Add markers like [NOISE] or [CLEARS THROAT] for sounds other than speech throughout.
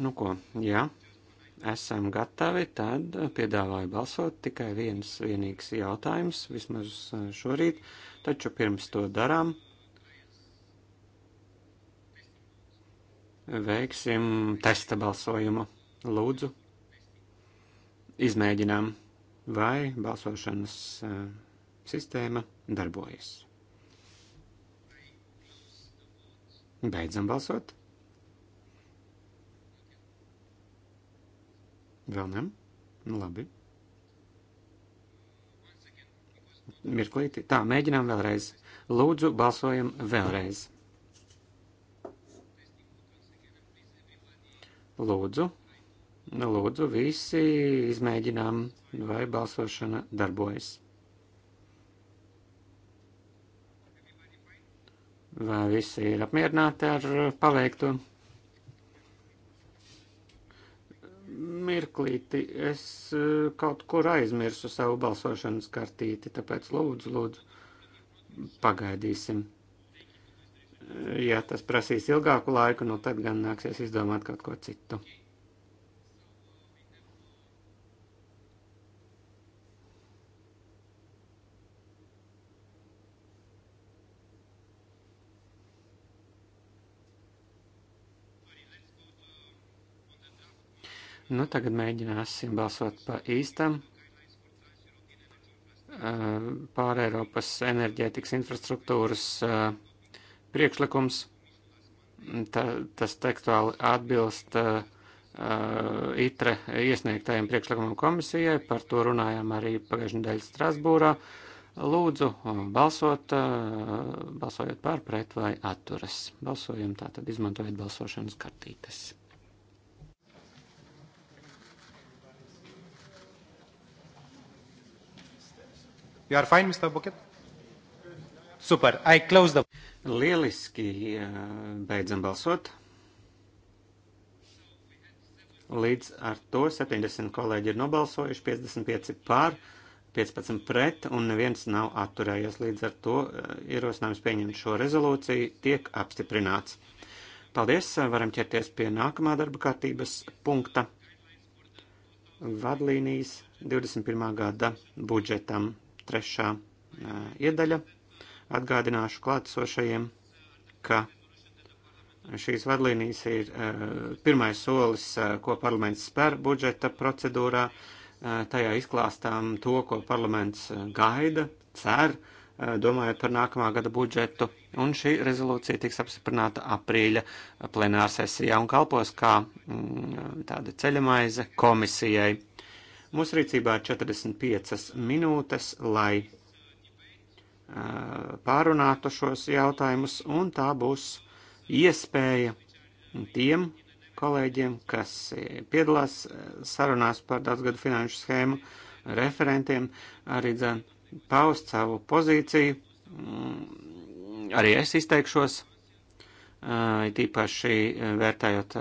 Nu ko, jā, esam gatavi, tad piedāvāju balsot tikai viens vienīgs jautājums, vismaz eh, šorīt, taču pirms to darām. Veiksim testa balsojumu. Lūdzu, izmēģinām, vai balsošanas eh, sistēma darbojas. Beidzam balsot. Vēl ne? Nu, labi. Mirklīti. Tā, mēģinām vēlreiz. Lūdzu, balsojam vēlreiz. Lūdzu, lūdzu, visi izmēģinām, vai balsošana darbojas. Vai visi ir apmierināti ar paveikto? mirklīti, es eh, kaut kur aizmirsu savu balsošanas kartīti, tāpēc lūdzu, lūdzu, pagaidīsim. Eh, ja tas prasīs ilgāku laiku, nu tad gan nāksies izdomāt kaut ko citu. Nu, tagad mēģināsim balsot pa īstam eh, pār Eiropas enerģētikas infrastruktūras eh, priekšlikums. Ta, tas tekstuāli atbilst uh, ITRE iesniegtajiem priekšlikumam komisijai, par to runājām arī pagājušajā nedēļā Strasbūrā. Lūdzu, balsot, balsojot par, pret vai atturas. Balsojam tātad izmantojot balsošanas kartītes. You are fine, Mr. Buket? Super. I close the... Lieliski. Beidzam balsot. Līdz ar to 70 kolēģi ir nobalsojuši, 55 pār, 15 pret un neviens nav atturējies. Līdz ar to eh, ierosinājums pieņemt šo rezolūciju tiek apstiprināts. Paldies, eh, varam ķerties pie nākamā darba kārtības punkta. Vadlīnijas 21. gada budžetam trešā iedaļa. Atgādināšu klātesošajiem, ka šīs vadlīnijas ir pirmais solis, ko parlaments spēr budžeta procedūrā. Tajā izklāstām to, ko parlaments gaida, cer, domājot par nākamā gada budžetu. Un šī rezolūcija tiks apstiprināta aprīļa plenārsesijā un kalpos kā mm, tāda ceļamaize komisijai Mūsu rīcībā ir 45 minūtes, lai pārunātu šos jautājumus, un tā būs iespēja tiem kolēģiem, kas piedalās sarunās par daudzgadu finanšu schēmu, referentiem arī dzēn paust savu pozīciju. Mm, arī es izteikšos, tīpaši vērtējot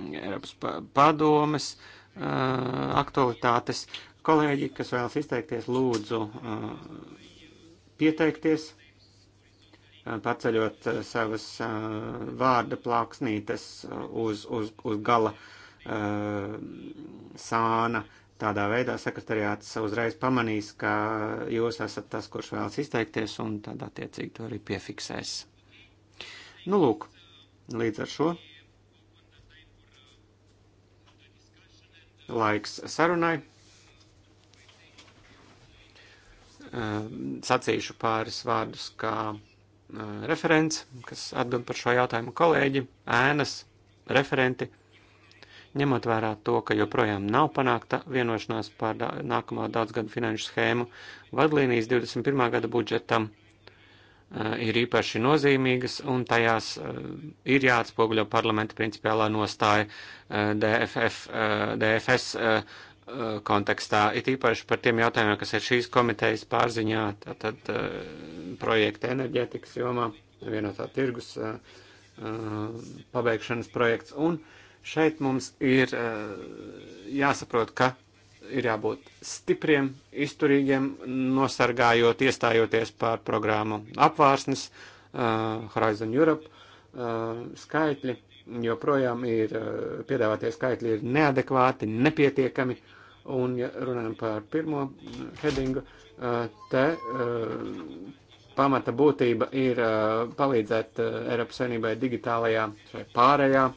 Eiropas padomes. Pa aktualitātes. Kolēģi, kas vēlas izteikties, lūdzu pieteikties, paceļot savas vārda plāksnītes uz, uz, uz gala sāna. Tādā veidā sekretariāts uzreiz pamanīs, ka jūs esat tas, kurš vēlas izteikties, un tad attiecīgi to arī piefiksēs. Nu, lūk, līdz ar šo laiks sarunai. Ehm, sacīšu pāris vārdus kā ehm, referents, kas atbild par šo jautājumu kolēģi, ēnas, referenti, ņemot vērā to, ka joprojām nav panākta vienošanās par nākamo daudzgadu finanšu schēmu, vadlīnijas 21. gada budžetam Eh, ir īpaši nozīmīgas, un tajās eh, ir jāatspoguļo parlamenta principiālā nostāja eh, DFF, DFS kontekstā, it īpaši par tiem jautājumiem, kas ir šīs komitejas pārziņā, tātad projekta enerģētikas jomā, vienotā tirgus pabeigšanas projekts, un šeit mums ir jāsaprot, ka ir jābūt stipriem, izturīgiem, nosargājot, iestājoties par programmu apvārsnes, uh, Horizon Europe uh, skaitļi, joprojām ir uh, piedāvātie skaitļi ir neadekvāti, nepietiekami, un, ja runājam par pirmo headingu, uh, te uh, pamata būtība ir uh, palīdzēt uh, Eiropas Savienībai digitālajā pārējā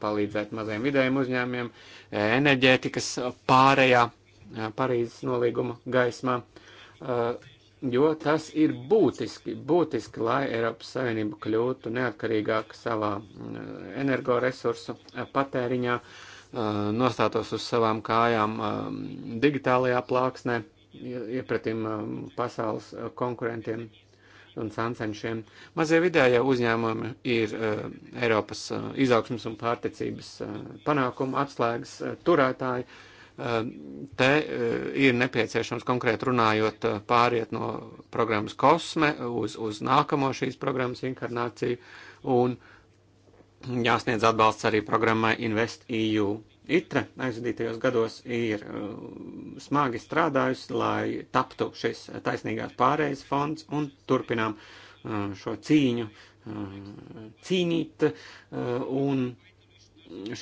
palīdzēt maziem vidējiem uzņēmiem, enerģētikas pārējā Parīzes nolīguma gaismā, jo tas ir būtiski, būtiski, lai Eiropas Savienība kļūtu neatkarīgāka savā energoresursu patēriņā, nostātos uz savām kājām digitālajā plāksnē, iepratīm pasaules konkurentiem un finanšiem. Mazie vidējie uzņēmumi ir uh, Eiropas uh, izaugsmas un pārticības uh, eh, panākuma atslēgas uh, turētāji. Uh, te uh, ir nepieciešams konkrēti runājot uh, pāriet no programmas kosme uz, uz nākamo šīs programmas inkarnāciju un jāsniedz atbalsts arī programmai Invest EU. ITRE aizvadītajos gados ir uh, smagi strādājusi, lai taptu šis taisnīgās pārējais fonds un turpinām uh, šo cīņu uh, cīnīt. Un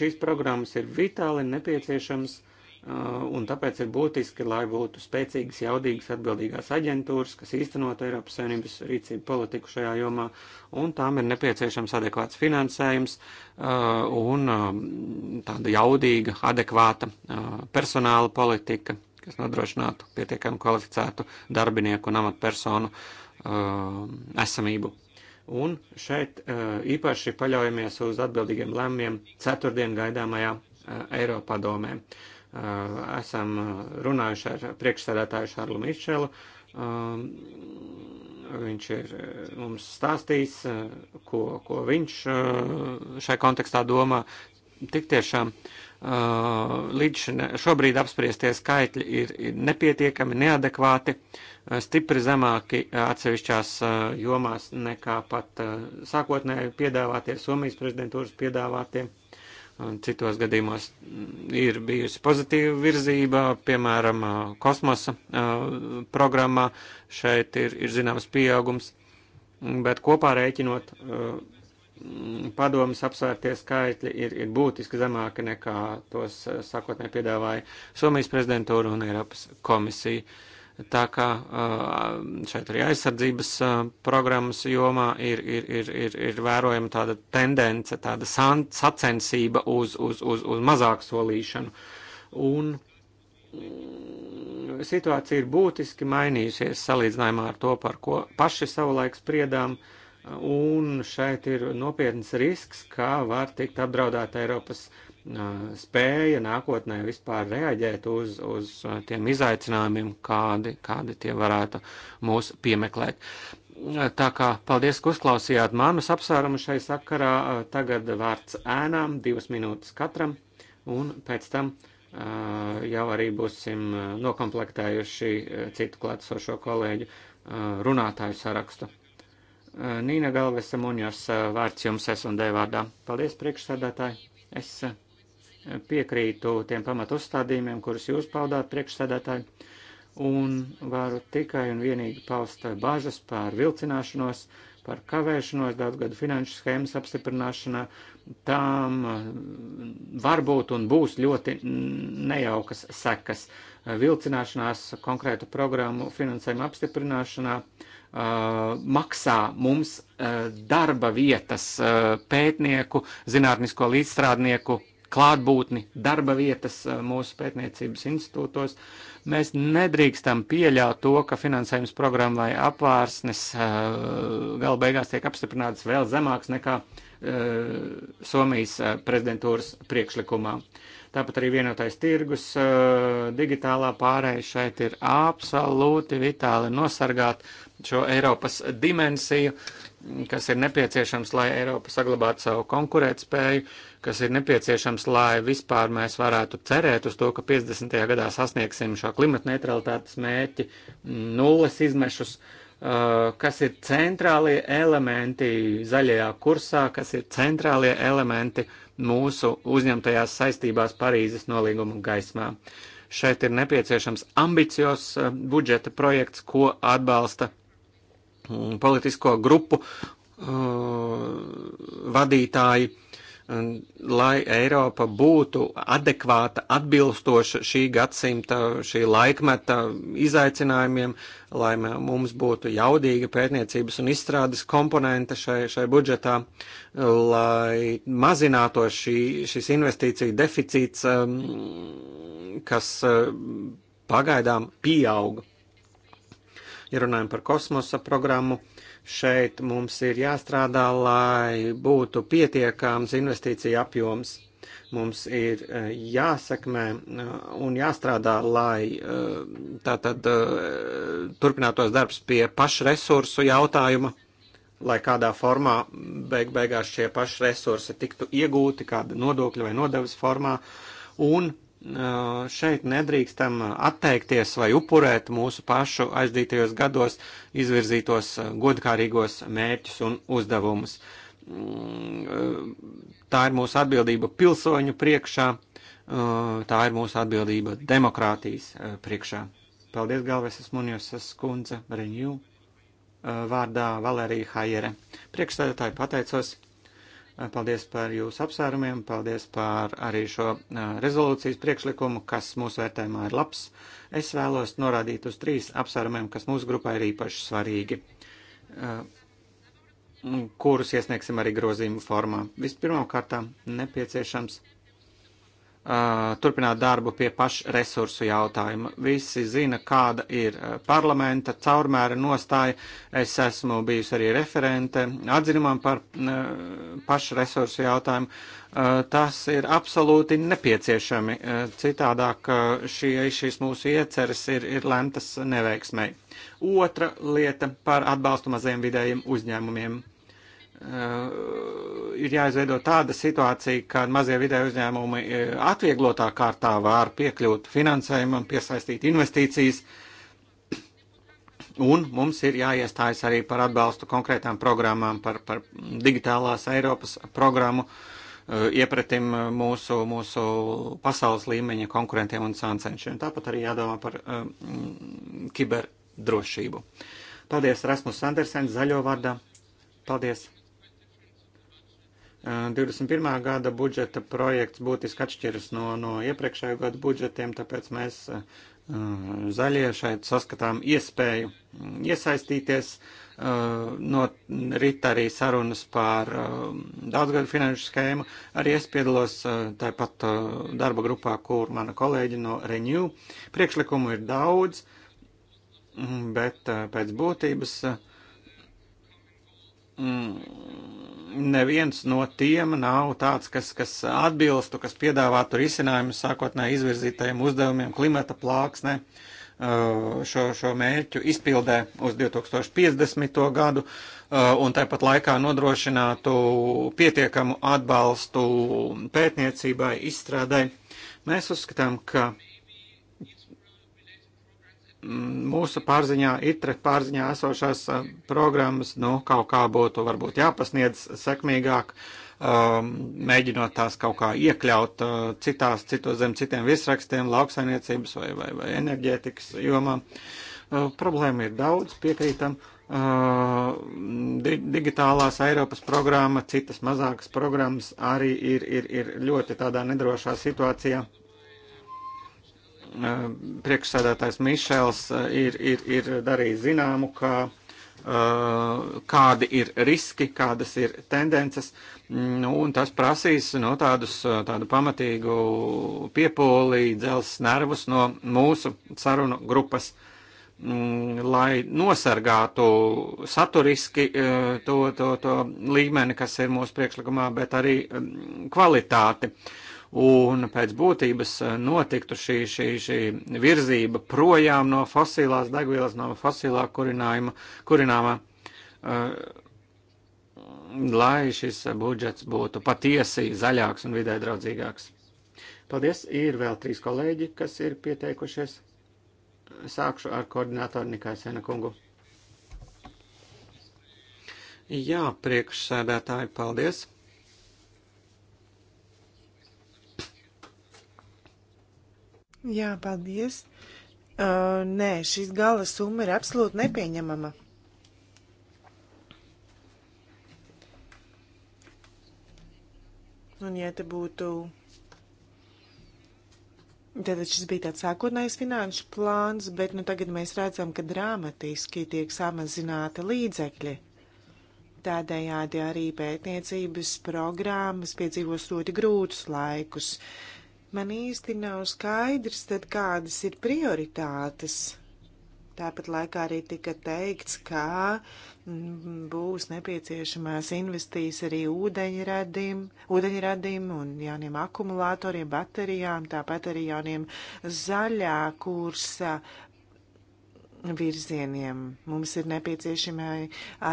šīs programmas ir vitāli nepieciešams, Uh, un tāpēc ir būtiski, lai būtu spēcīgas, jaudīgas, atbildīgās aģentūras, kas īstenot Eiropas Savienības rīcību politiku šajā jomā, un tām ir nepieciešams adekvāts finansējums uh, un um, tāda jaudīga, adekvāta uh, personāla politika, kas nodrošinātu pietiekami kvalificētu darbinieku un amatpersonu esamību. Un šeit īpaši paļaujamies uz atbildīgiem lēmumiem ceturtdien gaidāmajā Eiropadomē. domē esam runājuši ar priekšsēdētāju Šarlu Mišelu. Viņš ir mums stāstījis, ko, ko viņš šai kontekstā domā. Tik tiešām līdz šobrīd apspriestie skaitļi ir, ir nepietiekami, neadekvāti, stipri zemāki atsevišķās jomās nekā pat sākotnēji piedāvātie, Somijas prezidentūras piedāvātie. Citos gadījumos mm, ir bijusi pozitīva virzība, piemēram, kosmosa programmā šeit ir, ir zināms pieaugums, bet kopā rēķinot mm, padomas apsvērtie skaitļi ir, ir būtiski zemāki nekā tos sākotnē piedāvāja Somijas prezidentūra un Eiropas komisija. Uh, Tā kā šeit arī aizsardzības programmas jomā ir, ir, ir, ir, ir vērojama tāda tendence, tāda sacensība uz, uz, uz, uz mazāk solīšanu. Un mm, situācija ir būtiski mainījusies salīdzinājumā ar to, par ko paši savulaik spriedām. Un šeit ir nopietns risks, kā var tikt apdraudēta Eiropas uh, spēja nākotnē vispār reaģēt uz, uz tiem izaicinājumiem, kādi, kādi tie varētu mūs piemeklēt. Tā kā paldies, ka uzklausījāt manus apsvērumus šai sakarā. Tagad vārds ēnām, divas minūtes katram, un pēc tam jau arī būsim nokomplektējuši citu klātsošo kolēģu runātāju sarakstu. Nīna Galvesa Muņos vārds jums S un D vārdā. Paldies, priekšsēdētāji! Es piekrītu tiem pamatu uzstādījumiem, kurus jūs paudāt priekšsēdētāji, un varu tikai un vienīgi paust bažas par vilcināšanos, par kavēšanos daudzgadu finanšu schēmas apstiprināšanā, tām uh, var būt un būs ļoti nejaukas sekas. Uh, vilcināšanās konkrētu programmu finansējuma apstiprināšanā uh, maksā mums darba vietas pētnieku, zinātnisko līdzstrādnieku klātbūtni, darba vietas eh, mūsu pētniecības institūtos. Mēs nedrīkstam pieļaut to, ka finansējums programmai apvārsnes eh, gala beigās tiek apstiprināts vēl zemāks nekā eh, Somijas prezidentūras priekšlikumā. Tāpat arī vienotais tirgus, digitālā pārēja šeit ir absolūti vitāli nosargāt šo Eiropas dimensiju, kas ir nepieciešams, lai Eiropa saglabātu savu konkurētspēju, kas ir nepieciešams, lai vispār mēs varētu cerēt uz to, ka 50. gadā sasniegsim šo klimata neutralitātes mērķi, mm, nulles izmešus, uh, kas ir centrālie elementi zaļajā kursā, kas ir centrālie elementi mūsu uzņemtajās saistībās Parīzes nolīguma gaismā. Šeit ir nepieciešams ambicios uh, budžeta projekts, ko atbalsta Mm, politisko grupu uh, vadītāji, lai Eiropa būtu adekvāta, atbilstoša šī gadsimta, šī laikmeta izaicinājumiem, lai mums būtu jaudīga pētniecības un izstrādes komponente šai, šai budžetā, lai mazinātos šī, šis investīcija deficīts, um, kas uh, pagaidām pieauga. Ja runājam par kosmosa programmu, šeit mums ir jāstrādā, lai būtu pietiekams investīcija apjoms. Mums ir e, jāsekmē e, un jāstrādā, lai e, tātad turpinātos darbs pie pašresursu jautājuma, lai kādā formā beig beigās šie pašresursi tiktu iegūti, kāda nodokļa vai nodevas formā, un šeit nedrīkstam atteikties vai upurēt mūsu pašu aizdītajos gados izvirzītos godkārīgos mērķus un uzdevumus. Mm, tā ir mūsu atbildība pilsoņu priekšā, tā ir mūsu atbildība demokrātijas priekšā. Paldies, Galveses Munjosas kundze, Reņū, vārdā Valērija Haiere. Priekšstādātāji pateicos. Eh, paldies par jūsu apsvērumiem, paldies par arī šo eh, rezolūcijas priekšlikumu, kas mūsu vērtējumā ir labs. Es vēlos norādīt uz trīs apsvērumiem, kas mūsu grupā ir īpaši svarīgi, eh, kurus iesniegsim arī grozījumu formā. Vispirmām kārtām nepieciešams turpināt darbu pie pašresursu jautājuma. Visi zina, kāda ir parlamenta caurmēra nostāja. Es esmu bijusi arī referente atzinumam par pašresursu jautājumu. Tas ir absolūti nepieciešami. Citādāk šie, šīs mūsu ieceres ir, ir lentas neveiksmei. Otra lieta par atbalstu mazajiem vidējiem uzņēmumiem Eh, ir jāizveido tāda situācija, ka mazie vidēji uzņēmumi eh, atvieglotā kārtā var piekļūt finansējumam, piesaistīt investīcijas, un mums ir jāiestājas arī par atbalstu konkrētām programmām, par, par digitālās Eiropas programmu, eh, iepratim mūsu, mūsu pasaules līmeņa konkurentiem un sāncenšiem. Tāpat arī jādomā par um, kiberdrošību. Paldies, Rasmus Sandersens, zaļo vārdā. Paldies! 21. gada budžeta projekts būtiski atšķiras no, no iepriekšējo gadu budžetiem, tāpēc mēs uh, zaļie šeit saskatām iespēju iesaistīties. Uh, no rīta arī sarunas par uh, daudzgadu finanšu schēmu. Arī es piedalos tāpat darba grupā, kur mana kolēģi no Renew. Priekšlikumu ir daudz, mm, bet pēc būtības uh, Mm, neviens no tiem nav tāds, kas, kas atbilstu, kas piedāvātu risinājumu sākotnēji izvirzītajiem uzdevumiem klimata plāksnē uh, šo, šo mērķu izpildē uz 2050. gadu uh, un tāpat laikā nodrošinātu pietiekamu atbalstu pētniecībai, izstrādai. Mēs uzskatām, ka mūsu pārziņā, itre pārziņā esošās programmas, nu, kaut kā būtu varbūt jāpasniedz sekmīgāk, um, mēģinot tās kaut kā iekļaut uh, citās, citos zem citiem virsrakstiem, lauksainiecības vai, vai, vai enerģētikas jomā. Uh, problēma ir daudz, piekrītam. Uh, di digitālās Eiropas programma, citas mazākas programmas arī ir, ir, ir ļoti tādā nedrošā situācijā priekšsēdētājs Mišels ir, ir, ir darījis zināmu, ka kādi ir riski, kādas ir tendences, nu, un tas prasīs no nu, tādus, tādu pamatīgu piepolī dzels nervus no mūsu sarunu grupas, mm, lai nosargātu saturiski to, to, to līmeni, kas ir mūsu priekšlikumā, bet arī kvalitāti. Uh, un pēc būtības eh, notiktu šī, šī, šī virzība projām no fosilās degvielas, no fosilā kurinājuma, kurināmā, eh, lai šis budžets būtu patiesi zaļāks un vidē draudzīgāks. Paldies, ir vēl trīs kolēģi, kas ir pieteikušies. Sākšu ar koordinātoru Nikai Senakungu. Jā, priekšsēdētāji, paldies! Jā, paldies. Uh, nē, šis gala summa ir absolūti nepieņemama. Un ja te būtu. Tad šis bija tāds sākotnējs finanšu plāns, bet nu tagad mēs redzam, ka dramatiski tiek samazināta līdzekļi. Tādējādi arī pētniecības programmas piedzīvos ļoti grūtus laikus. Uh, Man īsti nav skaidrs, tad kādas ir prioritātes. Tāpat laikā arī tika teikts, ka mm, būs nepieciešamās investīs arī ūdeņradim, ūdeņradim un jauniem akumulatoriem, baterijām, tāpat arī jauniem zaļā kursa virzieniem. Mums ir nepieciešami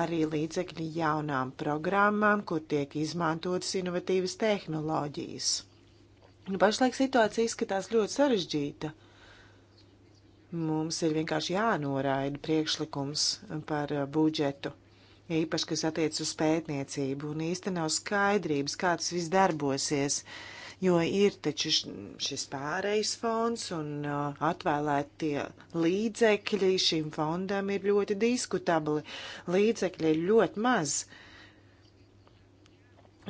arī līdzekļi jaunām programmām, kur tiek izmantotas inovatīvas tehnoloģijas. Nu, pašlaik situācija izskatās ļoti sarežģīta. Mums ir vienkārši jānoraida priekšlikums par uh, budžetu, īpaši, kas attiec uz pētniecību, un īsti nav skaidrības, kā tas viss darbosies, jo ir taču šis pārejas fonds un uh, atvēlētie līdzekļi šim fondam ir ļoti diskutabli. Līdzekļi ir ļoti maz. Uh,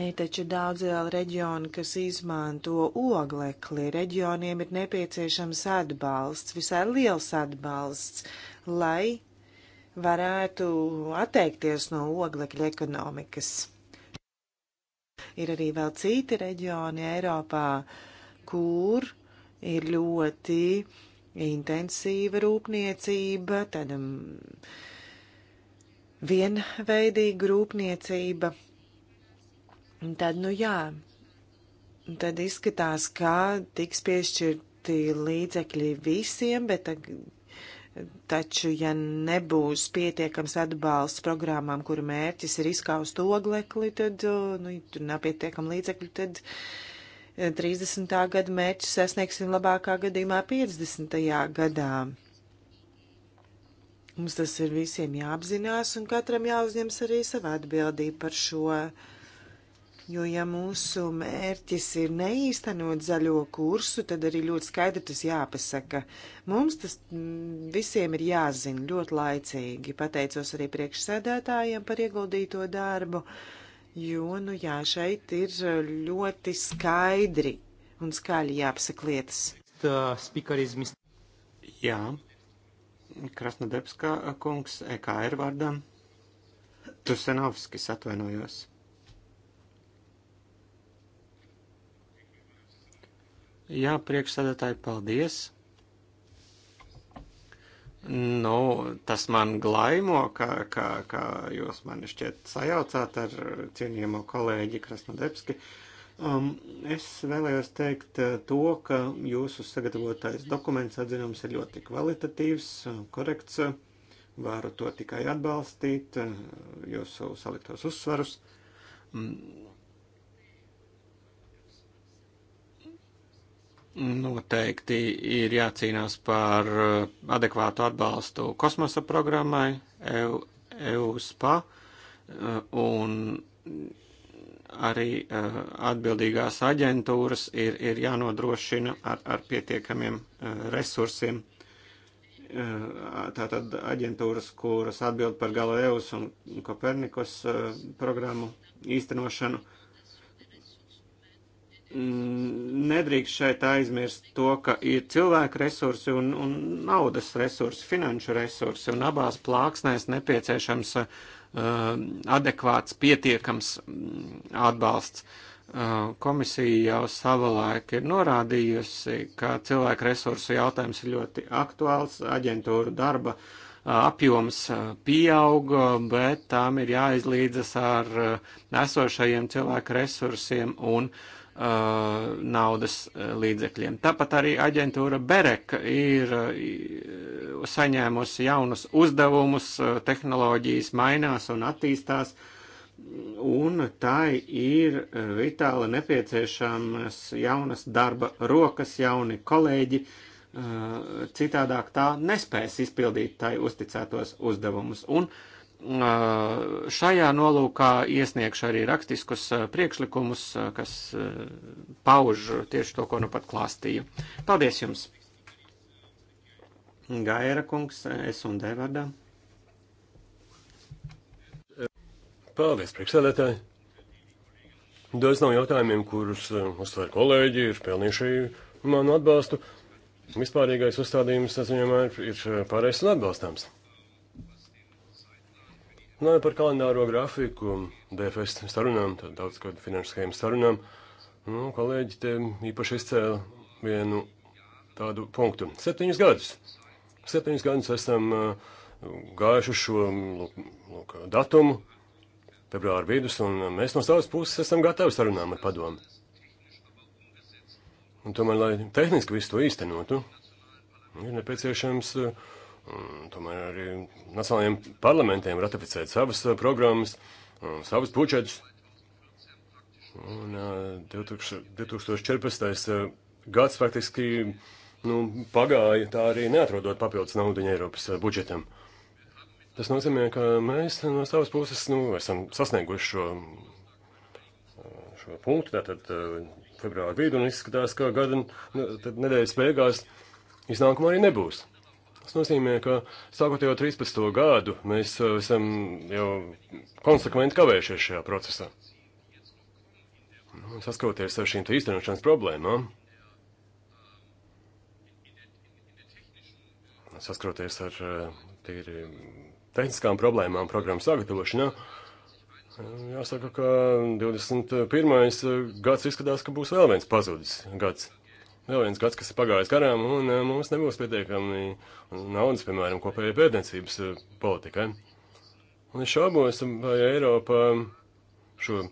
Ir taču daudz vēl reģioni, kas izmanto oglekli. Reģioniem ir nepieciešams atbalsts, visai liels atbalsts, lai varētu atteikties no oglekļa ekonomikas. Ir arī vēl citi reģioni Eiropā, kur ir ļoti intensīva rūpniecība, tāda um, vienveidīga rūpniecība Un tad, nu jā, tad izskatās, ka tiks piešķirti līdzekļi visiem, bet taču, ja nebūs pietiekams atbalsts programmām, kuru mērķis ir izkaust oglekli, tad, nu, ja tur nav pietiekami līdzekļi, tad 30. Eh, gada mērķis sasniegsim labākā gadījumā 50. gadā. Mums tas ir visiem jāapzinās un katram jāuzņems arī sava atbildība par šo. Jo, ja mūsu mērķis ir neīstenot zaļo kursu, tad arī ļoti skaidri tas jāpasaka. Mums tas mm, visiem ir jāzina ļoti laicīgi. Pateicos arī priekšsēdētājiem par ieguldīto darbu, jo, nu jā, šeit ir ļoti skaidri un skaļi jāpasaka lietas. Jā, Krasnodebska kungs, EKR vārdā. Tursenovskis atvainojos. Jā, priekšsēdētāji, paldies. Nu, tas man glaimo, ka, ka, ka jūs mani šķiet sajaucāt ar cienījamo kolēģi Krasnodebski. Um, es vēlējos teikt uh, to, ka jūsu sagatavotais dokuments atzinums ir ļoti kvalitatīvs, uh, korekts. Varu to tikai atbalstīt, uh, jūsu saliktos uzsvarus. Um, Noteikti ir jācīnās par uh, adekvātu atbalstu kosmosa programmai, EU, EUSPA uh, un arī uh, atbildīgās aģentūras ir, ir jānodrošina ar, ar pietiekamiem resursiem. Tātad aģentūras, kuras atbild par Galileus un Kopernikus programmu īstenošanu nedrīkst šeit aizmirst to, ka ir cilvēku resursi un, un naudas resursi, finanšu resursi, un abās plāksnēs nepieciešams uh, adekvāts, pietiekams mm, atbalsts. Uh, komisija jau savulaik ir norādījusi, ka cilvēku resursu jautājums ir ļoti aktuāls, aģentūra darba uh, apjoms uh, pieauga, bet tām ir jāizlīdzas ar uh, esošajiem cilvēku resursiem un uh, Uh, naudas uh, līdzekļiem. Tāpat arī aģentūra Bereka ir uh, saņēmusi jaunus uzdevumus, tehnoloģijas mainās un attīstās, un tai ir vitāli nepieciešamas jaunas darba rokas, jauni kolēģi, citādāk tā nespēs izpildīt tai uzticētos uzdevumus. Un, uh, šajā nolūkā iesniegšu arī rakstiskus priekšlikumus, kas pauž tieši to, ko nu pat klāstīju. Paldies jums! Gaira kungs, es un Devardā. Paldies, priekšsēdētāji! Daudz no jautājumiem, kurus uztver kolēģi, ir pelnījuši manu atbalstu. Vispārīgais uzstādījums, es viņam ir, ir pārējais un atbalstāms. Nē, nu, par kalendāro grafiku, DFS sarunām, tad daudz kādu finanšu schēmu sarunām. Nu, kolēģi te īpaši izcēla vienu tādu punktu. Septiņus gadus. Septiņus gadus esam uh, gājuši uz šo lūk, lūk, datumu, februāra vidus, un mēs no savas puses esam gatavi sarunām ar padomu. Un tomēr, lai tehniski visu to īstenotu, ir nepieciešams uh, un tomēr arī nacionālajiem parlamentiem ratificēt savas eh, programmas, um, savus budžetus. Un 2014. Eh, eh, gads faktiski nu, pagāja tā arī neatrodot papildus naudu Eiropas budžetam. Tas nozīmē, ka mēs no savas puses nu, esam sasnieguši šo, šo punktu. Tātad februāra vidū izskatās, ka gada nedēļas beigās iznākuma arī nebūs. Tas nozīmē, ka sākot jau 13. gadu mēs uh, esam jau konsekventi kavējušies šajā procesā. Nu, Saskauties ar šīm īstenošanas problēmām, saskroties ar uh, tīri tehniskām problēmām programmu sagatavošanā, jāsaka, ka 21. Uh, gads izskatās, ka būs vēl viens pazudis gads. Vēl viens gads, kas ir pagājis garām, un eh, mums nebūs pietiekami naudas, piemēram, kopējai pētniecības eh, politikai. Un es šaubos, vai Eiropa eh, šo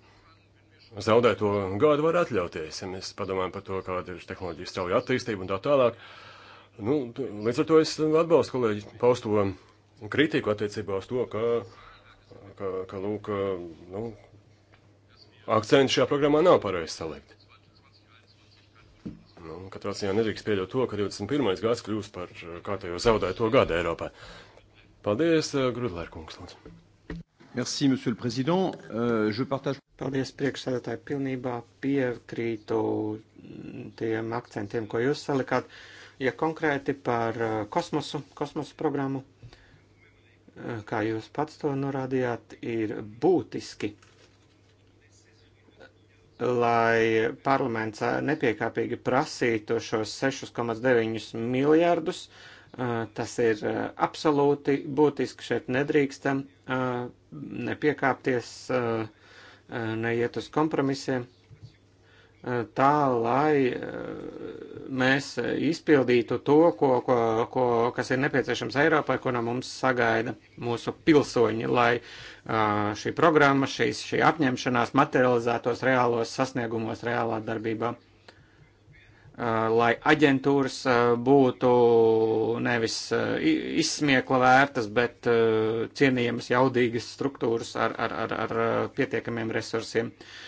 zaudēto gadu var atļauties, ja mēs padomājam par to, kāda ir tehnoloģija strauja attīstība un tā tālāk. Nu, līdz ar to es atbalstu kolēģi pausto kritiku attiecībā uz to, ka, ka, ka lūk, nu, akcents šajā programmā nav pareizi salikti. Katrā ziņā nedrīkst pieļaut to, ka 21. gads kļūs par eh, kārtējo zaudēto gadu Eiropā. Paldies, eh, Grudlēr kungs, lūdzu. Merci, monsieur le président. Uh, je partage. Paldies, priekšsēdētāji, pilnībā piekrītu mm, tiem akcentiem, ko jūs salikāt. Ja konkrēti par eh, kosmosu, kosmosu programmu, kā jūs pats to norādījāt, ir būtiski lai parlaments nepiekāpīgi prasītu šos 6,9 miljārdus. Tas ir absolūti būtiski. Šeit nedrīkstam nepiekāpties, neiet uz kompromisiem tā, lai eh, mēs izpildītu to, ko, ko, ko, kas ir nepieciešams Eiropai, ko no mums sagaida mūsu pilsoņi, lai eh, šī programma, šīs, šī apņemšanās materializētos reālos sasniegumos, reālā darbībā. Eh, lai aģentūras būtu nevis izsmiekla vērtas, bet cienījamas, jaudīgas struktūras ar, ar, ar, ar pietiekamiem resursiem. Uh,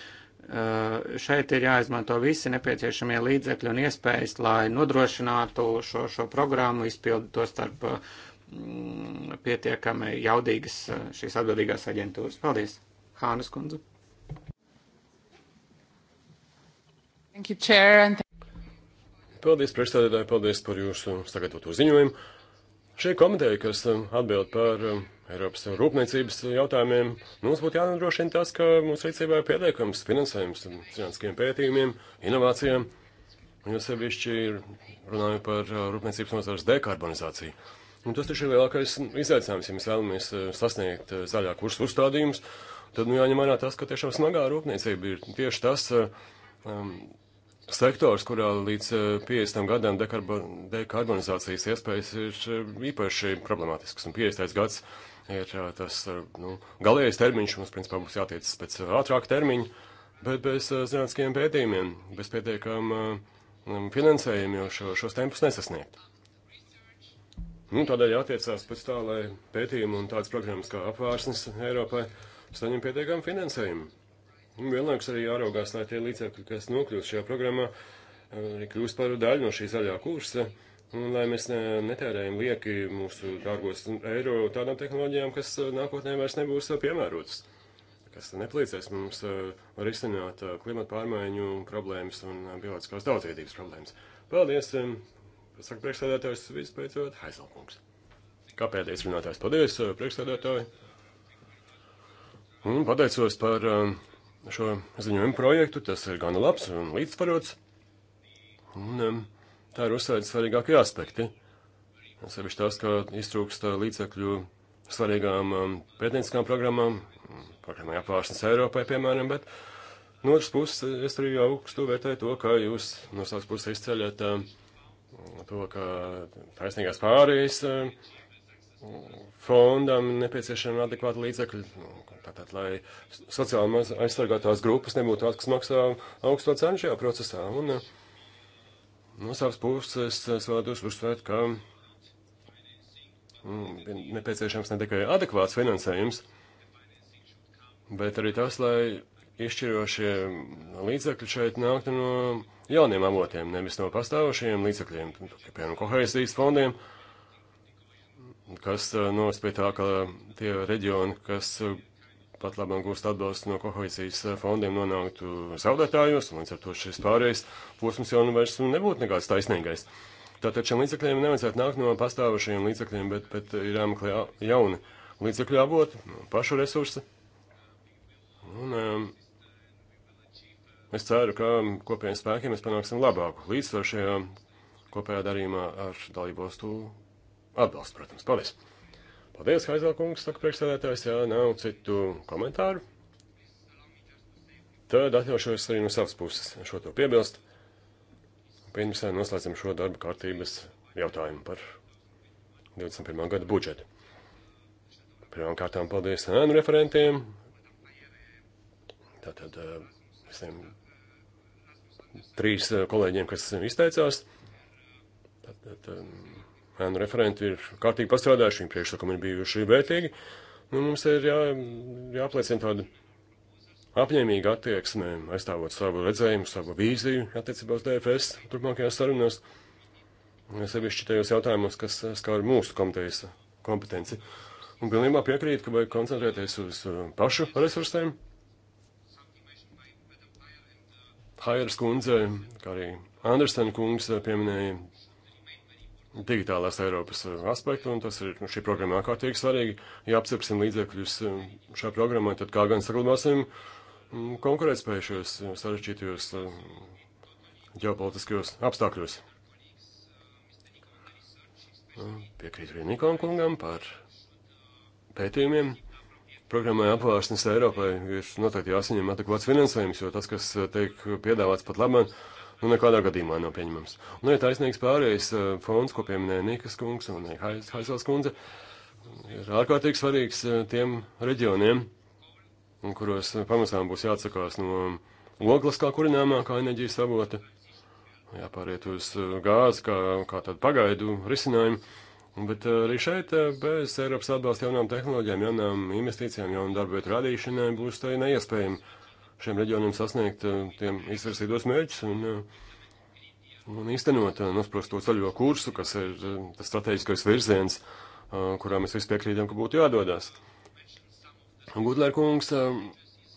Eh, šeit ir jāizmanto visi nepieciešamie līdzekļi un iespējas, lai nodrošinātu šo, šo programmu, izpildu to starp eh, mm, pietiekami jaudīgas eh, šīs atbildīgās aģentūras. Paldies, Hānas kundze. Paldies, priekšstādētāji, paldies par jūsu sagatavotu ziņojumu. Šī komiteja, kas um, atbild par um, Eiropas um, rūpniecības jautājumiem, mums būtu jānodrošina tas, ka mūsu rīcībā ir pietiekams finansējums zinātniskiem pētījumiem, inovācijām, un jo sevišķi runājot par uh, rūpniecības nozares dekarbonizāciju. Un tas taču ir lielākais izaicinājums, ja mēs vēlamies uh, sasniegt uh, zaļā kursa uzstādījumus, tad nu, jāņem vērā tas, ka tiešām smagā rūpniecība ir tieši tas, um, sektors, kurā līdz 50 eh, gadiem dekarbonizācijas iespējas ir eh, īpaši problemātisks. Un 50. gads ir eh, tas nu, galējais termiņš, mums principā būs jātiecas pēc ātrāka termiņa, bet bez zinātniskiem pētījumiem, bez pietiekam finansējumu, jo šo, šos tempus nesasniegt. Nu, tādēļ jātiecās pēc tā, lai pētījumu un tādas programmas kā apvārsnes Eiropai saņem pietiekam finansējumu. Vienlaikus arī jāraugās, lai tie līdzekļi, kas nokļūst šajā programmā, arī kļūst par daļu no šī zaļā kursa, un lai mēs ne, netērējam lieki mūsu dārgos eiro tādām tehnoloģijām, kas uh, nākotnē vairs nebūs uh, piemērotas, kas nepalīdzēs mums var uh, izcināt klimata pārmaiņu problēmas un bioloģiskās daudzveidības problēmas. Paldies! Um, saka priekšsēdētājs vispēcot Haizelkungs. Kāpēc es runātājs? Paldies, priekšsēdētāji! Un pateicos par uh, šo ziņojumu projektu. Tas ir gan labs un līdzsvarots. Un, tā ir uzsvērta svarīgākie aspekti. Sevišķi tas, ka iztrūkst līdzekļu svarīgām pētnieciskām programmām, programmai apvāršanas Eiropai, piemēram, bet no otras puses es arī augstu vērtēju to, ka jūs no savas puses izceļat to, ka taisnīgās pārējais fondam nepieciešama adekvāta līdzekļa, Tātad, lai sociāli aizsargātās grupas nebūtu tās, kas maksā augsto cenu šajā procesā. Un eh, no savas puses es vēlētos uzsvērt, ka mm, nepieciešams ne tikai adekvāts finansējums, bet arī tas, lai izšķirošie līdzekļi šeit nāktu no jauniem avotiem, nevis no pastāvošajiem līdzekļiem, piemēram, kohēzijas fondiem kas eh, novest pie tā, ka tie reģioni, kas pat labāk gūst atbalstu no kohēzijas fondiem, nonāktu zaudētājos, un līdz ar to šis pārējais posms jau nu vairs nebūtu nekāds taisnīgais. Tātad šiem līdzekļiem nevajadzētu nākt no pastāvošajiem līdzekļiem, bet, bet ir jāmeklē jauni līdzekļu avoti, nu, pašu resursi. Un, um, es ceru, ka kopējiem spēkiem mēs panāksim labāku līdzsvaru šajā kopējā darījumā ar dalībvalstu atbalstu, protams. Paldies! Paldies, Haizelkungs, saka priekšsēdētājs, ja nav citu komentāru. Tad atļaušos arī no savas puses šo to piebilst. Pirms noslēdzam šo darba kārtības jautājumu par 21. gada budžetu. Pirmkārtām paldies ēnu referentiem, tātad eh, visiem trīs eh, kolēģiem, kas izteicās. Tātad, eh, ēnu referenti ir kārtīgi pastrādājuši, viņu priekšlikumi ir bijuši vērtīgi. Nu, mums ir jā, jāpliecina tāda apņēmīga attieksme, aizstāvot savu redzējumu, savu vīziju attiecībā uz DFS turpmākajās sarunās. Sevišķi tajos jautājumos, kas skar mūsu komitejas kompetenci. Un pilnībā piekrītu, ka vajag koncentrēties uz uh, pašu resursiem. Haieras kundze, kā arī Andersena kungs uh, pieminēja digitālās Eiropas eh, aspektu, un tas ir nu, šī programma ārkārtīgi svarīgi. Ja apsipsim līdzekļus eh, šā programmā, tad kā gan saglabāsim mm, konkurētspēju šajos eh, sarežģītajos ģeopolitiskajos apstākļos. Nu, Piekrītu arī Nikolai kungam par pētījumiem. Programmai apvārsnes Eiropai ir noteikti jāsaņem adekvāts finansējums, jo tas, kas tiek piedāvāts pat labāk, nu nekādā gadījumā nav pieņemams. Un ir taisnīgs pārējais eh, fonds, ko pieminēja Nikas kungs un Haisels kundze, ir ārkārtīgi svarīgs eh, tiem reģioniem, kuros eh, pamazām būs jāatsakās no ogles kā kurināmā, kā enerģijas avota, jāpāriet uz gāzi kā, kā tādu pagaidu risinājumu. Bet arī šeit bez Eiropas atbalsta jaunām tehnoloģijām, jaunām investīcijām, jaunu darbu vietu radīšanai būs tai neiespējami šiem reģioniem sasniegt eh, tiem izvirsītos mērķus un, eh, un īstenot eh, nosprosto ceļo kursu, kas ir tas strateģiskais virziens, kurā mēs visi piekrītam, ka būtu jādodas. Gudlēr kungs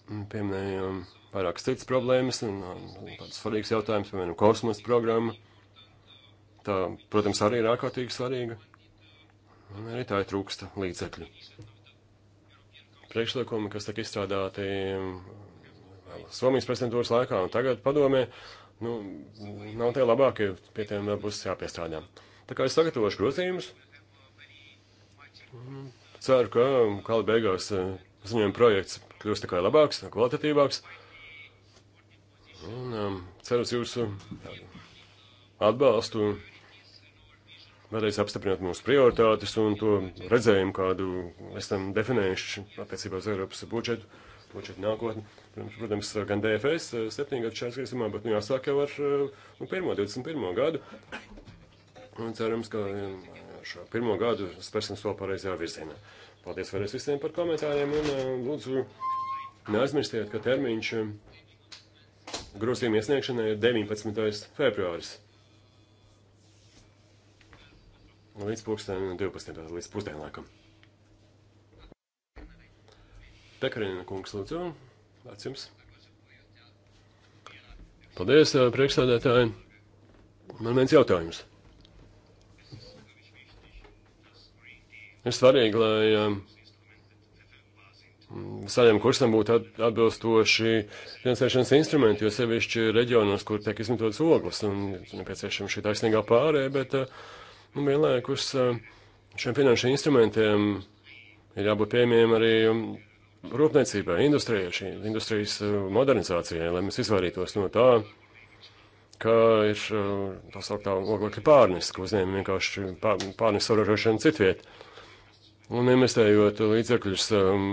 pieminēja um, vairākas citas problēmas un um, tāds svarīgs jautājums, piemēram, kosmosa programma. Tā, protams, arī ir ārkārtīgi svarīga. Un arī tā ir trūksta līdzekļu. Priekšlikumi, kas tiek izstrādāti um, Somijas prezidentūras laikā un tagad padomē, nu, nav tie labākie, pie tiem vēl būs jāpiestrādā. Tā kā es sagatavošu grozījumus, mm, ceru, ka kāda beigās eh, ziņojuma projekts kļūs tā kā labāks, kvalitatīvāks. Un um, ceru uz jūsu atbalstu, vēlreiz apstiprināt mūsu prioritātes un to redzējumu, kādu esam definējuši attiecībā uz Eiropas budžetu budžeta nākotni. Protams, gan DFS, eh, septiņgadu šajā skatījumā, bet nu, jāsāk jau ar eh, nu, pirmo, 21. gadu. Un cerams, ka eh, šo pirmo gadu spērsim soli pareizajā virzienā. Paldies vēlreiz visiem par komentāriem un lūdzu neaizmirstiet, ka termiņš grozījuma iesniegšanai ir 19. februāris. Līdz pulksten 12. līdz pusdienlākam. Pekarina kungs, lūdzu, vārds jums. Paldies, priekšsādātāji. Man viens jautājums. Ir svarīgi, lai visādiem kursam būtu atbilstoši finansēšanas instrumenti, jo sevišķi reģionos, kur tiek izmantotas ogles, un nepieciešama šī taisnīgā pārēja, bet nu, vienlaikus šiem finanšu instrumentiem ir jābūt pieejamiem arī rūpniecībai, industrijai, šī industrijas eh, modernizācijai, lai mēs izvairītos no tā, ka ir eh, tā sauktā oglekļa pārnes, ka uzņēmumi vienkārši pārnes savu ražošanu citviet. Un investējot līdzekļus um,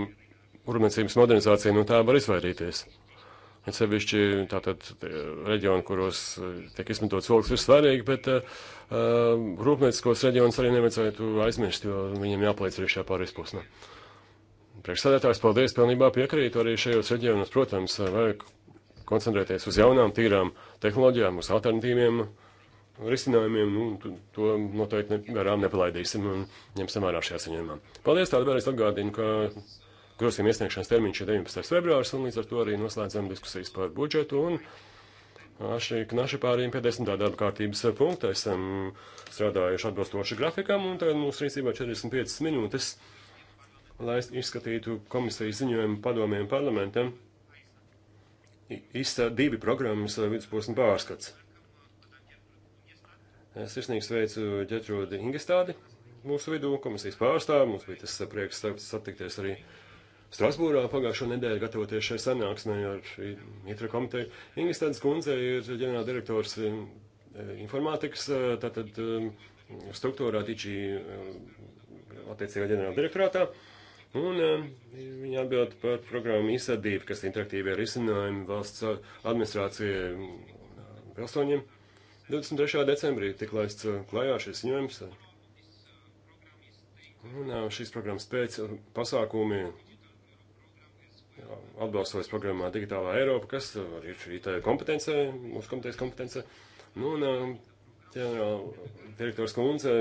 rūpniecības modernizācijai, no tā var izvairīties. Un sevišķi tātad reģioni, kuros tiek izmantots ogles, ir svarīgi, bet uh, rūpnieciskos reģionus arī nevajadzētu aizmirst, jo viņiem jāpalīdz arī šajā pārispūsnē. Ne? Priekšsēdētājs, paldies, pilnībā piekrītu arī šajos reģionos. Protams, vajag koncentrēties uz jaunām, tīrām tehnoloģijām, uz alternatīviem risinājumiem. Nu, to noteikti ne, garām nepalaidīsim un ņemsim vērā šajā saņēmumā. Paldies, tādā vēlreiz atgādinu, ka grozījuma iesniegšanas termiņš ir 19. februārs un līdz ar to arī noslēdzam diskusijas par budžetu. Un, Šī knaša pārējiem pie desmitā darba kārtības punkta esam strādājuši atbilstoši grafikam, un tagad mums rīcībā 45 minūtes lai izskatītu komisijas ziņojumu padomiem parlamentam. Izstā divi programmas vidusposma pārskats. Sirsnīgi sveicu ģetrodi Ingestādi mūsu vidū, komisijas pārstāvu. Mums bija tas prieks satikties arī Strasbūrā pagājušo nedēļu gatavoties šai sanāksmē ar Mitra komiteju. Ingestādas kundze ir ģenerāldirektors um, informātikas, uh, tātad um, struktūrā tičī um, attiecīgā ģenerāldirektorātā. direktorātā. Un eh, viņi atbild par programmu izsadību, kas interaktīvie risinājumi valsts administrācija pilsoņiem. 23. decembrī tika laists eh, klajā šis ziņojums. Un eh, šīs programmas pēc pasākumi atbalstoties programmā Digitālā Eiropa, kas arī ir šī kompetence, mūsu komitejas kompetence. Nu, un ģenerāla direktors Kunze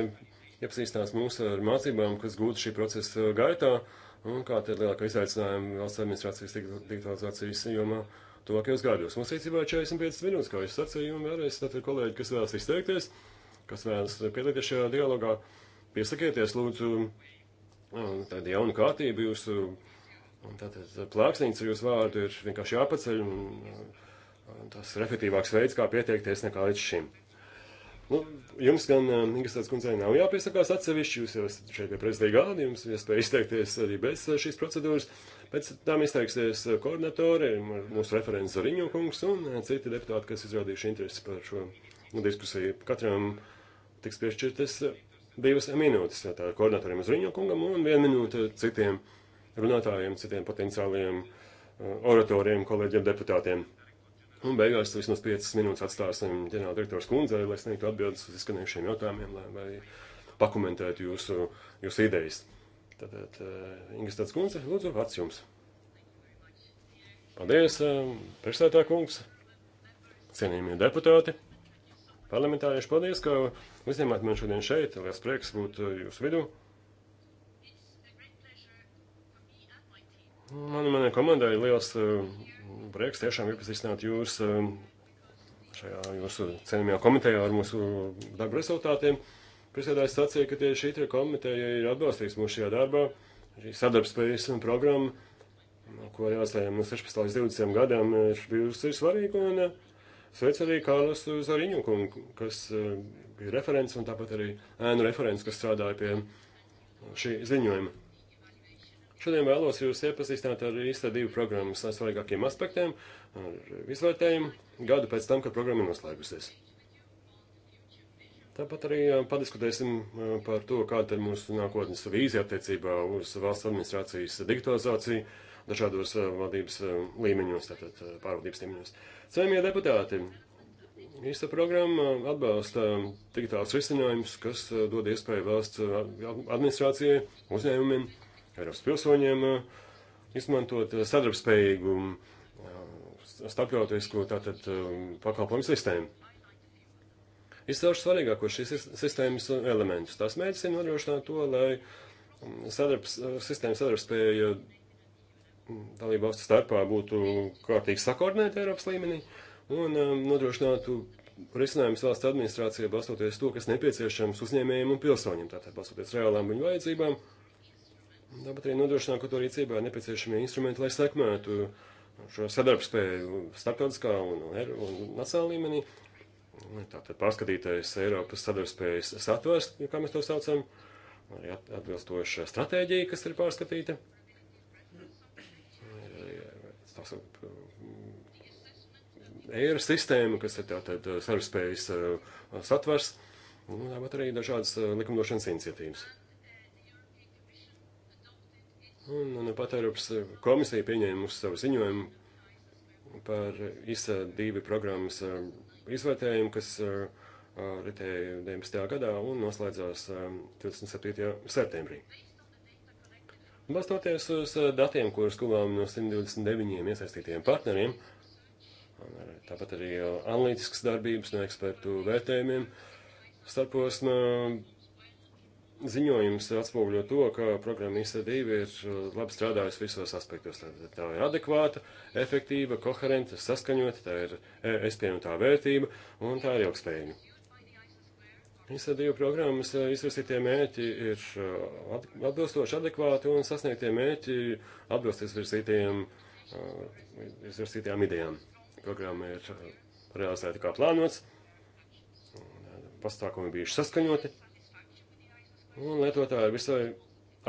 iepazīstinās mūs ar mācībām, kas gūta šī procesa gaitā, un kā tad lielākā izaicinājuma valsts administrācijas digitalizācijas jomā tuvākajos gados. Mums rīcībā ir 45 minūtes, kā es sacīju, un vēlreiz tātad kolēģi, kas vēlas izteikties, kas vēlas piedalīties šajā dialogā, piesakieties, lūdzu, tāda jauna kārtība jūsu, tātad plāksnīca ar jūsu vārdu ir vienkārši jāpaceļ, un tas ir efektīvāks veids, kā pieteikties nekā līdz šim. Nu, jums gan, um, Ingastāts kundzei, nav jāpiesakās atsevišķi, jūs jau esat šeit pie prezidēja gādi, jums iespēja izteikties arī bez uh, šīs procedūras. Pēc tam izteiksies uh, koordinatori, mūsu referents Zariņo kungs un uh, citi deputāti, kas izrādījuši interesi par šo diskusiju. Katram tiks piešķirtas divas minūtes tātad koordinatoriem Zariņo kungam un viena minūte citiem runātājiem, citiem potenciāliem oratoriem, kolēģiem deputātiem. Un beigās vismaz 5 minūtes atstāsim ģenerāla direktora skundzei, lai sniegtu atbildes uz izskanējušiem jautājumiem, lai, lai pakomentētu jūsu, jūsu idejas. Tātad, eh, Ingas tāds kundze, lūdzu, vārds jums. Paldies, eh, priekšstādā kungs, cienījamie deputāti, parlamentārieši, paldies, ka uzņēmāt mani šodien šeit. Liels prieks būt eh, jūsu vidū. Man un manai komandai liels projekts tiešām ir, kas izsnāt jūs um, šajā jūsu cienījumajā komitejā ar mūsu darba rezultātiem. Priekšsēdājs sacīja, ka tieši šī komiteja ir atbalstījusi mūsu šajā darbā, šī sadarbspējas programma, ko jāsājām no 16 līdz 20 gadiem, ir bijusi svarīga, un uh, sveic arī Kārlis Zariņu, kas uh, bija referents, un tāpat arī ēnu referents, kas strādāja pie šī ziņojuma. Šodien vēlos jūs iepazīstināt ar īsta divu programmas svarīgākiem aspektiem, ar izvērtējumu gadu pēc tam, kad programma ir noslēgusies. Tāpat arī padiskutēsim par to, kāda ir mūsu nākotnes vīzija attiecībā uz valsts administrācijas digitalizāciju dažādos valdības līmeņos, tātad pārvaldības līmeņos. Cēmie deputāti, īsta programma atbalsta digitālus risinājumus, kas dod iespēju valsts administrācijai, uzņēmumiem Eiropas pilsoņiem eh, izmantot eh, sadarbspējīgu eh, starptautisku tātad pakalpojumu sistēmu. Izcelšu svarīgāko šīs sistēmas elementus. Tās mēģina nodrošināt to, lai mm, sadarbs, sistēma sadarbspēja mm, dalību valstu starpā būtu kārtīgi sakoordinēta Eiropas līmenī un nodrošinātu risinājums valsts administrācijai balstoties to, kas nepieciešams uzņēmējiem un pilsoņiem, tātad balstoties reālām viņu vajadzībām Tāpat arī nodrošināt, ka to rīcībā ir nepieciešamie instrumenti, lai sekmētu šo sadarbspēju starptautiskā un, un, er, un nacionālā līmenī. Tātad pārskatītais Eiropas sadarbspējas satvers, kā mēs to saucam, arī atbilstoša stratēģija, kas ir pārskatīta. Mm, Eiro sistēma, kas ir tātad sadarbspējas uh, satvers, un tāpat arī dažādas uh, likumdošanas iniciatīvas. Un, un nu, nu pat Eiropas komisija pieņēmusi savu ziņojumu par ISA divi programmas eh, izvērtējumu, kas eh, eh, ritēja 19. gadā un noslēdzās 27. septembrī. Balstoties uz datiem, kurus guvām no 129 iesaistītiem partneriem, tāpat arī analītiskas darbības no ekspertu vērtējumiem, starposma no ziņojums atspoguļo to, ka programma ISA2 ir uh, labi strādājusi visos aspektos. Tā ir adekvāta, efektīva, koherenta, saskaņota, tā ir e, espieņotā vērtība un tā ir ilgspējīga. ISA2 programmas e, izvirzītie mērķi ir uh, atbilstoši adekvāti un sasniegtie mērķi atbilst izvirzītajiem, uh, izvirzītajām idejām. Programma ir realizēta kā plānots, pastākumi bijuši saskaņoti Un lietotāji ir visai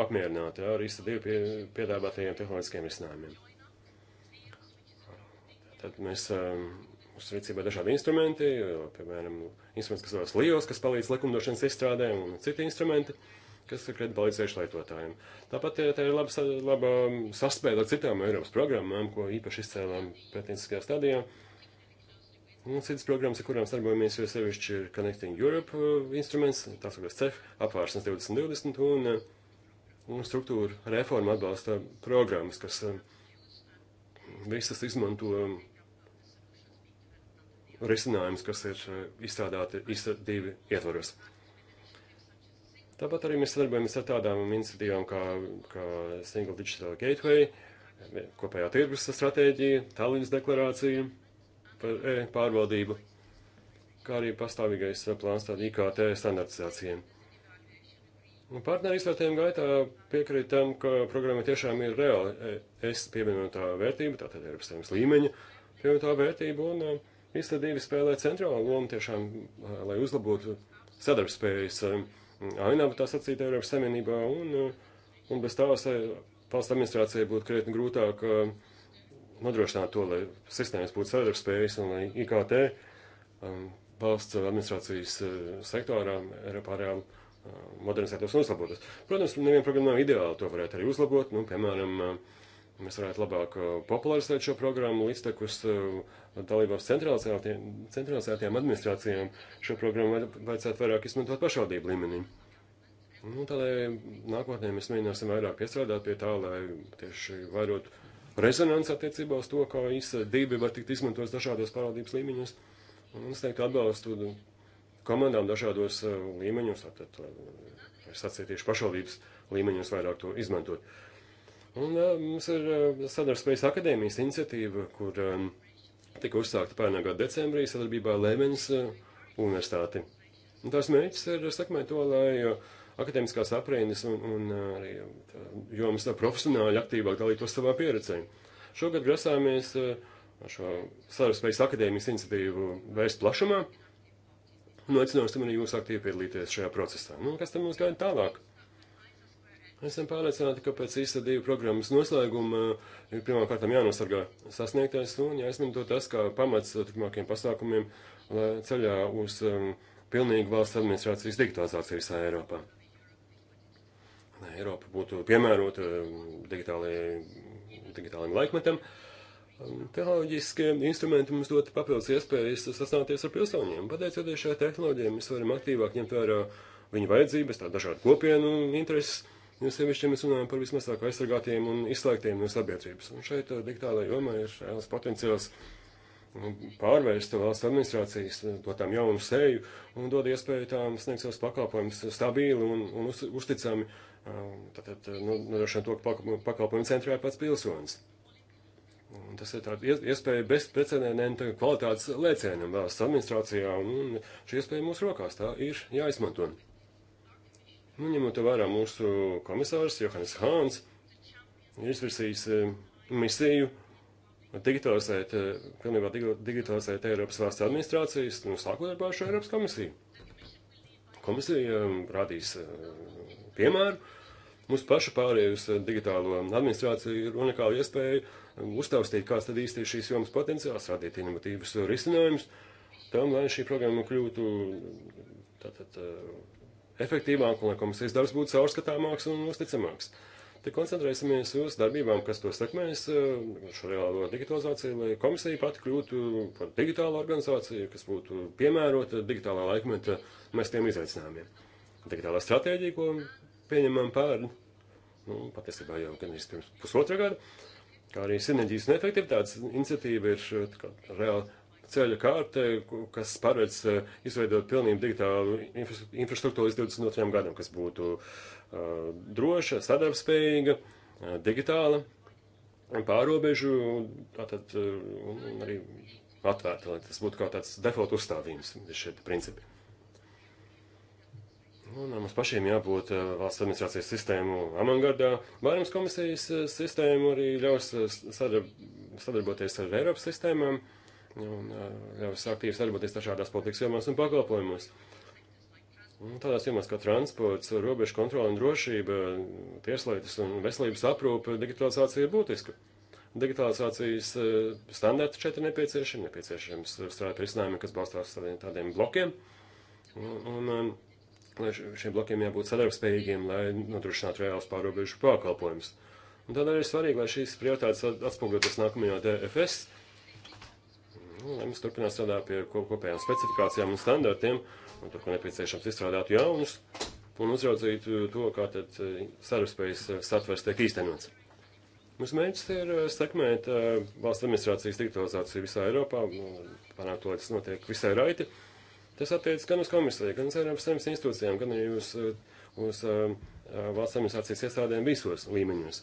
apmierināti ar ISA 2 piedāvātajiem tehnoloģiskiem risinājumiem. Tad mēs mums ir rīcībā dažādi instrumenti, piemēram, instruments, kas vēlas lijos, kas palīdz likumdošanas izstrādē, un citi instrumenti, kas ir kredi palīdzējuši lietotājiem. Tāpat tā ir laba, laba um, saspēda ar citām Eiropas programmām, ko īpaši izcēlām pētnieciskajā stadijā. Uh, Un citas programmas, ar kurām starbojamies, jo sevišķi ir Connecting Europe uh, instruments, tā sakot, CEF, apvārsnes 2020, un, uh, un struktūra reforma atbalsta programmas, kas uh, visas izmanto um, risinājumus, kas ir izstrādāti ISA 2 ietvaros. Tāpat arī mēs sadarbojamies ar tādām iniciatīvām kā, kā Single Digital Gateway, kopējā tirgus stratēģija, Tallinas deklarācija par e pārvaldību, kā arī pastāvīgais plāns tādā IKT standartizācijiem. Partneri izvērtējuma gaitā piekrīt tam, ka programma tiešām ir reāli e, es pievienotā vērtība, tātad Eiropas Savienības līmeņa pievienotā vērtība, un e, izstādība spēlē centrālu lomu tiešām, e, lai uzlabotu sadarbspējas ainavu tā sacīt Eiropas Savienībā, un, un bez tās valsts administrācijai būtu krietni grūtāk uh, nodrošināt to, lai sistēmas būtu sadarbspējas un lai IKT um, valsts administrācijas uh, sektorā pārējām uh, modernizētos un uzlabotos. Protams, neviena programma nav ideāla, to varētu arī uzlabot. Nu, piemēram, uh, mēs varētu labāk uh, popularizēt šo programmu līdztekus uh, dalībās centralizētiem, centralizētiem administrācijām. Šo programmu vajadzētu vairāk izmantot pašvaldību līmenī. Nu, tā lai nākotnē mēs mēģināsim vairāk piestrādāt pie tā, lai tieši vairot uh, rezonanci attiecībā uz to, kā īsa divi var tikt izmantos dažādos pārvaldības līmeņos. Un es teiktu atbalstu komandām dažādos uh, līmeņos, tātad, uh, es atsēju tieši pašvaldības līmeņos vairāk to izmantot. Un uh, mums ir sadarbspējas akadēmijas iniciatīva, kur um, tika uzsākta pērnā gada decembrī sadarbībā Lēmeņas universitāti. Un tās mērķis ir sekmēt to, lai uh, akadēmiskās aprindas un, un uh, arī tā, jomas profesionāļi aktīvāk dalītos savā pieredzē. Šogad grasāmies uh, šo Sārspējas akadēmijas iniciatīvu vērst plašumā. Nu, aicināsim arī jūs aktīvi piedalīties šajā procesā. Nu, kas tad mums gaida tālāk? Esam pārliecināti, ka pēc īsta divu programmas noslēguma uh, ir pirmām kārtām jānosargā sasniegtais un jāizmanto tas kā pamats turpmākiem pasākumiem ceļā uz um, pilnīgu valsts administrācijas digitalizāciju visā Eiropā nākotnē Eiropa būtu piemērota mm, digitālajiem laikmetam. Mm, Tehnoloģiskie instrumenti mums dod papildus iespējas sasnāties ar pilsoņiem. Pateicoties šai tehnoloģijai, mēs varam aktīvāk ņemt vērā viņu vajadzības, tā dažādu kopienu intereses. Jo sevišķi mēs runājam par vismazāk aizsargātiem un izslēgtiem no sabiedrības. Un šeit uh, digitālajā jomā ir reāls potenciāls nu, pārvērst valsts administrācijas, dot uh, tām jaunu seju un dod iespēju tām sniegt savus pakalpojumus stabili un, un uz, uzticami Um, tātad uh, nu, nodrošina to, ka pakalpojumu centrā ir pats pilsonis. Un tas ir tāds iespēja bezprecedenta kvalitātes lēcienam valsts administrācijā, un šī iespēja mūsu rokās tā ir jāizmanto. Nu, ņemot vērā mūsu komisārs Johannes Hāns, ir izvirsījis uh, misiju digitalizēt, uh, pilnībā digitalizēt Eiropas valsts administrācijas, nu, sākot ar pašu Eiropas komisiju. Komisija um, rādīs piemēru. Mūsu pašu pārējai uz eh, digitālo administrāciju ir unikāla iespēja eh, uztaustīt, kāds tad īsti ir šīs jomas potenciāls, radīt inovatīvus eh, risinājumus, tam, lai šī programma kļūtu tātad, efektīvāk un lai komisijas darbs būtu caurskatāmāks un uzticamāks. Te koncentrēsimies uz darbībām, kas to sekmēs šo reālo digitalizāciju, lai komisija pati kļūtu par digitālu organizāciju, kas būtu piemērota digitālā laikmeta mēs tiem izaicinājumiem. Digitālā stratēģija, ko pieņemam pār, nu, patiesībā jau gan arī pirms pusotra gada, kā arī sinerģijas un efektivitātes iniciatīva ir reāla ceļa kārte, kas paredz eh, izveidot pilnību digitālu infrastruktūru līdz 22 gadam, kas būtu uh, droša, sadarbspējīga, uh, digitāla, pārobežu, tātad uh, arī atvērta, lai tas būtu kā tāds default uzstāvījums šeit principi. Un nu, mums pašiem jābūt eh, valsts administrācijas sistēmu avangardā. Vairums komisijas eh, sistēmu arī ļaus eh, sadarb sadarboties ar Eiropas sistēmām un ļaus aktīvi sadarboties dažādās politikas jomās un pakalpojumos. Un tādās jomās kā transports, robežu kontrola un drošība, tieslietas un veselības aprūpe, digitalizācija ir būtiska. Digitalizācijas standarti šeit ir nepieciešami, nepieciešams strādāt risinājumi, kas balstās tādiem blokiem. Un, un, um, šiem blokiem jābūt sadarbspējīgiem, lai nodrošinātu reāls pārobežu pakalpojumus. Un tādēļ ir svarīgi, lai šīs prioritātes atspoguļotas nākamajā DFS, nu, lai mēs turpinās strādāt pie kopējām specifikācijām un standartiem, un tur, ko nepieciešams, izstrādāt jaunus, un uzraudzīt uh, to, kā tad uh, sadarbspējas uh, satvers tiek īstenots. Mūsu mērķis ir sekmēt valsts administrācijas digitalizāciju visā Eiropā, panākt to, lai tas notiek visai raiti. Right Tas attiecas gan uz komisiju, gan uz Eiropas Savienības institūcijām, gan arī uz, uz, uz um, valsts administrācijas iestādēm visos līmeņos.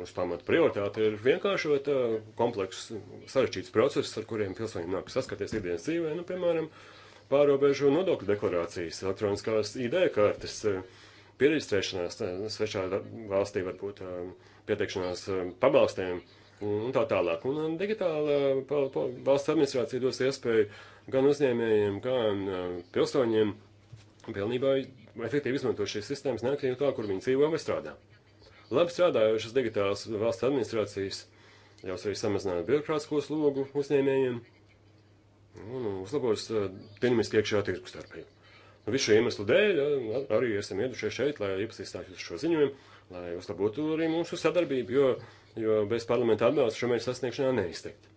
Mums pamat prioritāte ir vienkāršot uh, kompleksus, sarežģītus procesus, ar kuriem pilsoņiem nāk saskaties ikdienas dzīvē, nu, piemēram, pārobežu nodokļu deklarācijas, elektroniskās ID kartes, uh, pieregistrēšanās uh, svešā valstī, varbūt um, pieteikšanās um, pabalstiem un tā tālāk. Un digitāla valsts administrācija dos iespēju gan uzņēmējiem, gan pilsoņiem pilnībā efektīvi izmanto šīs sistēmas, neatkarīgi no tā, kur viņi dzīvo vai strādā. Labi strādājošas digitālās valsts administrācijas ļaus arī samazināt birokrātisko slogu uzņēmējiem un uzlabos dinamiski iekšējā tirgus starpību. Nu, visu šo iemeslu dēļ arī esam iedušies šeit, lai iepazīstinātu uz šo ziņojumu, lai uzlabotu arī mūsu sadarbību, jo, jo bez parlamenta atbalsta šo mērķu sasniegšanā neiztikt.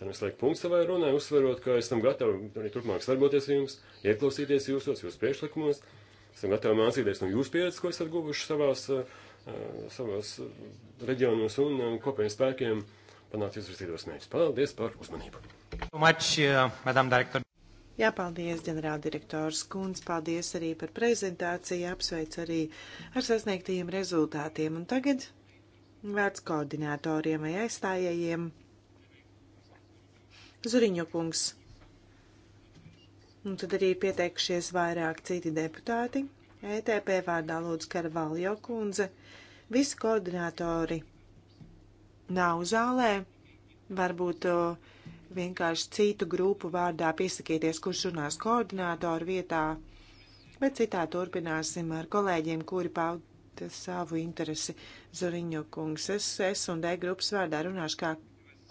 Tad es lieku punktu savai runai, uzsverot, ka esam gatavi arī turpmāk sadarboties ar jums, ieklausīties jūsos, jūsu priekšlikumos. Esam gatavi mācīties no jūsu pieredzes, ko esat guvuši savās, eh, eh, savās eh, reģionos un kopējiem spēkiem panākt izvirzītos mērķus. Paldies par uzmanību! Much, uh, Jā, paldies, ģenerāldirektors Kunz, paldies arī par prezentāciju, apsveic arī ar sasniegtajiem rezultātiem. Un tagad vērts koordinātoriem vai aizstājējiem. Zuriņo kungs. Un tad arī pieteikušies vairāk citi deputāti. ETP vārdā lūdzu Karvaljo kundze. Visi koordinātori nav zālē. Varbūt vienkārši citu grupu vārdā piesakieties, kurš runās koordinātoru vietā. Bet citā turpināsim ar kolēģiem, kuri paud savu interesi. Zoriņo kungs, es, es un D grupas vārdā runāšu kā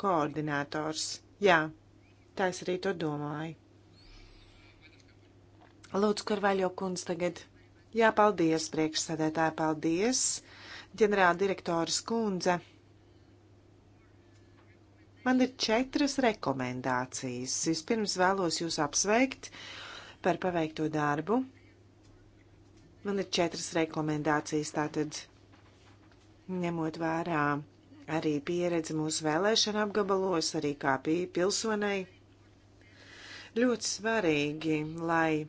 koordinators. Jā. Tā es arī to domāju. Lūdzu, Karvaļo kundze tagad. Jā, paldies, priekšsēdētāji, paldies, ģenerāla direktoras kundze. Man ir četras rekomendācijas. Vispirms vēlos jūs apsveikt par paveikto darbu. Man ir četras rekomendācijas, tātad ņemot vērā arī pieredzi mūsu vēlēšana apgabalos, arī kā bija pilsonai Ļoti svarīgi, lai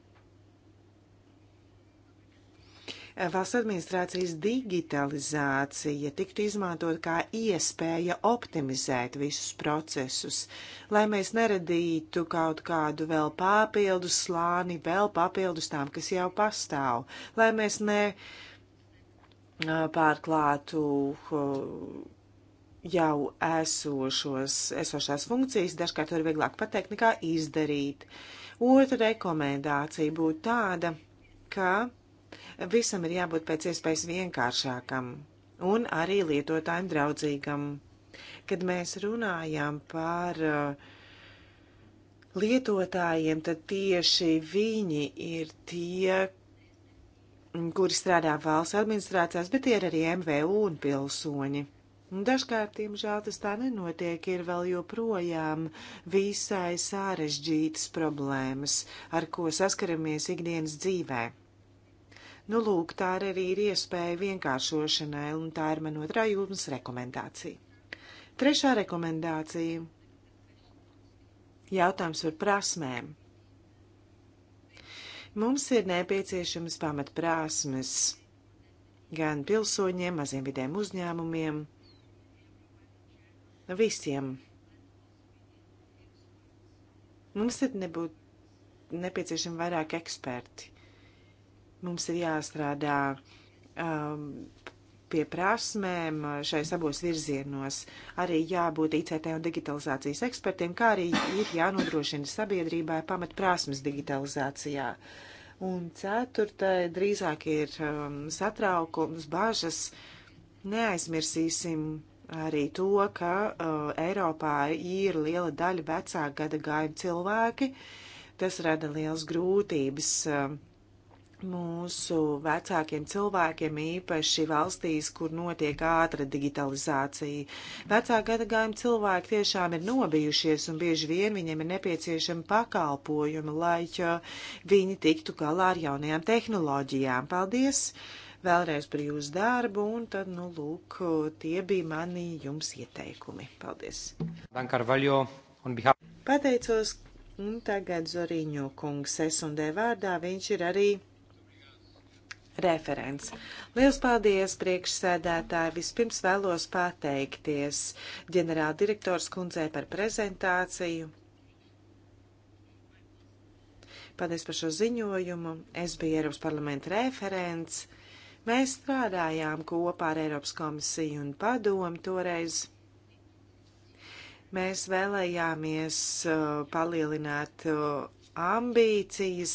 valsts administrācijas digitalizācija tiktu izmantot kā iespēja optimizēt visus procesus, lai mēs neredītu kaut kādu vēl papildus slāni, vēl papildus tām, kas jau pastāv, lai mēs ne pārklātu jau esošos, esošās funkcijas, dažkārt ir vieglāk pateikt nekā izdarīt. Otra rekomendācija būtu tāda, ka visam ir jābūt pēc iespējas vienkāršākam un arī lietotājiem draudzīgam. Kad mēs runājam par uh, lietotājiem, tad tieši viņi ir tie, kuri strādā valsts administrācijās, bet tie ir arī MVU un pilsoņi. Dažkārt, diemžēl, tas tā nenotiek, ir vēl joprojām visai sārežģītas problēmas, ar ko saskaramies ikdienas dzīvē. Nu, lūk, tā arī ir iespēja vienkāršošanai, un tā ir man otrā jūmas rekomendācija. Trešā rekomendācija - jautājums par prasmēm. Mums ir nepieciešamas pamatprasmes gan pilsoņiem, maziem vidiem uzņēmumiem, visiem. Mums tad nebūtu nepieciešami vairāk eksperti. Mums ir jāstrādā um, pie prasmēm uh, šais abos virzienos. Arī jābūt ICT un digitalizācijas ekspertiem, kā arī ir jānodrošina sabiedrībai pamatprasmes digitalizācijā. Un ceturtai drīzāk ir um, satraukums, bažas. Neaizmirsīsim arī to, ka uh, Eiropā ir liela daļa vecāka gada gājuma cilvēki. Tas rada liels grūtības uh, mūsu vecākiem cilvēkiem, īpaši valstīs, kur notiek ātra digitalizācija. Vecāka gada gājuma cilvēki tiešām ir nobijušies un bieži vien viņiem ir nepieciešama pakalpojuma, lai uh, viņi tiktu galā ar jaunajām tehnoloģijām. Paldies! Uh, vēlreiz par jūsu darbu, un tad, nu, lūk, tie bija mani jums ieteikumi. Paldies! Pateicos, un tagad Zoriņo kungs S&D vārdā, viņš ir arī referents. Lielas paldies, priekšsēdētāji! Vispirms vēlos pateikties ģenerāldirektors kundzei par prezentāciju. Paldies par šo ziņojumu. Es biju Eiropas parlamenta referents Mēs strādājām kopā ar Eiropas komisiju un padomu toreiz. Mēs vēlējāmies uh, palielināt uh, ambīcijas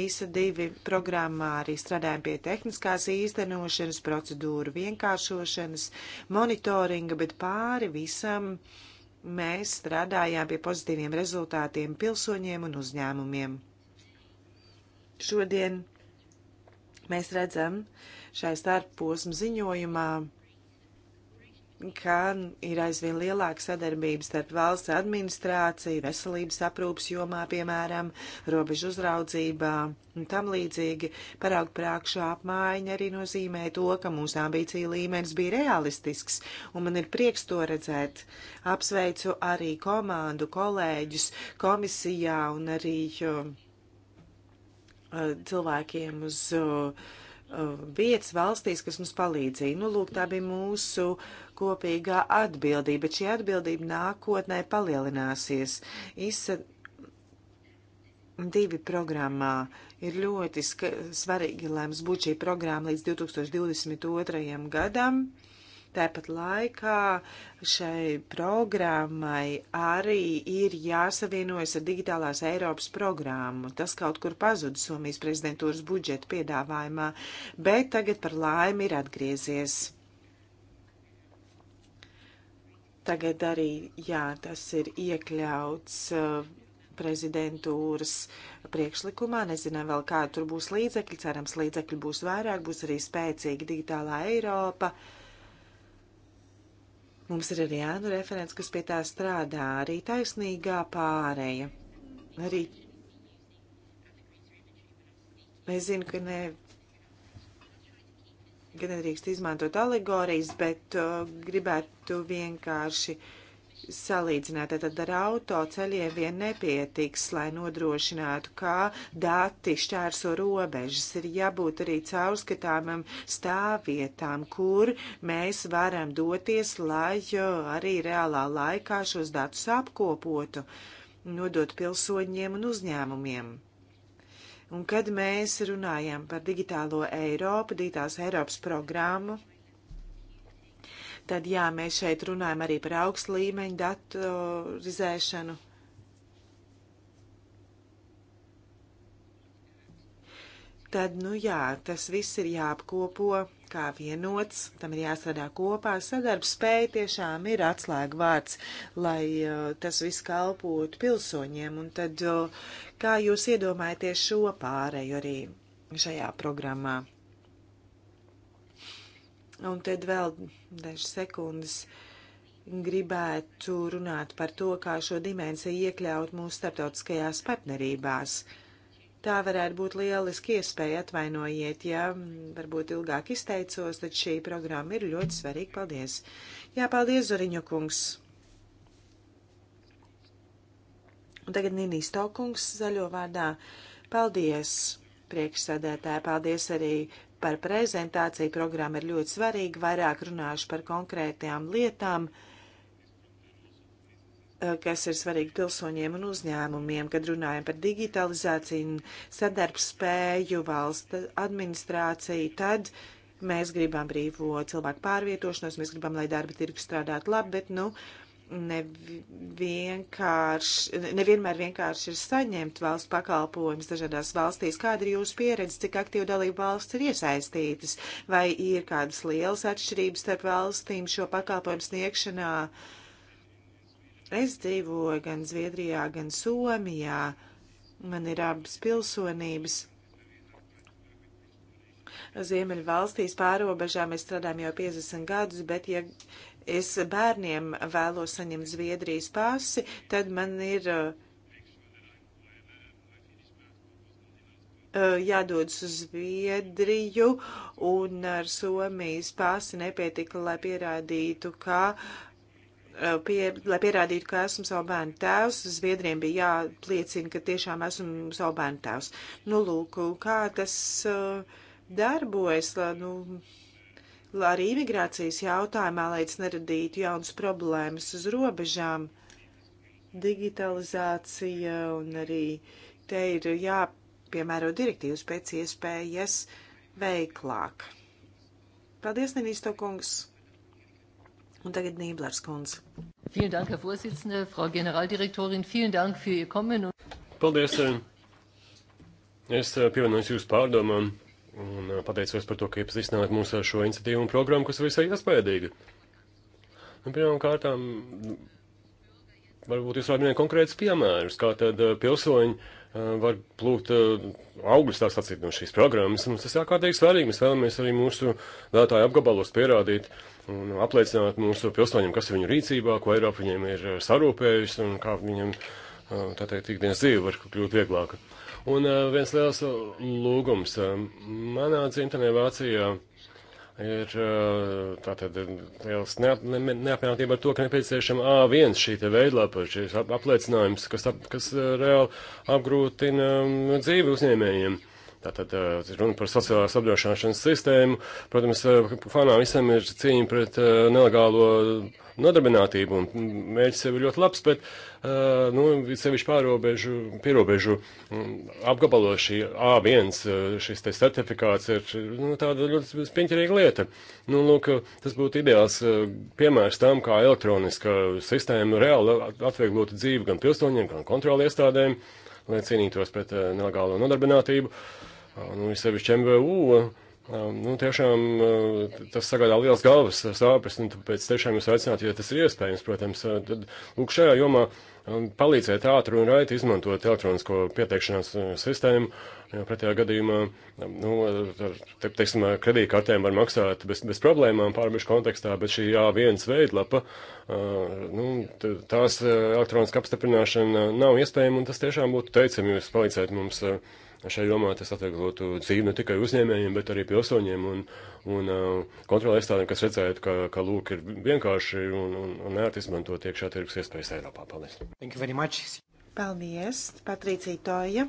īsa divi programmā, arī strādājam pie tehniskās īstenošanas, procedūru vienkāršošanas, monitoringa, bet pāri visam mēs strādājām pie pozitīviem rezultātiem pilsoņiem un uzņēmumiem. Šodien mēs redzam, uh, šai starpposmu ziņojumā, ka ir aizvien lielāka sadarbība starp valsts administrāciju, veselības aprūpas jomā, piemēram, robežu uzraudzībā un tam līdzīgi. Parauga prākšā apmaiņa arī nozīmē to, ka mūsu ambīcija līmenis bija realistisks, un man ir prieks to redzēt. Apsveicu arī komandu, kolēģus komisijā un arī uh, cilvēkiem uz uh, vietas valstīs, kas mums palīdzīja. Nu, lūk, tā bija mūsu kopīgā atbildība, bet šī atbildība nākotnē palielināsies. ISA divi programmā ir ļoti svarīgi, lai mums būtu šī programma līdz 2022. gadam. Tāpat laikā šai programmai arī ir jāsavienojas ar digitālās Eiropas programmu. Tas kaut kur pazuda Somijas prezidentūras budžeta piedāvājumā, bet tagad par laimi ir atgriezies. Tagad arī, jā, tas ir iekļauts uh, prezidentūras priekšlikumā. Nezinām vēl, kā tur būs līdzekļi. Cerams, līdzekļi būs vairāk, būs arī spēcīga digitālā Eiropa. Uh, Mums ir arī ēnu referents, kas pie tā strādā, arī taisnīgā pārēja. Arī es zinu, ka ne, ka nedrīkst izmantot alegorijas, bet uh, gribētu vienkārši uh, salīdzināt. Tad ar autoceļiem vien nepietiks, lai nodrošinātu, kā dati šķērso robežas. Ir jābūt arī caurskatāmam stāvvietām, kur mēs varam doties, lai arī reālā laikā šos datus apkopotu, nodot pilsoņiem un uzņēmumiem. Un kad mēs runājam par digitālo Eiropu, digitālās Eiropas programmu, Tad jā, mēs šeit runājam arī par augstu līmeņu datorizēšanu. Tad, nu jā, tas viss ir jāapkopo kā vienots, tam ir jāstrādā kopā. Sadarbspēja tiešām ir atslēga vārds, lai uh, tas viss kalpotu pilsoņiem. Un tad, uh, kā jūs iedomājaties šo pārēju arī šajā programmā? Un tad vēl dažas sekundes gribētu runāt par to, kā šo dimensiju iekļaut mūsu starptautiskajās partnerībās. Tā varētu būt lieliski iespēja atvainojiet, ja varbūt ilgāk izteicos, tad šī programma ir ļoti svarīga. Paldies! Jā, paldies, Zoriņo kungs! Un tagad Ninīs Tokungs zaļo vārdā. Paldies, priekšsēdētāji, paldies arī par prezentāciju. Programma ir ļoti svarīga, vairāk runāšu par konkrētajām lietām, eh, kas ir svarīgi pilsoņiem un uzņēmumiem, kad runājam par digitalizāciju un sadarbspēju valsts administrāciju. Tad mēs gribam brīvo cilvēku pārvietošanos, mēs gribam, lai darba tirgus strādātu labi, bet, nu, uh, nevienkārši, nevienmēr vienkārši ir saņemt valsts pakalpojumus dažādās valstīs. Kāda ir jūsu pieredze, cik aktīvi dalība valsts ir iesaistītas? Vai ir kādas lielas atšķirības starp valstīm šo pakalpojumu sniegšanā? Es dzīvoju gan Zviedrijā, gan Somijā. Man ir abas pilsonības. Ziemeļu valstīs pārobežā mēs strādājam jau 50 gadus, bet, ja es bērniem vēlos saņemt Zviedrijas pasi, tad man ir eh, eh, jādodas uz Zviedriju un ar Somijas pasi nepietika, lai pierādītu, ka. Eh, pie, lai pierādītu, ka esmu savu bērnu tēvs, Zviedriem bija jāpliecina, ka tiešām esmu savu bērnu tēvs. Nu, lūk, kā tas uh, darbojas, lai, nu, lai arī imigrācijas jautājumā, lai tas neradītu jaunas problēmas uz robežām, digitalizācija un arī te ir jāpiemēro direktīvas pēc iespējas veiklāk. Paldies, Nenīsto kungs! Un tagad Nīblers kungs. Vielen Dank, Herr Vorsitzende, Frau Generaldirektorin, vielen Dank für Ihr Kommen. Paldies! Eh. Es eh, pievienojos jūsu pārdomām Un pateicos par to, ka iepazīstināt mūs ar šo iniciatīvu un programmu, kas visai iespējīga. Nu, pirmām kārtām, varbūt jūs varat minēt konkrētus piemērus, kā tad pilsoņi var plūkt augļus tā sacīt no šīs programmas. Mums tas jākārtīgi svarīgi. Mēs vēlamies arī mūsu vēlētāju apgabalos pierādīt un apliecināt mūsu pilsoņiem, kas ir viņu rīcībā, ko Eiropa viņiem ir sarūpējusi un kā viņiem, tā teikt, ikdienas dzīve var kļūt vieglāka. Uh, Un viens liels lūgums. Manā dzimtenē Vācijā ir tātad liels neapmierinātība ar to, ka nepieciešama A1 šī te veidlapa, šis apliecinājums, kas, ap, kas reāli apgrūtina dzīvi uzņēmējiem. Tātad runa par sociālās apdrošināšanas sistēmu. Protams, fanā visam ir cīņa pret nelegālo nodarbinātību, un mērķis sev ir ļoti labs, bet, nu, sevišķi pārobežu, pierobežu apgabalo šī A1, šis te certifikāts ir, nu, tāda ļoti piņķerīga lieta. Nu, lūk, tas būtu ideāls piemērs tam, kā elektroniska sistēma reāli atvieglotu dzīvi gan pilsoņiem, gan kontroli iestādēm lai cīnītos pret nelegālo nodarbinātību. Uh, Nu, sevišķi MVU, nu, tiešām tas sagādā liels galvas sāpes, un tāpēc tiešām jūs aicinātu, ja tas ir iespējams, protams, tad, lūk, šajā jomā palīdzēt ātri un raiti izmantot elektronisko pieteikšanās sistēmu, jo pretējā gadījumā, nu, ar, te, teiksim, kredītkartēm var maksāt bez, bez problēmām pārbežu kontekstā, bet šī A1 veidlapa, nu, tās elektroniska apstiprināšana nav iespējama, un tas tiešām būtu teicami, jūs palīdzētu mums šajā jomā tas atvieglotu dzīvi ne tikai uzņēmējiem, bet arī pilsoņiem un, un uh, kontrolē iestādēm, kas redzētu, ka, ka lūk ir vienkārši un, un, un ērti izmantot iekšā tirgus iespējas Eiropā. Paldies! Thank you very much! Paldies, Patricija Toja!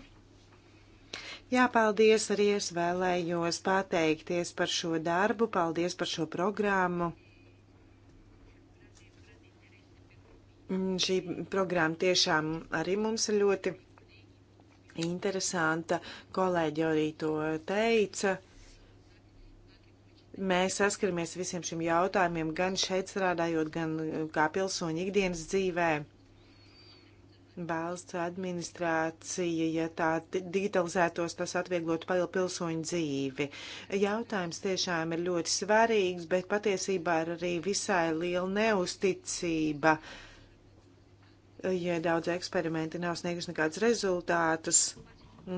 Jā, paldies arī es vēlējos pateikties par šo darbu, paldies par šo programmu. Mm, šī programma tiešām arī mums ir ļoti interesanta. Kolēģi arī to teica. Mēs saskaramies visiem šiem jautājumiem, gan šeit strādājot, gan eh, kā pilsoņi ikdienas dzīvē. Balsts administrācija, ja tā digitalizētos, tas atvieglotu paļu pilsoņu dzīvi. Jautājums tiešām ir ļoti svarīgs, bet patiesībā ir arī visai liela neusticība. Uh, ja daudz eksperimenti nav snieguši nekādus rezultātus.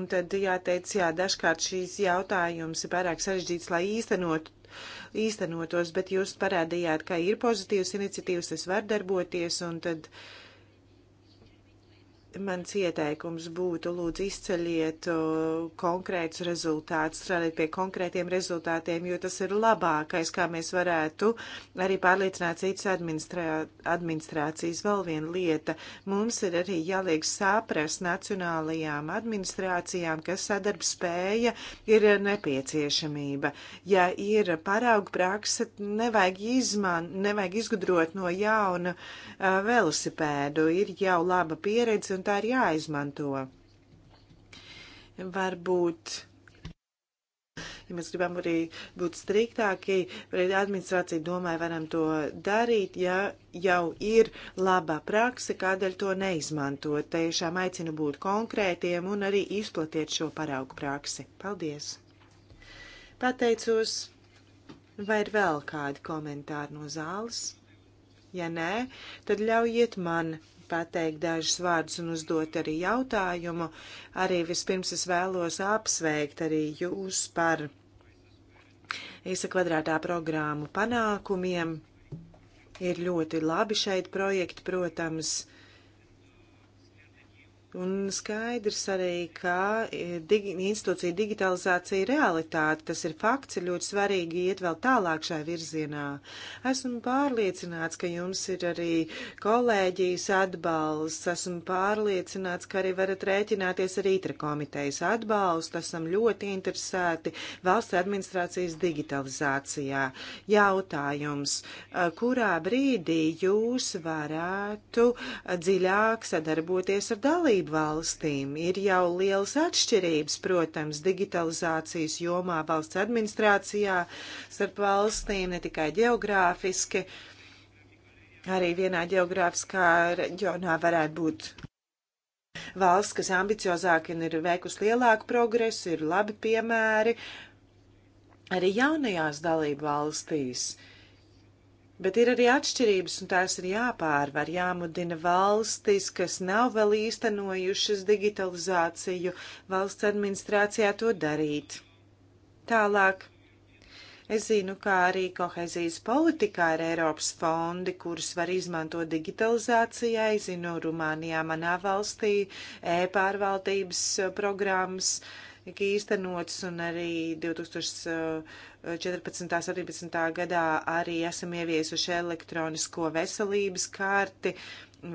Un tad jāteic, jā, dažkārt šīs jautājums ir pārāk sarežģīts, lai īstenot, īstenotos, bet jūs parādījāt, ka ir pozitīvas iniciatīvas, tas var darboties, un tad uh, mans ieteikums būtu lūdzu izceļiet uh, konkrētus rezultātus, strādāt pie konkrētiem rezultātiem, jo tas ir labākais, kā mēs varētu arī pārliecināt citas administrā, administrācijas. Vēl viena lieta - mums ir arī jāliek saprast nacionālajām administrācijām, ka sadarbspēja ir nepieciešamība. Ja ir paraugu praksa, nevajag, izman, nevajag izgudrot no jauna uh, velosipēdu, ir jau laba pieredze un un tā ir jāizmanto. Varbūt ja mēs gribam arī būt striktāki, administrācija domāja, varam to darīt, ja jau ir labā praksa, kādēļ to neizmantot. Tiešām aicinu būt konkrētiem un arī izplatiet šo paraugu praksi. Paldies! Pateicos, vai ir vēl kādi komentāri no zāles? Ja nē, tad ļaujiet man pateikt dažus vārdus un uzdot arī jautājumu. Arī vispirms es vēlos apsveikt arī jūs par īsa kvadrātā programmu panākumiem. Ir ļoti labi šeit projekti, protams, Un skaidrs arī, ka e, digi, institūcija digitalizācija ir realitāte, tas ir fakts, ir ļoti svarīgi iet vēl tālāk šai virzienā. Esmu pārliecināts, ka jums ir arī kolēģijas atbalsts, esmu pārliecināts, ka arī varat rēķināties ar ītra komitejas atbalstu, esam ļoti interesēti valsts administrācijas digitalizācijā. Jautājums, e, kurā brīdī jūs varētu e, dziļāk sadarboties ar dalību? dalību valstīm ir jau lielas atšķirības, protams, digitalizācijas jomā valsts administrācijā starp valstīm, ne tikai geogrāfiski, arī vienā geogrāfiskā reģionā varētu būt valsts, kas ambiciozāk un ir veikusi lielāku progresu, ir labi piemēri arī jaunajās dalību valstīs. Uh, Bet ir arī atšķirības, un tās ir jāpārvar, jāmudina valstis, kas nav vēl īstenojušas digitalizāciju, valsts administrācijā to darīt. Tālāk. Es zinu, kā arī kohezijas politikā ir Eiropas fondi, kurus var izmantot digitalizācijai. Zinu, Rumānijā manā valstī e-pārvaldības programmas tika īstenots, un arī 2014. 17. Eh, gadā arī esam ieviesuši elektronisko veselības karti,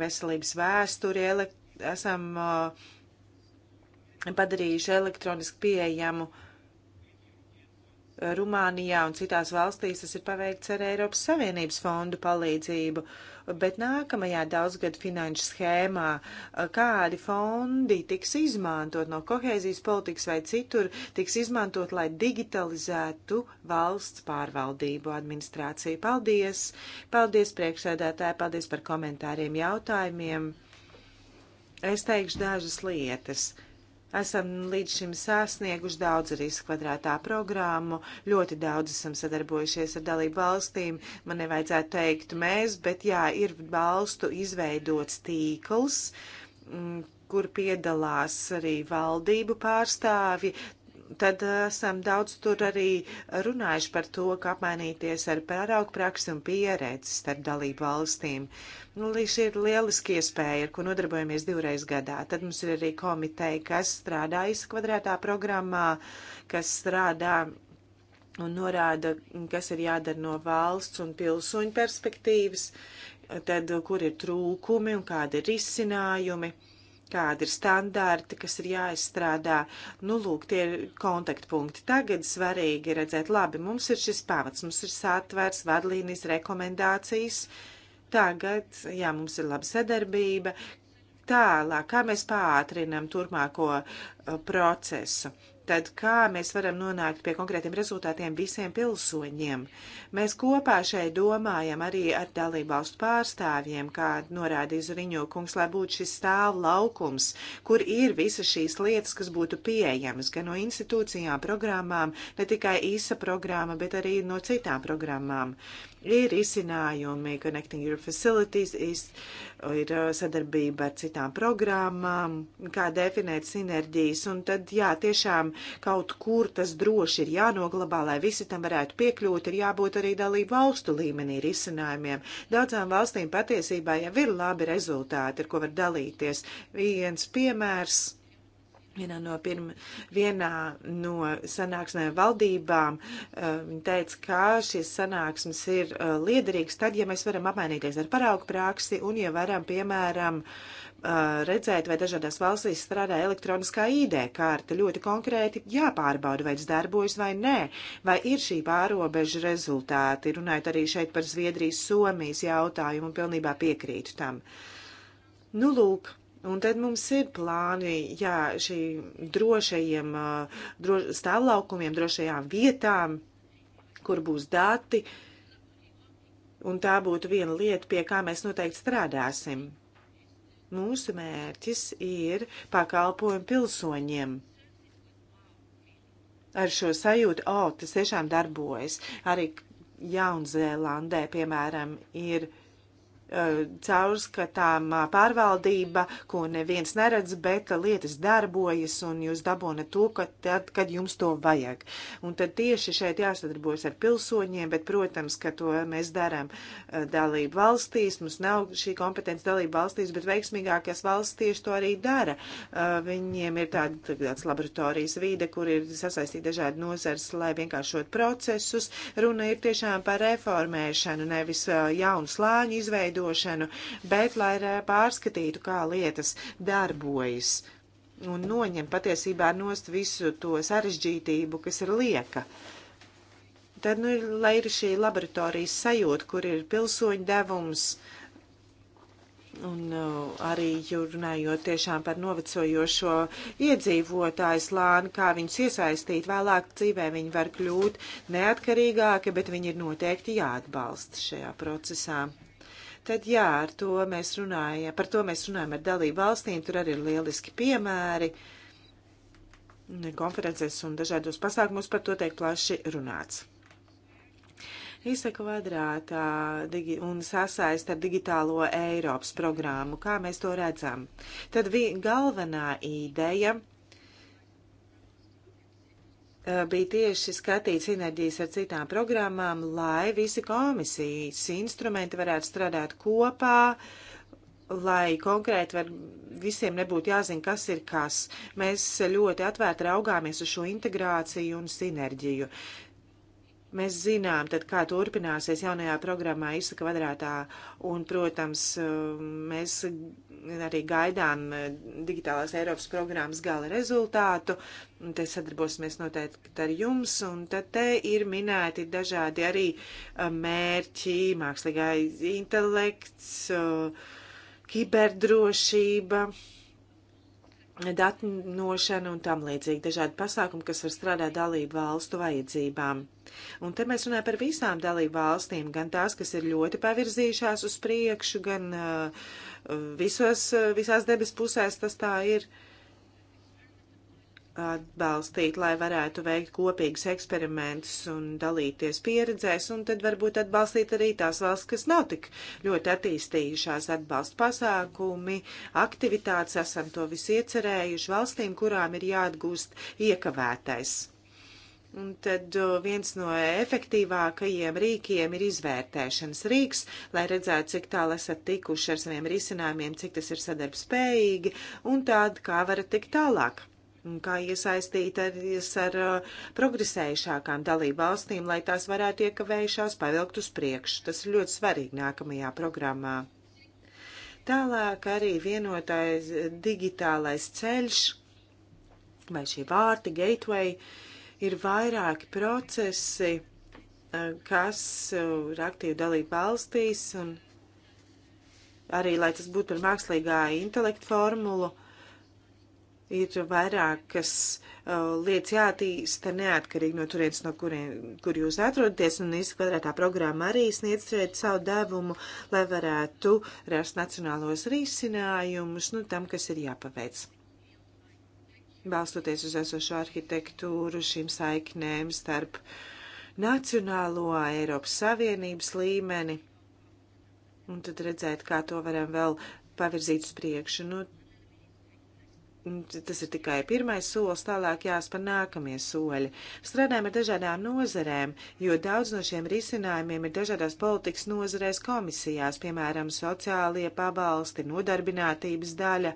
veselības vēsturi, elekt esam eh, padarījuši elektroniski pieejamu uh, Rumānijā un citās valstīs tas ir paveikts ar Eiropas Savienības fondu palīdzību, bet nākamajā daudzgad finanšu schēmā kādi fondi tiks izmantot no kohēzijas politikas vai citur, tiks izmantot, lai digitalizētu valsts pārvaldību administrāciju. Paldies! Paldies priekšsēdētāji, paldies par komentāriem, jautājumiem. Es teikšu dažas lietas. Esam līdz šim sasnieguši daudz arī kvadrātā programmu, ļoti daudz esam sadarbojušies ar dalību valstīm. Man nevajadzētu teikt mēs, bet jā, ir valstu izveidots tīkls, mm, kur piedalās arī valdību pārstāvji, tad eh, esam daudz tur arī runājuši par to, kā apmainīties ar pāraugu praksi un pieredzi starp dalību valstīm. Nu, šī ir lieliski iespēja, ar ko nodarbojamies divreiz gadā. Tad mums ir arī komiteja, kas strādā izkvadrētā programmā, kas strādā un norāda, kas ir jādara no valsts un pilsoņu perspektīvas, tad kur ir trūkumi un kādi ir izcinājumi kādi ir standarti, kas ir jāizstrādā. Nu, lūk, tie ir kontaktpunkti. Tagad svarīgi redzēt, labi, mums ir šis pavats, mums ir sātvērs, vadlīnijas, rekomendācijas. Tagad, jā, mums ir laba sadarbība. Tālāk, kā mēs pātrinam turpmāko uh, procesu tad kā mēs varam nonākt pie konkrētiem rezultātiem visiem pilsoņiem? Mēs kopā šeit domājam arī ar dalībvalstu pārstāvjiem, kā norādīja Zuriņo kungs, lai būtu šis stāv laukums, kur ir visas šīs lietas, kas būtu pieejamas gan no institūcijām, programmām, ne tikai īsa programma, bet arī no citām programmām. Uh, ir izcinājumi Connecting Europe Facilities, is, ir uh, sadarbība ar citām programmām, kā definēt sinerģijas, un tad, jā, tiešām kaut kur tas droši ir jānoglabā, lai visi tam varētu piekļūt, ir jābūt arī dalību valstu līmenī risinājumiem. Daudzām valstīm patiesībā jau ir labi rezultāti, ar ko var dalīties. Viens piemērs Vienā no, pirma, vienā no sanāksmēm valdībām eh, viņi uh, teica, ka šīs sanāksmes ir uh, liederīgas tad, ja mēs varam apmainīties ar paraugu praksi un ja varam, piemēram, uh, redzēt, vai dažādās valstīs strādā elektroniskā ID kārta. Ļoti konkrēti jāpārbauda, vai tas darbojas vai nē, vai ir šī pārobeža rezultāti. Runājot arī šeit par Zviedrijas, Somijas jautājumu un pilnībā piekrītu tam. Nu, lūk, Un tad mums ir plāni, jā, šī drošajiem droš, stāvlaukumiem, drošajām vietām, kur būs dati, un tā būtu viena lieta, pie kā mēs noteikti strādāsim. Mūsu mērķis ir pakalpojumi pilsoņiem. Ar šo sajūtu, o, oh, tas tiešām darbojas. Arī Jaunzēlandē, piemēram, ir uh, caurskatāmā pārvaldība, ko neviens neredz, bet lietas darbojas un jūs dabūnat to, kad, tad, kad jums to vajag. Un tad tieši šeit jāsadarbojas ar pilsoņiem, bet, protams, ka to mēs darām dalību valstīs. Mums nav šī kompetence dalību valstīs, bet veiksmīgākās valsts tieši to arī dara. Viņiem ir tāda, tāds laboratorijas vīde, kur ir sasaistīta dažādi nozars, lai vienkāršot procesus. Runa ir tiešām par reformēšanu, nevis jaunu slāņu izveidu likumdošanu, bet lai pārskatītu, kā lietas darbojas un noņem patiesībā nost visu to sarežģītību, kas ir lieka. Tad, nu, lai ir šī laboratorijas sajūta, kur ir pilsoņu devums, un uh, arī runājot tiešām par novecojošo iedzīvotāju slāni, kā viņus iesaistīt vēlāk dzīvē, viņi var kļūt neatkarīgāki, bet viņi ir noteikti jāatbalsta šajā procesā tad jā, ar to mēs runājam, par to mēs runājam ar dalību valstīm, tur arī ir lieliski piemēri. Konferences un dažādos pasākumos par to tiek plaši runāts. Īsa kvadrātā digi, un sasaist ar digitālo Eiropas programmu, kā mēs to redzam. Tad vi, galvenā ideja bija tieši skatīt sinerģijas ar citām programmām, lai visi komisijas instrumenti varētu strādāt kopā, lai konkrēti var, visiem nebūtu jāzina, kas ir kas. Mēs ļoti atvērti raugāmies uz šo integrāciju un sinerģiju. Mēs zinām, tad kā turpināsies jaunajā programmā izsaka kvadrātā, un, protams, um, mēs arī gaidām uh, digitālās Eiropas programmas gala rezultātu. Te sadarbosimies noteikti ar jums, un tad te ir minēti dažādi arī uh, mērķi, mākslīgais intelekts, uh, kiberdrošība. Uh, datinošana un tam līdzīgi dažādi pasākumi, kas var strādāt dalību valstu vajadzībām. Un te mēs runājam par visām dalību valstīm, gan tās, kas ir ļoti pavirzījušās uz priekšu, gan uh, visos, uh, visās debes pusēs tas tā ir. Uh, atbalstīt, lai varētu veikt kopīgus eksperimentus un dalīties pieredzēs, un tad varbūt atbalstīt arī tās valsts, kas nav tik ļoti attīstījušās atbalsta pasākumi, aktivitātes, esam to visu iecerējuši valstīm, kurām ir jāatgūst iekavētais. Un tad viens no efektīvākajiem rīkiem ir izvērtēšanas rīks, lai redzētu, cik tālu esat tikuši ar saviem risinājumiem, cik tas ir sadarbspējīgi, un tād, kā varat tikt tālāk kā iesaistīties ar uh, progresējušākām dalību valstīm, lai tās varētu iekavējušās pavilkt uz priekšu. Tas ir ļoti svarīgi nākamajā programmā. Tālāk arī vienotais digitālais ceļš vai šī vārti, gateway, ir vairāki procesi, uh, kas uh, ir aktīvi dalību valstīs un arī, lai tas būtu par mākslīgā intelektu formulu, uh, ir vairākas uh, lietas jātīsta neatkarīgi no turienes, no kurien, kur jūs atrodaties, un izkvadrētā programma arī sniedz savu devumu, lai varētu rast nacionālos risinājumus, nu, tam, kas ir jāpaveic. Balstoties uz esošo arhitektūru, šīm saiknēm starp nacionālo Eiropas Savienības līmeni, un tad redzēt, kā to varam vēl pavirzīt uz priekšu. Nu, Tas ir tikai pirmais solis, tālāk jāspēr nākamie soļi. Strādājam ar dažādām nozerēm, jo daudz no šiem risinājumiem ir dažādās politikas nozerēs komisijās, piemēram, sociālie pabalsti, nodarbinātības daļa.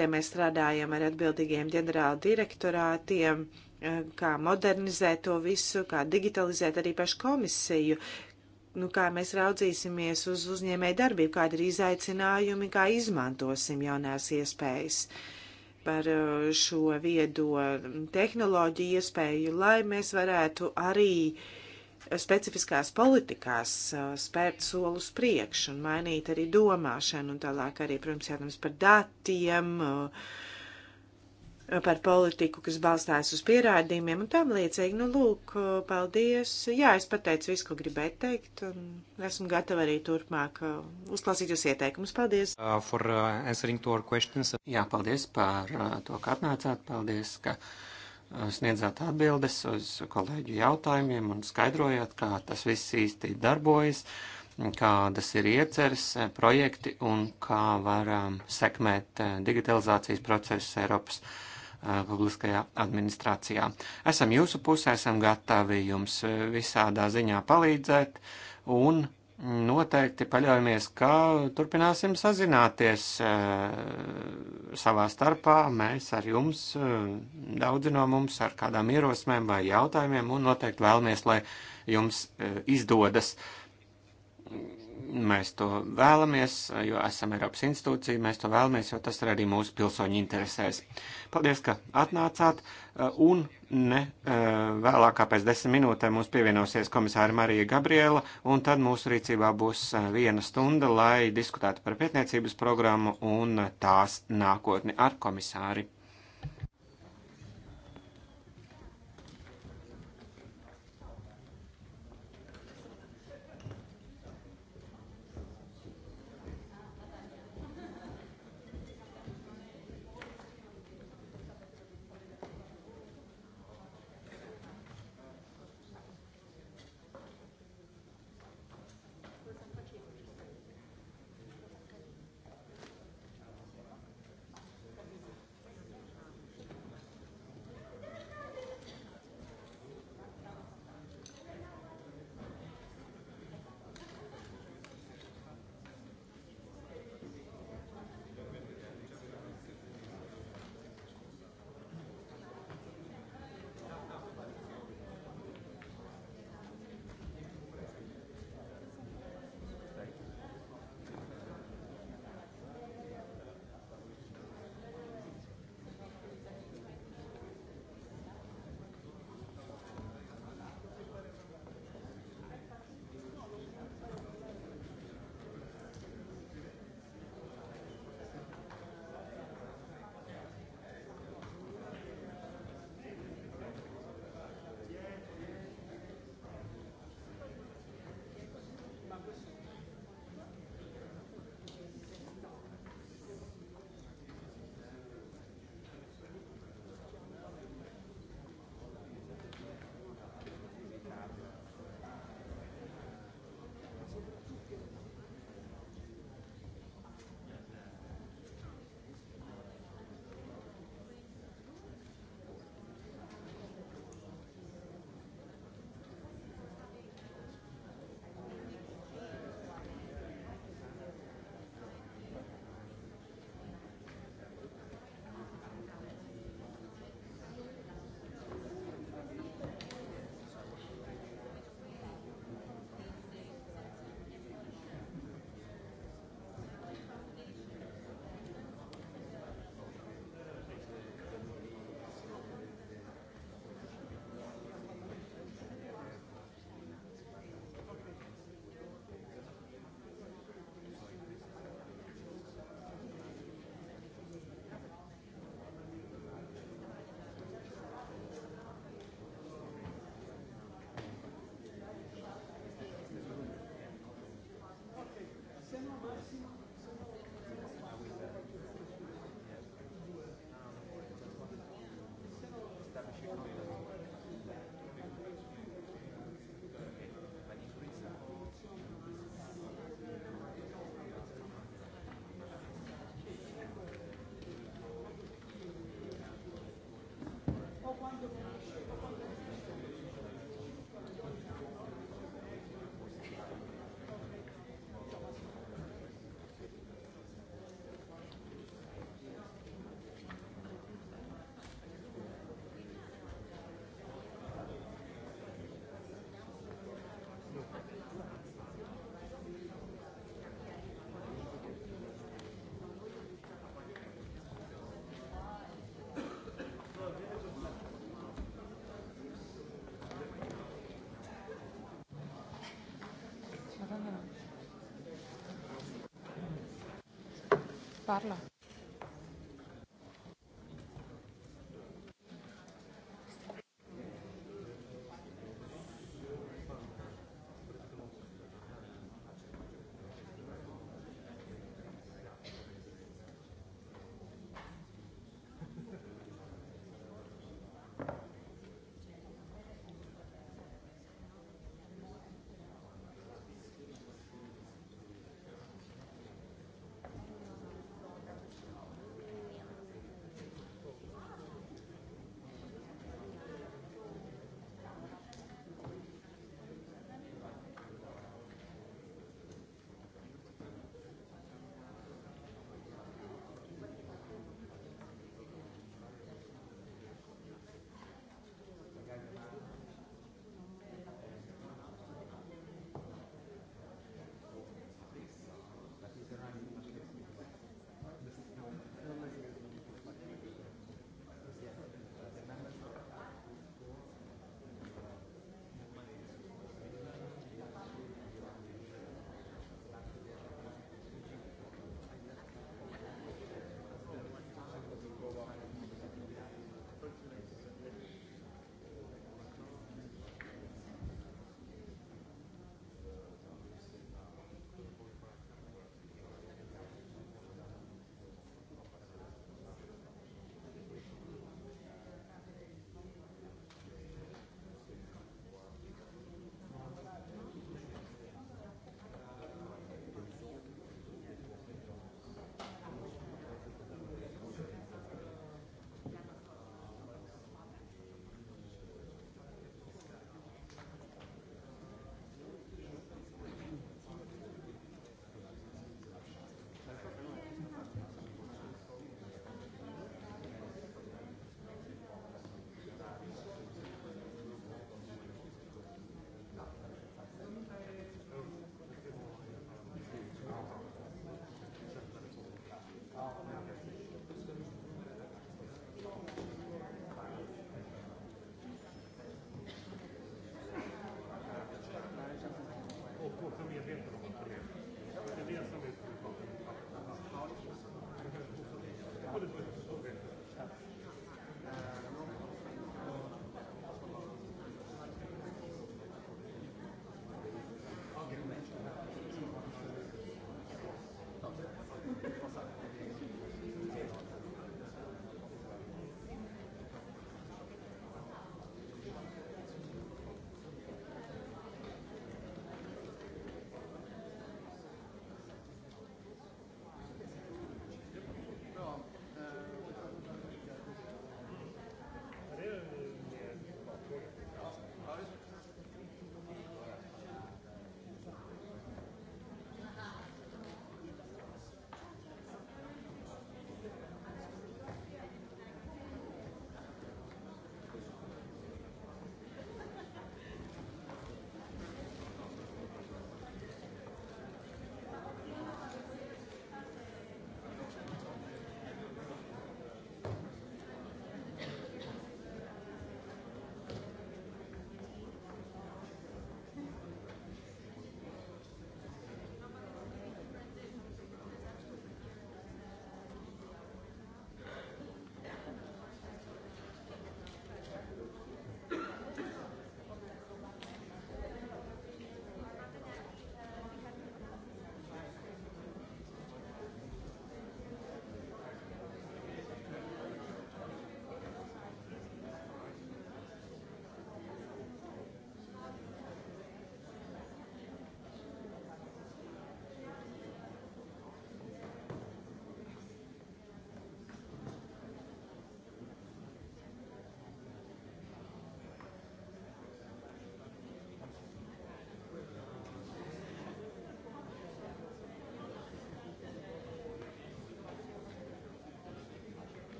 Te mēs strādājam ar atbildīgiem ģenerāla direktorātiem, e, kā modernizēt to visu, kā digitalizēt arī pašu komisiju, nu, kā mēs raudzīsimies uz uzņēmēju darbību, kādi ir izaicinājumi, kā izmantosim jaunās iespējas. Uh, par uh, šo viedo tehnoloģiju iespēju, lai mēs varētu arī specifiskās politikās uh, spērt soli uz priekšu un mainīt arī domāšanu un tālāk arī, protams, jādams par datiem, uh, par politiku, kas balstās uz pierādījumiem un tam liecīgi. Nu, lūk, paldies. Jā, es pateicu visu, ko gribēju teikt, un esmu gatava arī turpmāk uh, uzklausīt jūs ieteikumus. Paldies! Uh, for, uh, Jā, paldies par uh, to, ka atnācāt. Paldies, ka uh, sniedzāt atbildes uz kolēģu jautājumiem un skaidrojāt, kā tas viss īsti darbojas, kādas ir ieceres, uh, projekti un kā varam sekmēt digitalizācijas procesus Eiropas publiskajā administrācijā. Esam jūsu pusē, esam gatavi jums visādā ziņā palīdzēt un noteikti paļaujamies, ka turpināsim sazināties savā starpā. Mēs ar jums, daudzi no mums, ar kādām ierosmēm vai jautājumiem un noteikti vēlamies, lai jums izdodas Mēs to vēlamies, jo esam Eiropas institūcija, mēs to vēlamies, jo tas ir arī mūsu pilsoņu interesēs. Paldies, ka atnācāt, uh, un ne uh, vēlākā pēc desmit minūtēm mums pievienosies komisāra Marija Gabriela, un tad mūsu rīcībā būs uh, viena stunda, lai diskutētu par pētniecības programmu un tās nākotni ar komisāri Thank you. parla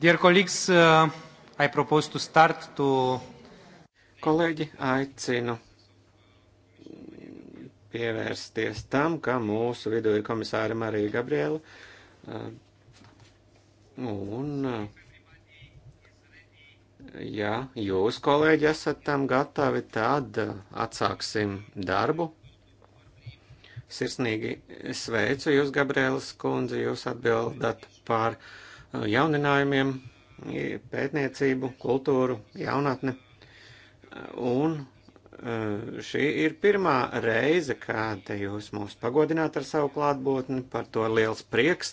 Dear colleagues, uh, I propose to start to. Kolēģi, aicinu pievērsties tam, ka mūsu vidū ir komisāra Marija Gabriela. Uh, un, uh, ja jūs, kolēģi, esat tam gatavi, tad uh, atsāksim darbu. Sirsnīgi sveicu jūs, Gabrielas kundze, jūs atbildat par jauninājumiem, pētniecību, kultūru, jaunatni. Un e, šī ir pirmā reize, kad jūs mūs pagodināt ar savu klātbūtni, par to liels prieks.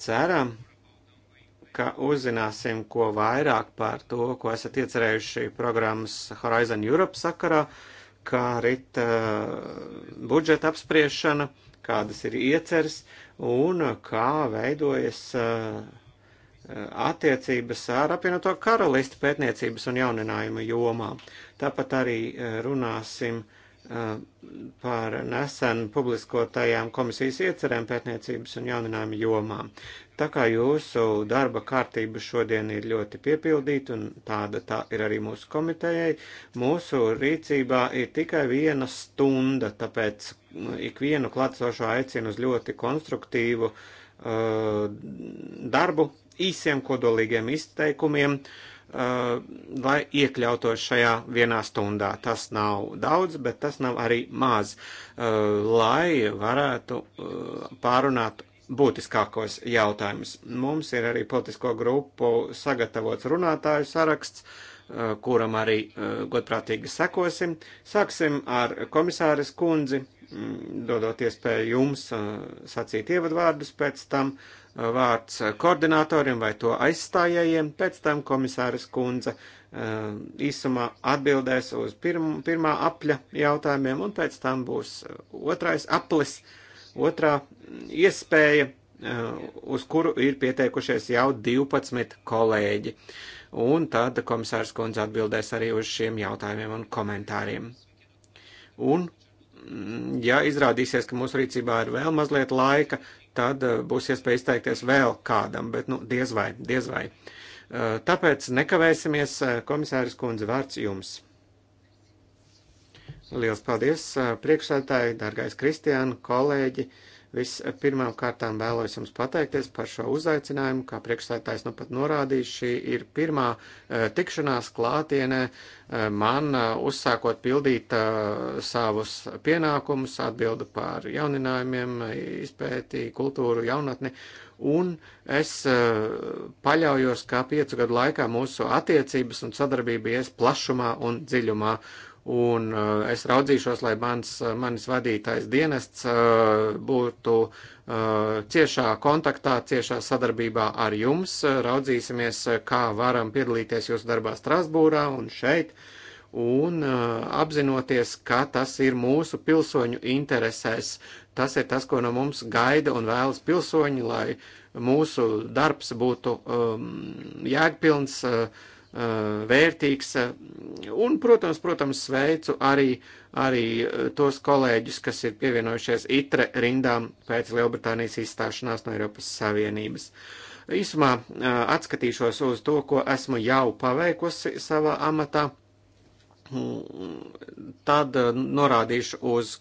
Ceram, ka uzzināsim ko vairāk par to, ko esat iecerējuši programmas Horizon Europe sakarā, kā rita e, budžeta apspriešana, kādas ir ieceres un kā veidojas uh, attiecības ar apvienoto karalisti pētniecības un jauninājumu jomā. Tāpat arī eh, runāsim eh, par nesen publiskotajām komisijas iecerēm pētniecības un jauninājumu jomā. Tā kā jūsu darba kārtība šodien ir ļoti piepildīta, un tāda tā ir arī mūsu komitejai, mūsu rīcībā ir tikai viena stunda, tāpēc mm, ikvienu klātsošo aicinu uz ļoti konstruktīvu uh, darbu, īsiem kodolīgiem izteikumiem, uh, lai iekļautos šajā vienā stundā. Tas nav daudz, bet tas nav arī maz, uh, lai varētu uh, pārunāt būtiskākos jautājumus. Mums ir arī politisko grupu sagatavots runātāju saraksts, uh, kuram arī uh, godprātīgi sekosim. Sāksim ar komisāres kundzi, mm, dodot iespēju jums uh, sacīt ievadvārdus pēc tam vārds koordinatoriem vai to aizstājējiem, pēc tam komisāras kundze eh, īsumā atbildēs uz pirm, pirmā apļa jautājumiem, un pēc tam būs otrais aplis, otrā iespēja, eh, uz kuru ir pieteikušies jau 12 kolēģi. Un tad komisārs kundze atbildēs arī uz šiem jautājumiem un komentāriem. Un mm, ja izrādīsies, ka mūsu rīcībā ir vēl mazliet laika, tad eh, būs iespēja izteikties vēl kādam, bet nu, diez vai, diez vai. Eh, tāpēc nekavēsimies, eh, komisāris kundze, vārds jums. Lielas paldies, priekšsētāji, dargais Kristiāna, kolēģi. Vispirmām kārtām vēlos jums pateikties par šo uzaicinājumu. Kā priekšstādājs nu pat norādīja, šī ir pirmā uh, tikšanās klātienē uh, man uh, uzsākot pildīt uh, savus pienākumus, atbildu par jauninājumiem, izpētī, kultūru, jaunatni. Un es uh, paļaujos, kā piecu gadu laikā mūsu attiecības un sadarbība ies plašumā un dziļumā. Uh, un eh, es raudzīšos, lai mans, eh, manis vadītais dienests eh, būtu ciešā kontaktā, ciešā sadarbībā ar jums. Raudzīsimies, kā varam piedalīties jūsu darbā Strasbūrā un šeit un uh, apzinoties, ka tas ir mūsu pilsoņu interesēs. Tas ir tas, ko no mums gaida un vēlas pilsoņi, lai mūsu darbs būtu um, jēgpilns, uh, vērtīgs. Un, protams, protams sveicu arī, arī tos kolēģus, kas ir pievienojušies itre rindām pēc Lielbritānijas izstāšanās no Eiropas Savienības. Īsumā atskatīšos uz to, ko esmu jau paveikusi savā amatā. Tad norādīšu uz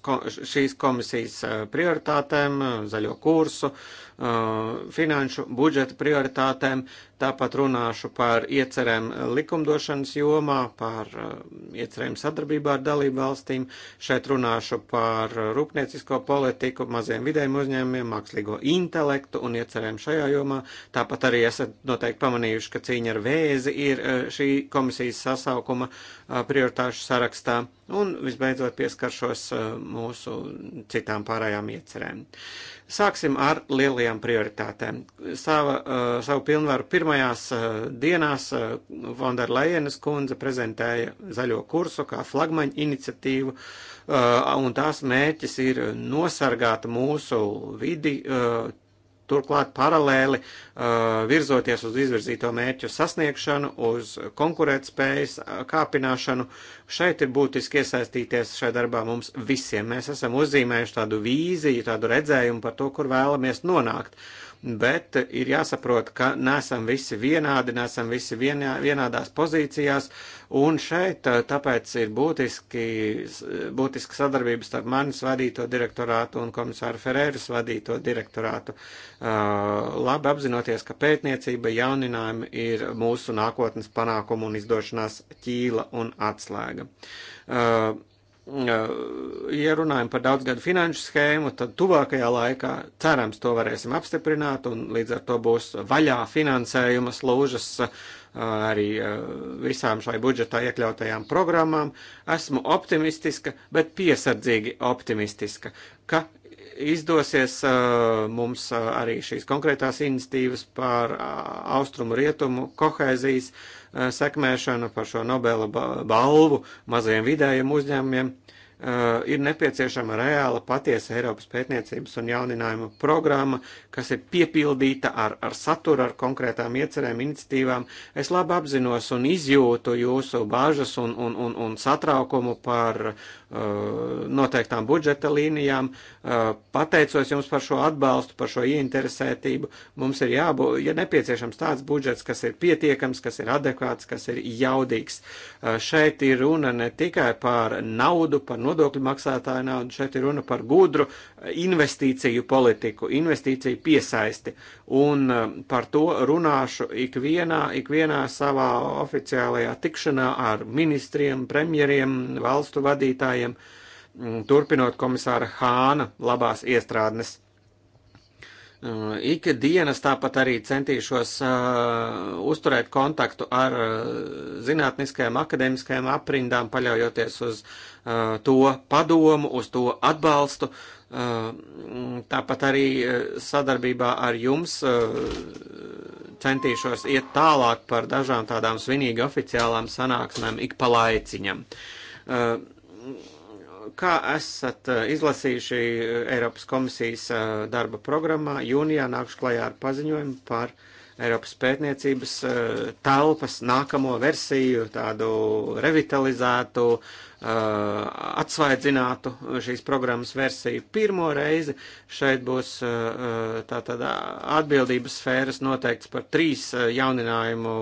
šīs komisijas prioritātēm, zaļo kursu, Uh, finanšu budžeta prioritātēm, tāpat runāšu par iecerēm likumdošanas jomā, par uh, iecerēm sadarbībā ar dalību valstīm, šeit runāšu par rūpniecisko politiku, maziem vidējiem uzņēmumiem, mākslīgo intelektu un iecerēm šajā jomā. Tāpat arī esat noteikti pamanījuši, ka cīņa ar vēzi ir uh, šī komisijas sasaukuma prioritāšu sarakstā. Un visbeidzot pieskaršos eh, mūsu citām pārējām iecerēm. Sāksim ar lielajām prioritātēm. Sava, eh, savu pilnvaru pirmajās eh, dienās Vonda Lejenes kundze prezentēja zaļo kursu kā flagmaņu iniciatīvu, un tās mēķis ir nosargāt mūsu vidi Turklāt paralēli uh, virzoties uz izvirzīto mērķu sasniegšanu, uz konkurētspējas uh, kāpināšanu, šeit ir būtiski iesaistīties šajā darbā mums visiem. Mēs esam uzzīmējuši tādu vīziju, tādu redzējumu par to, kur vēlamies nonākt. Uh, bet ir jāsaprot, ka nesam visi vienādi, nesam visi vienā, vienādās pozīcijās, un šeit eh, tāpēc ir būtiski, būtiski sadarbības starp manis vadīto direktorātu un komisāru Ferēras vadīto direktorātu, eh, labi apzinoties, ka pētniecība jauninājumi ir mūsu nākotnes panākumu un izdošanās ķīla un atslēga. Uh, ja runājam par daudzgadu finanšu schēmu, tad tuvākajā laikā cerams to varēsim apstiprināt un līdz ar to būs vaļā finansējuma slūžas uh, arī uh, visām šai budžetā iekļautajām programmām. Esmu optimistiska, bet piesardzīgi optimistiska, ka izdosies uh, mums arī šīs konkrētās iniciatīvas par austrumu rietumu kohēzijas Eh, sekmēšanu, par šo Nobela balvu mazajiem vidējiem uzņēmumiem, eh, ir nepieciešama reāla patiesa Eiropas pētniecības un jauninājuma programma, kas ir piepildīta ar, ar saturu, ar konkrētām iecerēm, iniciatīvām. Es labi apzinos un izjūtu jūsu bāžas un, un, un, un satraukumu par uh, noteiktām budžeta līnijām, Eh, pateicos jums par šo atbalstu, par šo ieinteresētību. Mums ir jābūt, ja nepieciešams, tāds budžets, kas ir pietiekams, kas ir adekvāts, kas ir jaudīgs. Eh, šeit ir runa ne tikai par naudu, par nodokļu maksātāju naudu, šeit ir runa par gudru eh, investīciju politiku, investīciju piesaisti. Un par to runāšu ikvienā, ikvienā savā oficiālajā tikšanā ar ministriem, premjeriem, valstu vadītājiem. Uh, Mm, turpinot komisāra Hāna labās iestrādnes. Mm, ik dienas tāpat arī centīšos uh, uzturēt kontaktu ar uh, zinātniskajām, akadēmiskajām aprindām, paļaujoties uz uh, to padomu, uz to atbalstu. Uh, tāpat arī uh, sadarbībā ar jums uh, centīšos iet tālāk par dažām tādām svinīgi oficiālām sanāksmēm ik pa laiciņam. Uh, Kā esat eh, izlasījuši eh, Eiropas komisijas eh, darba programmā, jūnijā nākšu klajā ar paziņojumu par Eiropas pētniecības telpas nākamo versiju, tādu revitalizētu, atsvaidzinātu šīs programmas versiju. Pirmo reizi šeit būs tātad atbildības sfēras noteikts par trīs jauninājumu,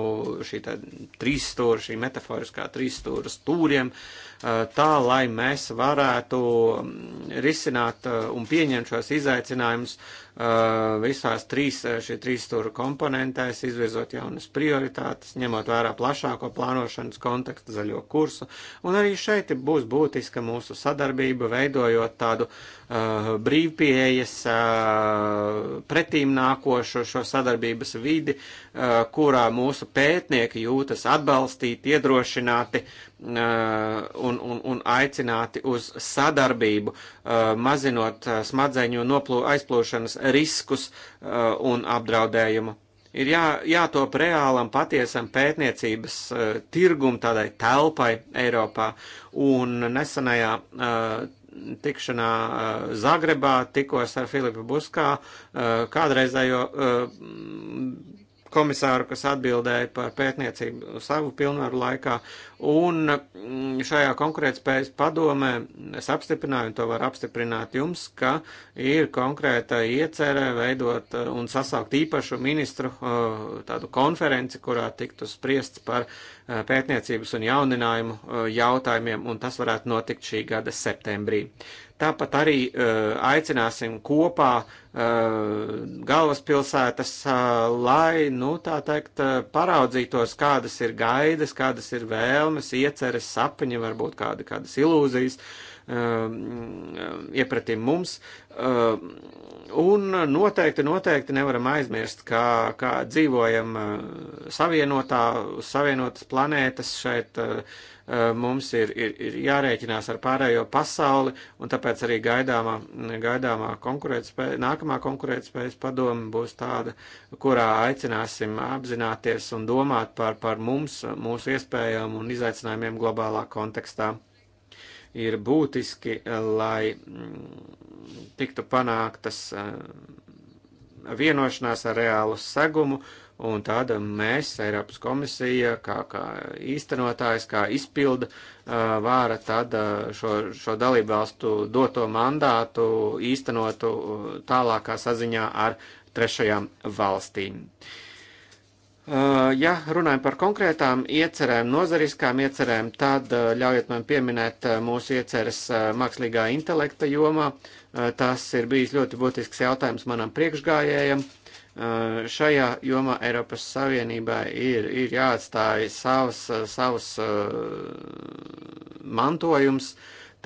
šī tā trīs stūra, šī metaforiskā trīs stūra stūriem. Uh, Eh, tā, lai mēs varētu mm, risināt eh, un pieņemt šos izaicinājumus eh, visās trīs, šie trīs stūra komponentēs, izvirzot jaunas prioritātes, ņemot vērā plašāko plānošanas kontekstu zaļo kursu. Un arī šeit būs būtiska mūsu sadarbība, veidojot tādu uh, brīvpieejas, uh, pretīm nākošo šo sadarbības vidi, uh, kurā mūsu pētnieki jūtas atbalstīti, iedrošināti, uh, Uh, un, un, un aicināti uz sadarbību, uh, mazinot uh, smadzeņu noplū, aizplūšanas riskus un apdraudējumu. Ir jā, jātop reālam, patiesam pētniecības uh, tirgum, tādai telpai Eiropā. Un nesenajā uh, tikšanā uh, Zagrebā tikos ar Filipu Buskā, uh, kādreizējo uh, komisāru, kas atbildēja par pētniecību savu pilnvaru laikā. Un mm, šajā konkurētspējas padomē es apstiprināju, un to var apstiprināt jums, ka ir konkrēta iecerē veidot eh, un sasaukt īpašu ministru eh, tādu konferenci, kurā tiktu spriests par eh, pētniecības un jauninājumu jautājumiem, un tas varētu notikt šī gada septembrī. Uh, Tāpat arī e, aicināsim kopā e, galvaspilsētas, e, lai, nu, tā teikt, paraudzītos, kādas ir gaidas, kādas ir vēlmes, ieceres, sapņi, varbūt kādi, kādas ilūzijas iepratīm mums. Un noteikti, noteikti nevaram aizmirst, kā, kā dzīvojam savienotā, savienotas planētas šeit Eh, mums ir, ir, ir jārēķinās ar pārējo pasauli, un tāpēc arī gaidāmā, gaidāmā konkurētspēja, nākamā konkurētspējas padoma būs tāda, kurā aicināsim apzināties un domāt par, par mums, mūsu iespējām un izaicinājumiem globālā kontekstā. Ir būtiski, lai mm, tiktu panāktas eh, vienošanās ar reālu segumu, uh, Un tāda mēs, Eiropas komisija, kā, kā īstenotājs, kā izpilda vāra, tad šo, šo dalību valstu doto mandātu īstenotu tālākā saziņā ar trešajām valstīm. Ja runājam par konkrētām iecerēm, nozariskām iecerēm, tad ļaujiet man pieminēt mūsu ieceres mākslīgā intelekta jomā. Tas ir bijis ļoti būtisks jautājums manam priekšgājējam. Eh, šajā jomā Eiropas Savienībai ir, ir jāatstāj savs, savs eh, mantojums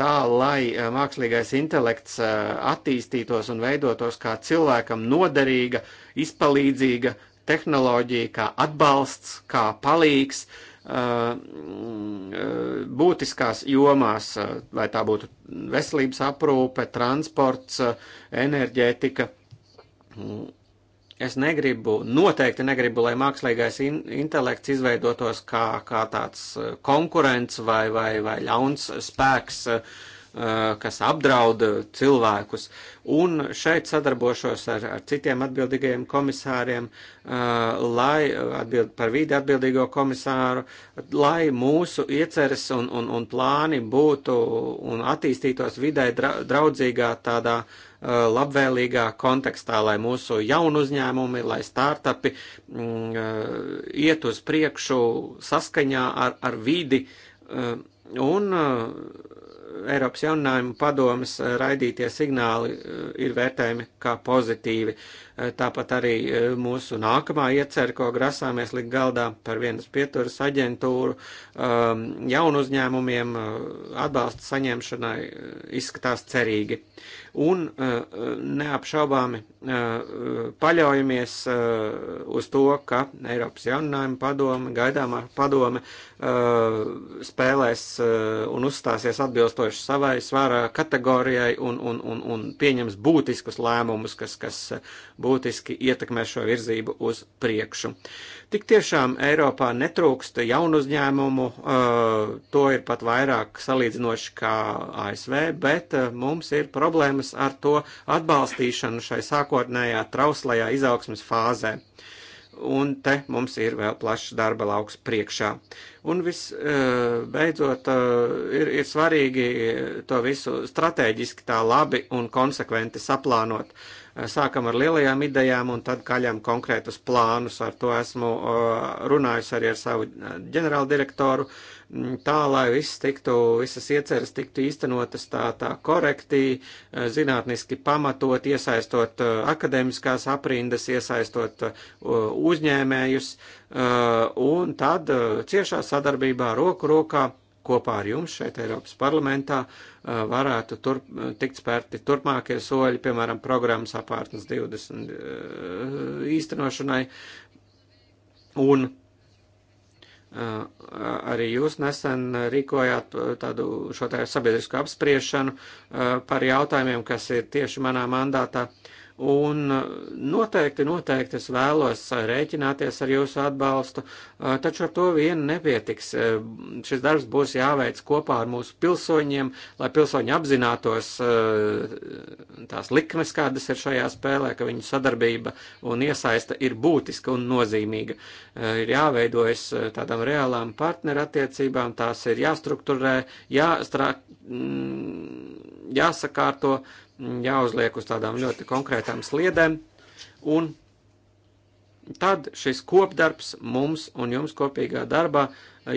tā, lai eh, mākslīgais intelekts attīstītos un veidotos kā cilvēkam noderīga, izpalīdzīga tehnoloģija, kā atbalsts, kā palīgs mm, būtiskās jomās, vai tā būtu veselības aprūpe, transports, enerģētika mm. Es negribu, noteikti negribu, lai mākslīgais in, intelekts izveidotos kā, kā tāds uh, konkurents vai, vai, vai ļauns spēks, uh, kas apdraud cilvēkus. Un šeit sadarbošos ar, ar citiem atbildīgajiem komisāriem, uh, lai atbild, par vīdi atbildīgo komisāru, lai mūsu ieceres un, un, un plāni būtu un attīstītos vidē draudzīgā tādā uh, Uh, labvēlīgā kontekstā, lai mūsu jaunu uzņēmumi, lai startupi mm, uh, iet uz priekšu saskaņā ar, ar vidi uh, un Eiropas jauninājumu padomas raidītie signāli ir vērtējami kā pozitīvi. Tāpat arī mūsu nākamā iecer, ko grasāmies likt galdā par vienas pieturas aģentūru, um, jaunu uzņēmumiem atbalsta saņemšanai izskatās cerīgi un eh, neapšaubāmi eh, paļaujamies eh, uz to, ka Eiropas jauninājuma padome, gaidāmā padome Uh, spēlēs uh, un uzstāsies atbilstoši savai svārā kategorijai un, un, un, un pieņems būtiskus lēmumus, kas, kas uh, būtiski ietekmē šo virzību uz priekšu. Tik tiešām Eiropā netrūkst jaunu uzņēmumu, to ir pat vairāk salīdzinoši kā ASV, bet mums ir problēmas ar to atbalstīšanu šai sākotnējā trauslajā izaugsmas fāzē un te mums ir vēl plašs darba lauks priekšā. Un visbeidzot, eh, ir, ir svarīgi to visu strateģiski tā labi un konsekventi saplānot. Eh, sākam ar lielajām idejām un tad kaļam konkrētus plānus. Ar to esmu eh, runājusi arī ar savu ģenerāldirektoru. direktoru Mm, tā, lai viss tiktu, visas ieceras tiktu īstenotas tā, tā korekti, eh, zinātniski pamatot, iesaistot eh, akadēmiskās aprindas, iesaistot eh, uzņēmējus, un tad ciešā sadarbībā roku rokā kopā ar jums šeit Eiropas parlamentā varētu tur, tikt spērti turpmākie soļi, piemēram, programmas apārtnes 20 īstenošanai. Un Arī jūs nesen rīkojāt tādu šo tā sabiedrisku apspriešanu eh, par jautājumiem, kas ir tieši manā mandātā. Uh, Un uh, noteikti, noteikti es vēlos uh, rēķināties ar jūsu atbalstu, uh, taču ar to vien nepietiks. Šis darbs būs jāveic kopā ar mūsu pilsoņiem, lai pilsoņi apzinātos tās likmes, kādas ir šajā spēlē, ka viņu sadarbība un iesaista ir būtiska un nozīmīga. Ir jāveidojas tādām reālām partnerattiecībām, tās ir jāstrukturē, jāstrā, mm, jāsakārto jāuzliek uz tādām ļoti konkrētām sliedēm, un tad šis kopdarbs mums un jums kopīgā darbā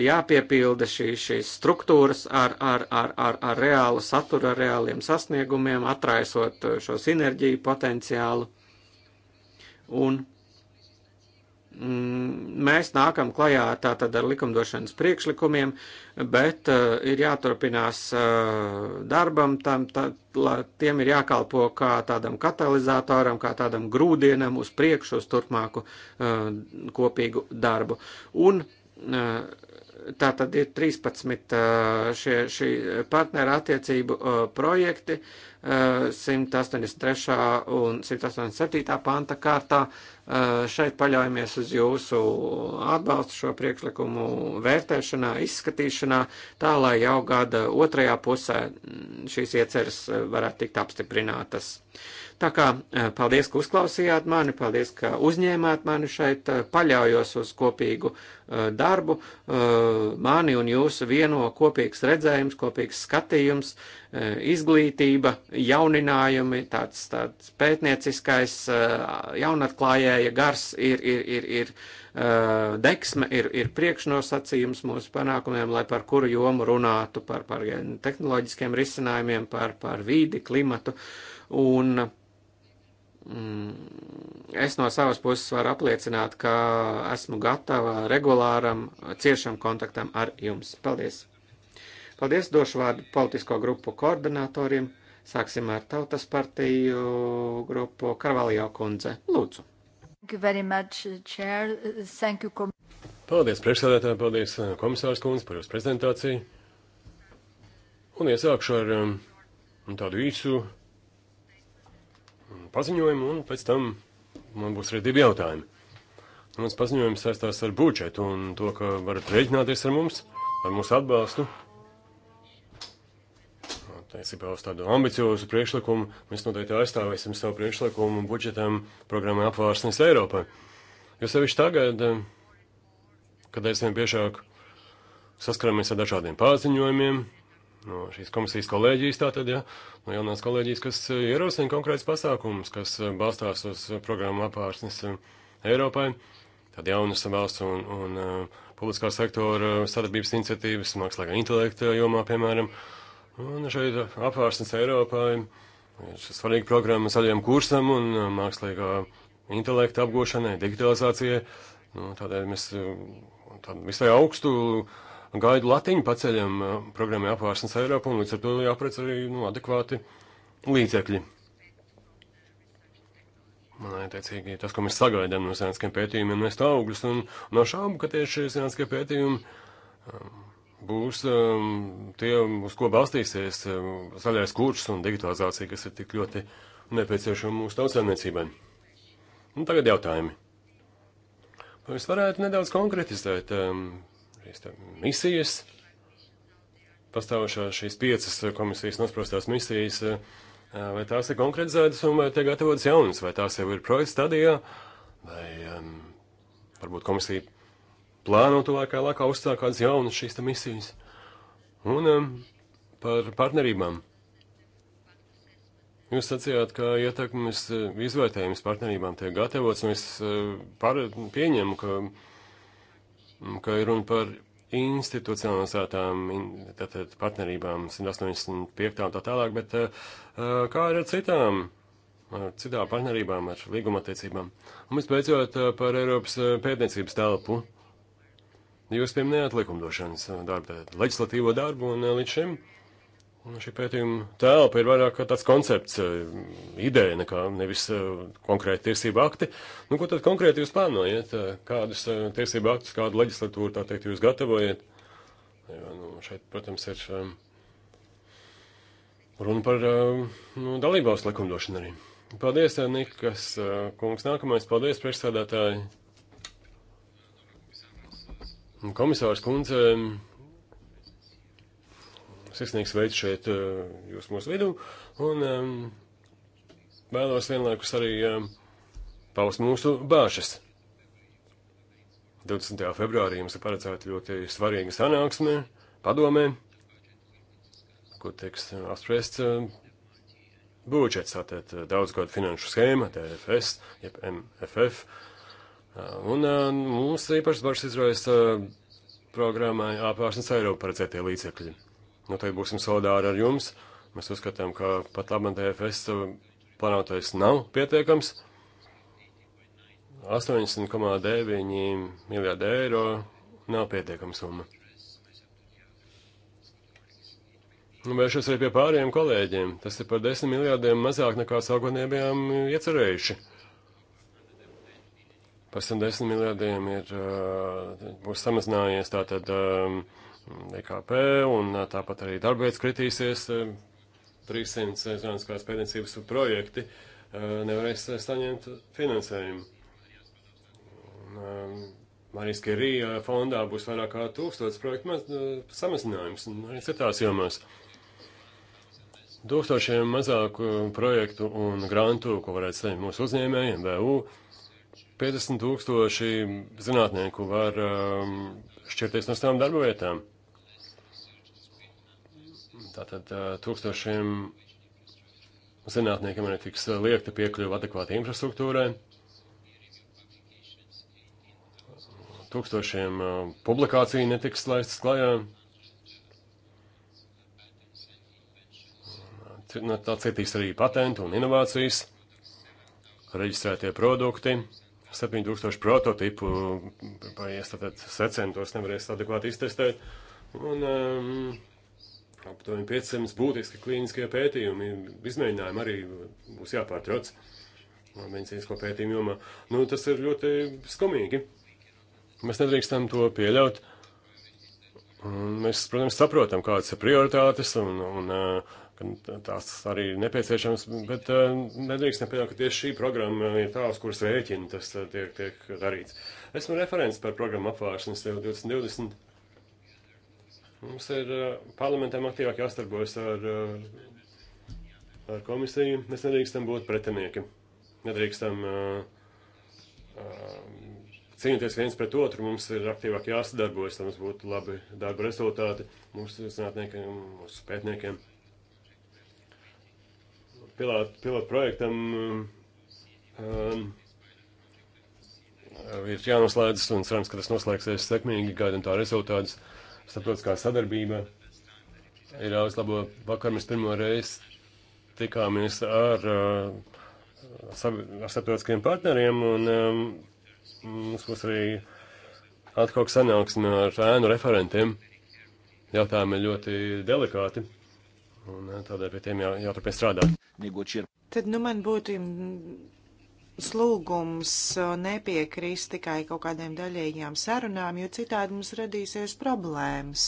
jāpiepilda šī, šīs struktūras ar, ar, ar, ar, ar reālu saturu, ar reāliem sasniegumiem, atraisot šo sinerģiju potenciālu. Un Mm, mēs nākam klajā tātad ar likumdošanas priekšlikumiem, bet uh, ir jāturpinās uh, darbam, tam, tā, la, tiem ir jākalpo kā tādam katalizatoram, kā tādam grūdienam uz priekšu, uz turpmāku uh, kopīgu darbu. Un uh, tā tad ir 13 uh, šie, šī partneru attiecību uh, projekti 183. Uh, un 187. panta kārtā Eh, šeit paļaujamies uz jūsu atbalstu šo priekšlikumu vērtēšanā, izskatīšanā, tā lai jau gada otrajā pusē šīs ieceres varētu tikt apstiprinātas. Uh, Tā kā eh, paldies, ka uzklausījāt mani, paldies, ka uzņēmāt mani šeit, eh, paļaujos uz kopīgu eh, darbu, mani un jūsu vieno kopīgs redzējums, kopīgs skatījums, izglītība, jauninājumi, tāds, tāds pētnieciskais jaunatklājēja gars ir, ir, ir, ir deksme, ir, ir priekšnosacījums mūsu panākumiem, lai par kuru jomu runātu, par, par tehnoloģiskiem risinājumiem, par, par vīdi, klimatu. Un Mm, es no savas puses varu apliecināt, ka esmu gatava regulāram, ciešam kontaktam ar jums. Paldies! Paldies! Došu vārdu politisko grupu koordinatoriem. Sāksim ar Tautas partiju grupu Karvalijā kundze. Lūdzu! Much, you, paldies, priekšsēdētāji, paldies, uh, komisārs kundze, par jūsu prezentāciju. Un iesākšu ar um, tādu īsu paziņojumu, un pēc tam man būs arī divi jautājumi. Mans paziņojums saistās ar budžetu un to, ka varat rēķināties ar mums, ar mūsu atbalstu. Tiesībā uz tādu ambiciozu priekšlikumu mēs noteikti aizstāvēsim savu priekšlikumu budžetam programmai apvārsnes Eiropai. Jo sevišķi tagad, kad aizvien biežāk saskaramies ar dažādiem paziņojumiem, no šīs komisijas kolēģijas, tātad, ja, no jaunās kolēģijas, kas e, ierosina konkrēts pasākums, kas e, balstās uz e, programmu apārsnes Eiropai, tad jaunas valsts un, un publiskā sektora sadarbības iniciatīvas, mākslīgā intelekta jomā, piemēram, un šeit apārsnes Eiropai ir svarīga programma zaļajam kursam un mākslīgā intelekta apgūšanai, digitalizācijai, nu, tādēļ mēs tādu visai augstu uh, gaidu latiņu paceļam eh, programmai apvārsnes Eiropu, un līdz ar to jāprec arī nu, adekvāti līdzekļi. Man attiecīgi tas, ko mēs sagaidām no zinātniskiem pētījumiem, nes tā augļus, un no šaubu, ka tieši zinātniskie pētījumi eh, būs um, tie, uz ko balstīsies um, zaļais kurs un digitalizācija, kas ir tik ļoti nepieciešama mūsu tautsēmniecībai. Un nu, tagad jautājumi. Vai jūs varētu nedaudz konkretizēt um, misijas, pastāvošās šīs piecas komisijas nosprostās misijas, eh, vai tās ir konkretizētas un vai tiek gatavotas jaunas, vai tās jau ir projekta stadijā, vai um, varbūt komisija plāno tuvākajā laikā uzstāt kādas jaunas šīs misijas. Un um, par partnerībām. Jūs sacījāt, ka ietekmes eh, izvērtējums partnerībām tiek gatavots, un es eh, par, pieņemu, ka Mm, ka ir runa par institucionalizētām tātad, partnerībām 185. un tā tālāk, bet eh, eh, kā ir ar citām, ar citām partnerībām, ar līgumattiecībām? Un visbeidzot eh, par Eiropas pētniecības telpu. Jūs pieminējāt likumdošanas darbu, leģislatīvo darbu, un līdz šim uh, Un šī pētījuma telpa ir vairāk kā tāds koncepts, eh, ideja nekā nevis eh, konkrēti tiesība akti. Nu, ko tad konkrēti jūs plānojat? Kādus eh, tiesība aktus, kādu leģislatūru tā teikt jūs gatavojat? Jo, nu, šeit, protams, ir runa par nu, dalībvalstu likumdošanu arī. Paldies, Nikas kungs. Nākamais, paldies, priekšsēdētāji. Komisārs kundze sirsnīgs veids šeit eh, jūs mūsu vidū, un um, vēlos vienlaikus arī um, paust mūsu bāžas. 20. februārī jums ir paredzēta ļoti svarīga sanāksme padomē, kur tiks eh, apspriests um, ehm, būčets, tātad eh, daudzgadu finanšu schēma, TFS, jeb MFF, un um, mums īpašas bažas izraisa programmai apvārsnes Eiropa paredzētie līdzekļi. Noteikti nu, būsim solidāri ar jums. Mēs uzskatām, ka pat labam DFS plānotais nav pietiekams. 80,9 miljārdi eiro nav pietiekama summa. Un nu, vēršos arī pie pārējiem kolēģiem. Tas ir par 10 miljārdiem mazāk nekā sākotnēji bijām iecerējuši. Par 110 miljārdiem ir, uh, būs samazinājies tātad. Um, IKP, un uh, tāpat arī darbvietas kritīsies. 300 uh, uh, zinātniskās pētniecības projekti nevarēs saņemt finansējumu. Um, Marijas Kirija fondā būs vairāk kā tūkstots projektu samazinājums, un arī citās jomās tūkstošiem mazāku projektu un grantu, ko varētu saņemt mūsu uzņēmējiem, VU. 50 tūkstoši zinātnieku var um, šķirties no savām darba vietām. Tātad tūkstošiem zinātniekiem arī tiks liekta piekļuva adekvātai infrastruktūrai. Tūkstošiem publikāciju netiks laistas klajā. Nu, tā cietīs arī patentu un inovācijas, reģistrētie produkti, 7000 prototipu, vai es tātad secenu tos nevarēs adekvāti iztestēt. Un, um, aptuveni 500 būtiski klīniskie pētījumi, izmēģinājumi arī būs jāpārtrauc medicīnisko pētījumu jomā. Nu, tas ir ļoti skumīgi. Mēs nedrīkstam to pieļaut. Un mēs, protams, saprotam, kādas ir prioritātes un, un, un uh, tās arī ir nepieciešams, bet uh, nedrīkstam pieļaut, ka tieši šī programma ir tā, uz kuras rēķina tas uh, tiek, tiek darīts. Esmu referents par programmu apvāršanas 2020 Mums ir parlamentiem aktīvāk jāstarbojas ar, ar komisiju. Mēs nedrīkstam būt pretinieki. Nedrīkstam uh, uh, cīnīties viens pret otru. Mums ir aktīvāk jāsadarbojas, lai mums būtu labi darba rezultāti mūsu zinātniekiem, mūsu pētniekiem. Pilāt, pilāt projektam um, ir jānoslēdzas un cerams, ka tas noslēgsies sekmīgi, gaidam tā rezultātus. Uh, starptautiskā sadarbība ir jāuzlabo. Vakar mēs pirmo reizi tikāmies ar, uh, ar starptautiskiem partneriem un um, mums būs arī atkal sanāksme ar ēnu referentiem. Jautājumi ir ļoti delikāti un uh, tādēļ pie tiem jā, jāturpina strādāt. Tad nu man būtu slūgums uh, nepiekrist tikai kaut kādiem daļējām sarunām, jo citādi mums radīsies problēmas.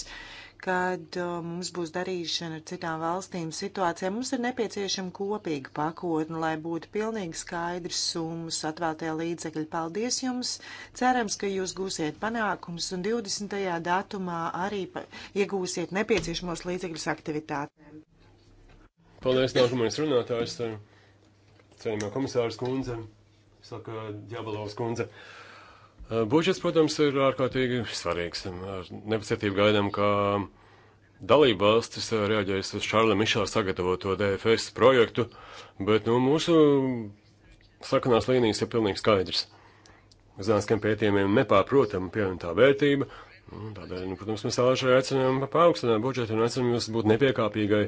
Kad uh, mums būs darīšana ar citām valstīm situācijā, mums ir nepieciešama kopīga pakotne, lai būtu pilnīgi skaidrs summas atvēltie līdzekļi. Paldies jums! Cerams, ka jūs gūsiet panākums un 20. datumā arī iegūsiet nepieciešamos līdzekļus aktivitātēm. Paldies, nākamais runātājs! Eh, Ceļamā komisārs kundze saka Džabalovs kundze. Budžets, protams, ir ārkārtīgi svarīgs. Ar nepacietību gaidām, ka dalība valstis reaģēs uz Čārļa Mišāla sagatavoto DFS projektu, bet nu, mūsu sarkanās līnijas ir pilnīgi skaidrs. Zinātniskiem pētījumiem nepārprotama pievienotā vērtība. Nu, tādēļ, nu, protams, mēs ātri aicinām paaugstināt budžetu un aicinām jūs būt nepiekāpīgai,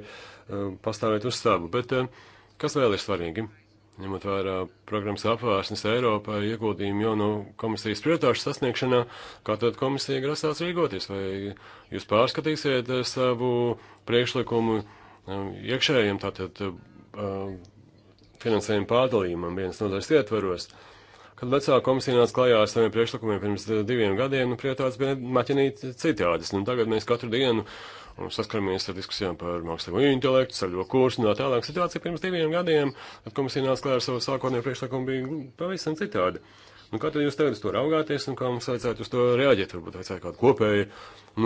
pastāvēt uz savu. Bet kas vēl ir svarīgi? Ņemot vērā programmas apvērsnes Eiropā ieguldījumu jau no komisijas prioritāšu sasniegšanā, kā tad komisija grasās rīkoties? Vai jūs pārskatīsiet eh, savu priekšlikumu eh, iekšējiem tātad eh, finansējumu pārdalījumam vienas nodaļas ietvaros? Kad vecā komisija nāca klajā ar saviem priekšlikumiem pirms diviem gadiem, nu, prioritātes bija maķinīt citādas. Nu, tagad mēs katru dienu uh, Un saskaramies ar diskusijām par mākslīgo intelektu, ceļo kursu un tā tālāk. Situācija pirms diviem gadiem, kad komisija nāca klāra ar savu sākotnējo priekšlikumu, bija pavisam citāda. Nu, kā tad jūs tagad uz to raugāties un kā mums vajadzētu uz to reaģēt? Varbūt vajadzētu kādu kopēju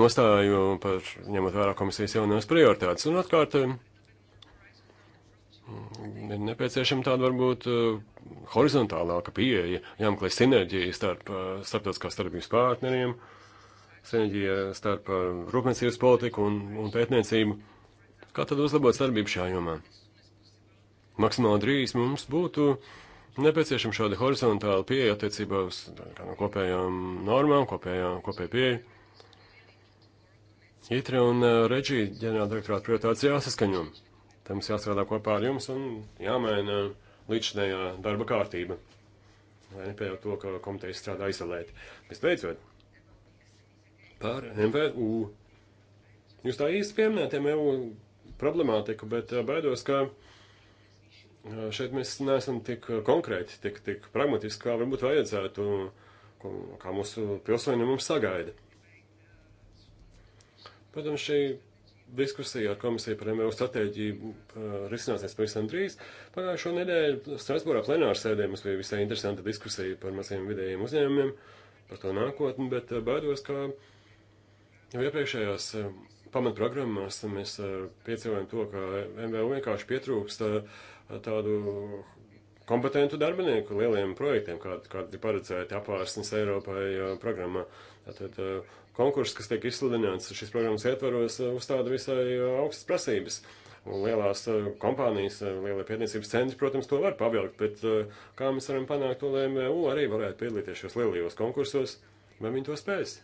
nostāju par ņemot vērā komisijas jaunās prioritātes. Un atkārt, mm, ir nepieciešama tāda varbūt eh, horizontālāka pieeja, jāmeklē sinerģija starp eh, starptautiskās starpības partneriem. Uh, sinerģija starp uh, rūpniecības politiku un, un pētniecību. Kā tad uzlabot sadarbību šajā jomā? Maksimāli drīz mums būtu nepieciešama šāda horizontāla pieeja attiecībā uz no kopējām normām, kopējā, kopēja pieeja. Itra un uh, Reģija ģenerāldirektorāta prioritātes jāsaskaņo. Tam mums jāstrādā kopā ar jums un jāmaina līdzinējā darba kārtība. Lai nepējot to, ka komitejas strādā izolēti. Visbeidzot, par MVU. Jūs tā īsti pieminējat MVU problemātiku, bet uh, baidos, ka uh, šeit mēs neesam tik konkrēti, tik, tik pragmatiski, kā varbūt vajadzētu, kā mūsu pilsoņi mums sagaida. Protams, šī diskusija ar komisiju par MVU stratēģiju uh, risināsies pavisam drīz. Pagājušo nedēļu Strasbūrā plenāru sēdē mums bija visai interesanta diskusija par maziem vidējiem uzņēmumiem, par to nākotni, bet baidos, ka Jau iepriekšējās eh, pamatprogrammās mēs eh, piedzīvojam to, ka MVU vienkārši pietrūkst eh, tādu kompetentu darbinieku lieliem projektiem, kādi, kādi ir paredzēti apvārsnes Eiropai programmā. Tātad konkurss, kas tiek izsludināts šīs programmas ietvaros, uzstāda visai augstas prasības. Un lielās kompānijas, lielie pētniecības centri, protams, to var pavilkt, bet kā mēs varam panākt to, lai MVU arī varētu piedalīties šos lielajos konkursos, vai viņi to spēs?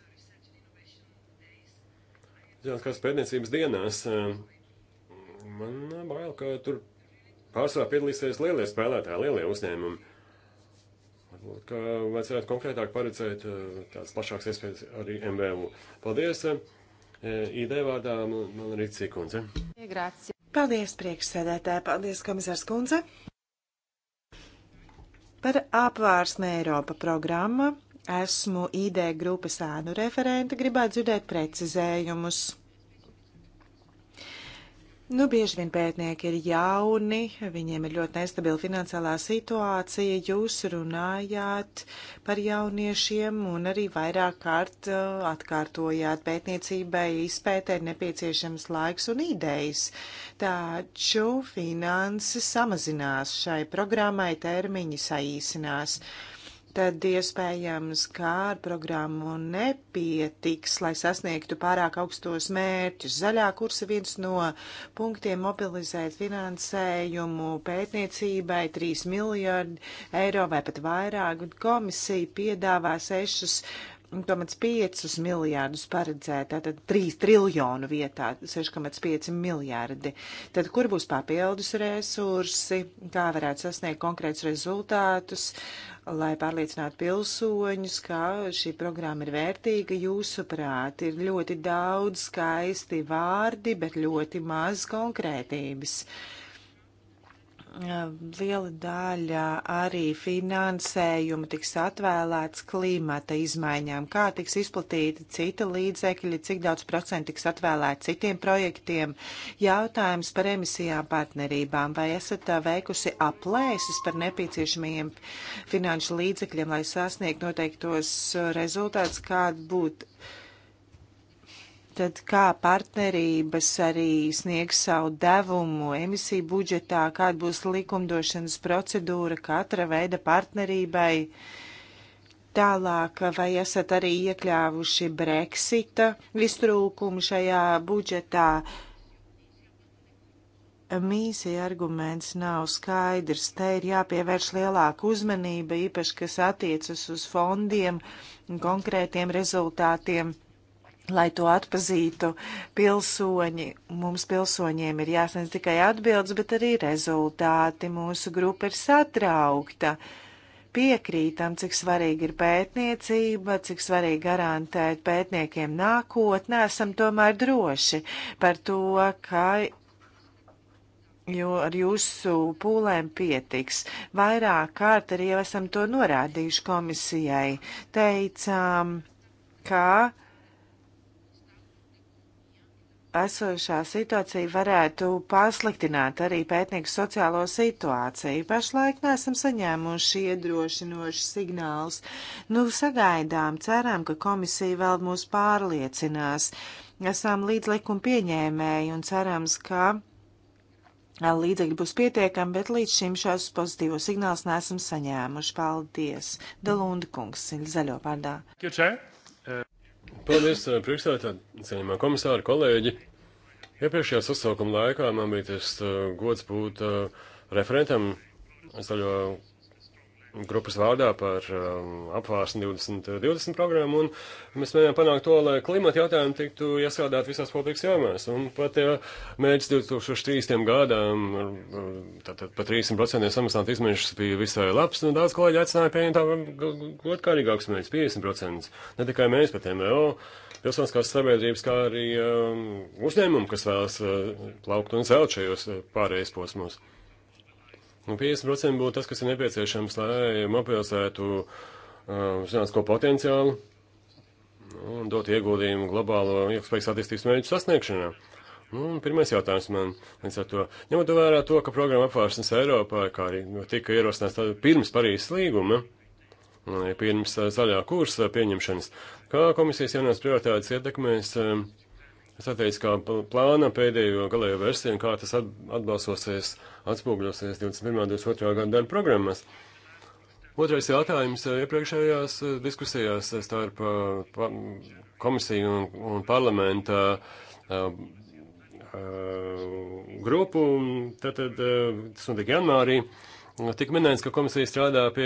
Zinātniskās pētniecības dienās. Eh, man bail, ka tur pārsvarā piedalīsies lielie spēlētāji, lielie uzņēmumi. Varbūt, ka vajadzētu konkrētāk paredzēt eh, tādas plašākas iespējas arī MVU. Paldies! Eh, Ideja vārdā man arī cikundze. Paldies, priekšsēdētāji! Paldies, komisārs kundze! Par apvārsnē Eiropa programmu Esmu ID grupas ēnu referente, gribētu dzirdēt precizējumus. Nu, bieži vien pētnieki ir jauni, viņiem ir ļoti nestabila finansiālā situācija. Jūs runājāt par jauniešiem un arī vairāk kārt uh, atkārtojāt pētniecībai izpētē ir nepieciešams laiks un idejas. Taču finanses samazinās šai programmai, termiņi saīsinās. Uh, tad iespējams, ka ar programmu nepietiks, lai sasniegtu pārāk augstos mērķus. Zaļā kursa viens no punktiem mobilizēt finansējumu pētniecībai 3 miljardi eiro vai pat vairāk, un komisija piedāvā 6 6,5 miljārdus paredzēt, tātad 3 triljonu vietā 6,5 miljārdi. Tad kur būs papildus resursi, kā varētu sasniegt konkrētus rezultātus, lai pārliecinātu pilsoņus, ka šī programma ir vērtīga jūsuprāt. Ir ļoti daudz skaisti vārdi, bet ļoti maz konkrētības. Uh, Liela daļa arī finansējuma tiks atvēlēts klimata izmaiņām. Kā tiks izplatīti cita līdzekļi, cik daudz procentu tiks atvēlēti citiem projektiem? Jautājums par emisijām partnerībām. Vai esat veikusi aplēsis par nepieciešamajiem finanšu līdzekļiem, lai sasniegtu noteiktos rezultātus, kāda būtu? tad kā partnerības arī sniegs savu devumu emisiju budžetā, kāda būs likumdošanas procedūra katra veida partnerībai. Tālāk, vai esat arī iekļāvuši Brexita vistrūkumu šajā budžetā? Mīsija arguments nav skaidrs. Te ir jāpievērš lielāka uzmanība, īpaši, kas attiecas uz fondiem un konkrētiem rezultātiem lai to atpazītu pilsoņi. Mums pilsoņiem ir jāsniedz tikai atbildes, bet arī rezultāti. Mūsu grupa ir satraukta. Piekrītam, cik svarīgi ir pētniecība, cik svarīgi garantēt pētniekiem nākotnē, esam tomēr droši par to, ka jo ar jūsu pūlēm pietiks. Vairāk kārt arī jau esam to norādījuši komisijai. Teicām, ka esošā situācija varētu pasliktināt arī pētnieku sociālo situāciju. Pašlaik neesam saņēmuši iedrošinošus signālus. Nu, sagaidām, ceram, ka komisija vēl mūs pārliecinās. Esam līdz likuma pieņēmēji un cerams, ka līdzekļi būs pietiekami, bet līdz šim šos pozitīvos signālus neesam saņēmuši. Paldies! Dalunda kungs, zaļo pārdā. Paldies, eh, priekšstādātāji, cienījumā komisāri, kolēģi. Iepriekšējā sasaukuma laikā man bija tas eh, gods būt eh, referentam zaļo grupas vārdā par um, apvārsni 2020 programmu, un mēs mēģinām panākt to, lai klimata jautājumi tiktu iestrādāt visās politikas jomās. Un pat, ja mērķis 2030. gadām, tātad par 300% samazināt izmešas bija visai labs, un nu, daudz kolēģi aicināja pieņemt tādu godkārīgākus mērķus, 50%. Ne tikai mēs, bet MVO, pilsoniskās sabiedrības, kā arī um, uzņēmumi, kas vēlas uh, plaukt un zelt šajos uh, pārējais posmos. Un nu, 50% būtu tas, kas ir nepieciešams, lai mobilizētu uh, zinātnisko potenciālu un dotu ieguldījumu globālo ilgspējas attīstības mērķu sasniegšanā. Nu, un pirmais jautājums man līdz ar to. Ņemot vērā to, ka programma apvāršanas Eiropā, kā arī tika ierosināts pirms Parīzes līguma, nu, pirms uh, zaļā kursa pieņemšanas, kā komisijas jaunās prioritātes ietekmēs uh, strateģiskā plāna pēdējo galējo versiju un kā tas atbalsosies, atspūgļosies 21. un 22. gada darba programmas. Otrais jautājums eh, iepriekšējās eh, diskusijās eh, starp komisiju un, un parlamenta grupu, tātad tas notika janvārī, tika minēts, ka komisija strādā pie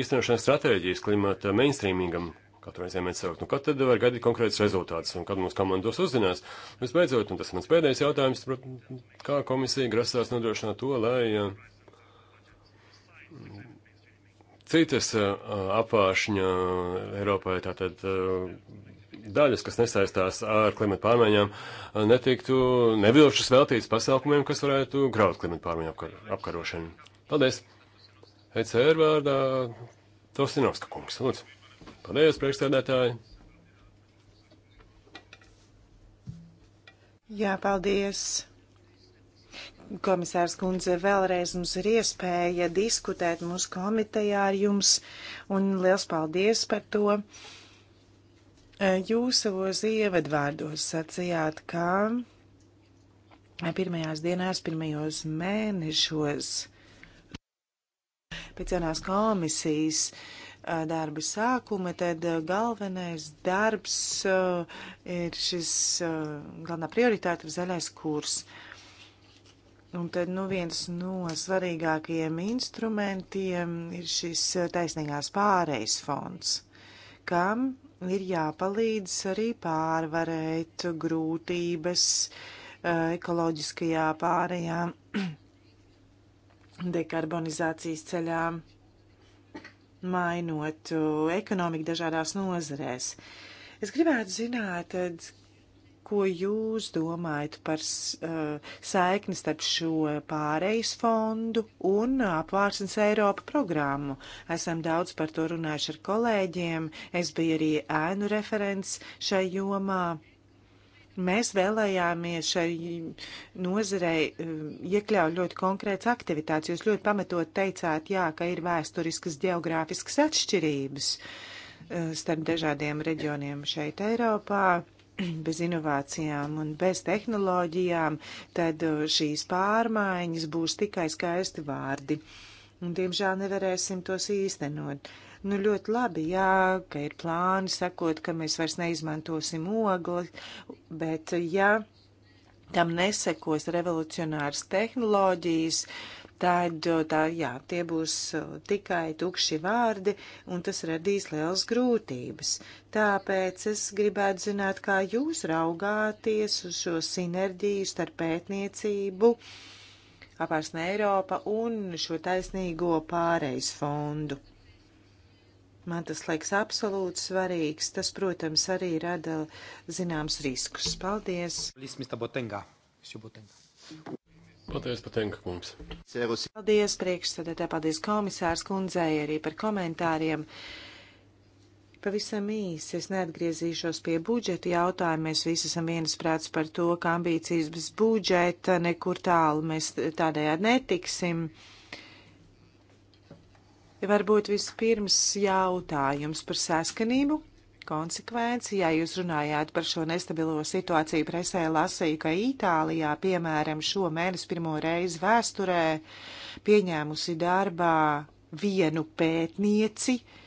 īstenošanas stratēģijas klimata mainstreamingam. Katru reizi mēs sakām, nu, kad tad var gaidīt konkrētus rezultātus un kad mums komandos uzzinās. Visbeidzot, un tas ir mans pēdējais jautājums, kā komisija grasās nodrošināt to, lai eh, citas eh, apāšņa Eiropai, tātad eh, daļas, kas nesaistās ar klimatu pārmaiņām, netiktu nevilšas veltītas pasākumiem, kas varētu graut klimatu pārmaiņu apkar apkarošanu. Paldies! ECR vārdā Tostinovska kungs, lūdzu. Paldies, priekšsēdētāji! Jā, paldies! Komisārs Kundze, vēlreiz mums ir iespēja diskutēt mūsu komitejā ar jums, un liels paldies par to. E, jūs savos ievadvārdos sacījāt, ka pirmajās dienās, pirmajos mēnešos pēc jaunās komisijas uh, darba sākuma, tad galvenais darbs ir šis galvenā prioritāte ir zaļais kurs. Un tad nu, viens no svarīgākajiem instrumentiem ir šis taisnīgās pārejas fonds, kam ir jāpalīdz arī pārvarēt grūtības ekoloģiskajā pārējā [CLEARS THROAT] dekarbonizācijas ceļā mainot uh, ekonomiku dažādās nozarēs. Es gribētu zināt, tad, uh, ko jūs domājat par uh, saikni starp šo pārejas fondu un apvārsnes Eiropa programmu. Esam daudz par to runājuši ar kolēģiem. Es biju arī ēnu referents šai jomā. Mēs vēlējāmies šai nozarei um, iekļaut ļoti konkrēts aktivitātes. Jūs ļoti pamatot teicāt, jā, ka ir vēsturiskas geogrāfiskas atšķirības uh, starp dažādiem reģioniem šeit Eiropā. [CLEARS THROAT] Bez inovācijām un bez tehnoloģijām, tad uh, šīs pārmaiņas būs tikai skaisti vārdi. Un, diemžēl nevarēsim tos īstenot. Uh, Nu, ļoti labi, jā, ka ir plāni sakot, ka mēs vairs neizmantosim ogli, bet ja tam nesekos revolucionāras tehnoloģijas, tad tā, jā, tie būs tikai tukši vārdi, un tas radīs liels grūtības. Tāpēc es gribētu zināt, kā jūs raugāties uz šo sinerģiju starp pētniecību, apārsne Eiropa un šo taisnīgo pārejas fondu. Man tas liekas absolūti svarīgs. Tas, protams, arī rada zināms riskus. Paldies! Paldies, Patenka kungs! Paldies, priekšsēdētāji, paldies komisārs kundzei arī par komentāriem. Pavisam īsi, es neatgriezīšos pie budžeta jautājuma. Mēs visi esam viensprāts par to, ka ambīcijas bez budžeta nekur tālu mēs tādējādi netiksim. Uh, Varbūt vispirms jautājums par saskanību, konsekvenci. Ja jūs runājāt par šo nestabilo situāciju presē, lasīju, ka Itālijā, piemēram, šo mēnesi pirmo reizi vēsturē pieņēmusi darbā vienu pētnieci, uh,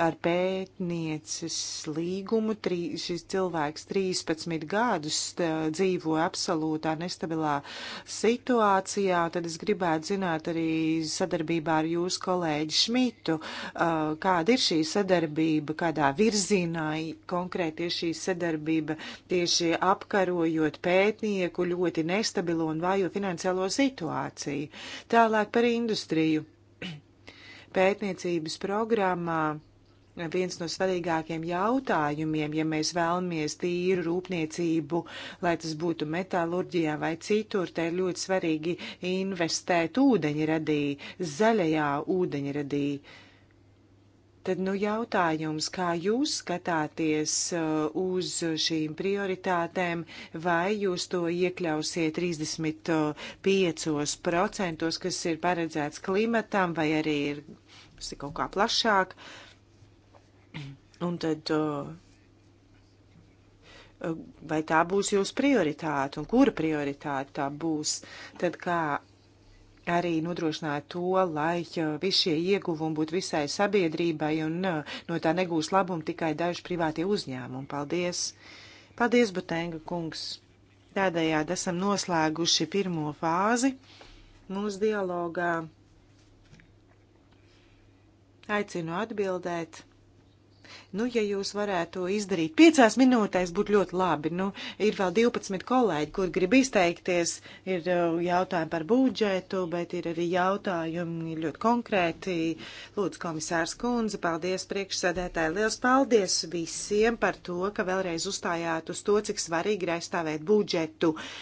ar pētnieces līgumu. Trī, šis cilvēks 13 gadus dzīvo absolūtā nestabilā situācijā. Tad es gribētu zināt arī sadarbībā ar jūsu kolēģi Šmitu, kāda ir šī sadarbība, kādā virzienā konkrēti ir šī sadarbība tieši apkarojot pētnieku ļoti nestabilo un vājo finansiālo situāciju. Tālāk par industriju. [CLEARS THROAT] Pētniecības programmā viens no svarīgākiem jautājumiem, ja mēs vēlamies tīru rūpniecību, lai tas būtu metālurģijā vai citur, te ir ļoti svarīgi investēt ūdeņradī, zaļajā ūdeņradī. Tad nu jautājums, kā jūs skatāties uh, uz šīm prioritātēm, vai jūs to iekļausiet 35%, kas ir paredzēts klimatam, vai arī ir kaut kā plašāk? Uh, Un tad, vai tā būs jūsu prioritāte un kura prioritāte tā būs, tad kā arī nodrošināt to, lai visi šie ieguvumi būtu visai sabiedrībai un no tā negūs labumu tikai daži privātie uzņēmumi. Paldies! Paldies, Butenga kungs! Tādējādi esam noslēguši pirmo fāzi mūsu dialogā. Aicinu atbildēt Nu, ja jūs varētu izdarīt piecās minūtēs, būtu ļoti labi. Nu, ir vēl 12 kolēģi, kur grib izteikties. Ir uh, jautājumi par budžetu, bet ir arī jautājumi ļoti konkrēti. Lūdzu, komisārs Kunze, paldies priekšsēdētāji. Liels paldies visiem par to, ka vēlreiz uzstājāt uz to, cik svarīgi ir aizstāvēt budžetu. Uh,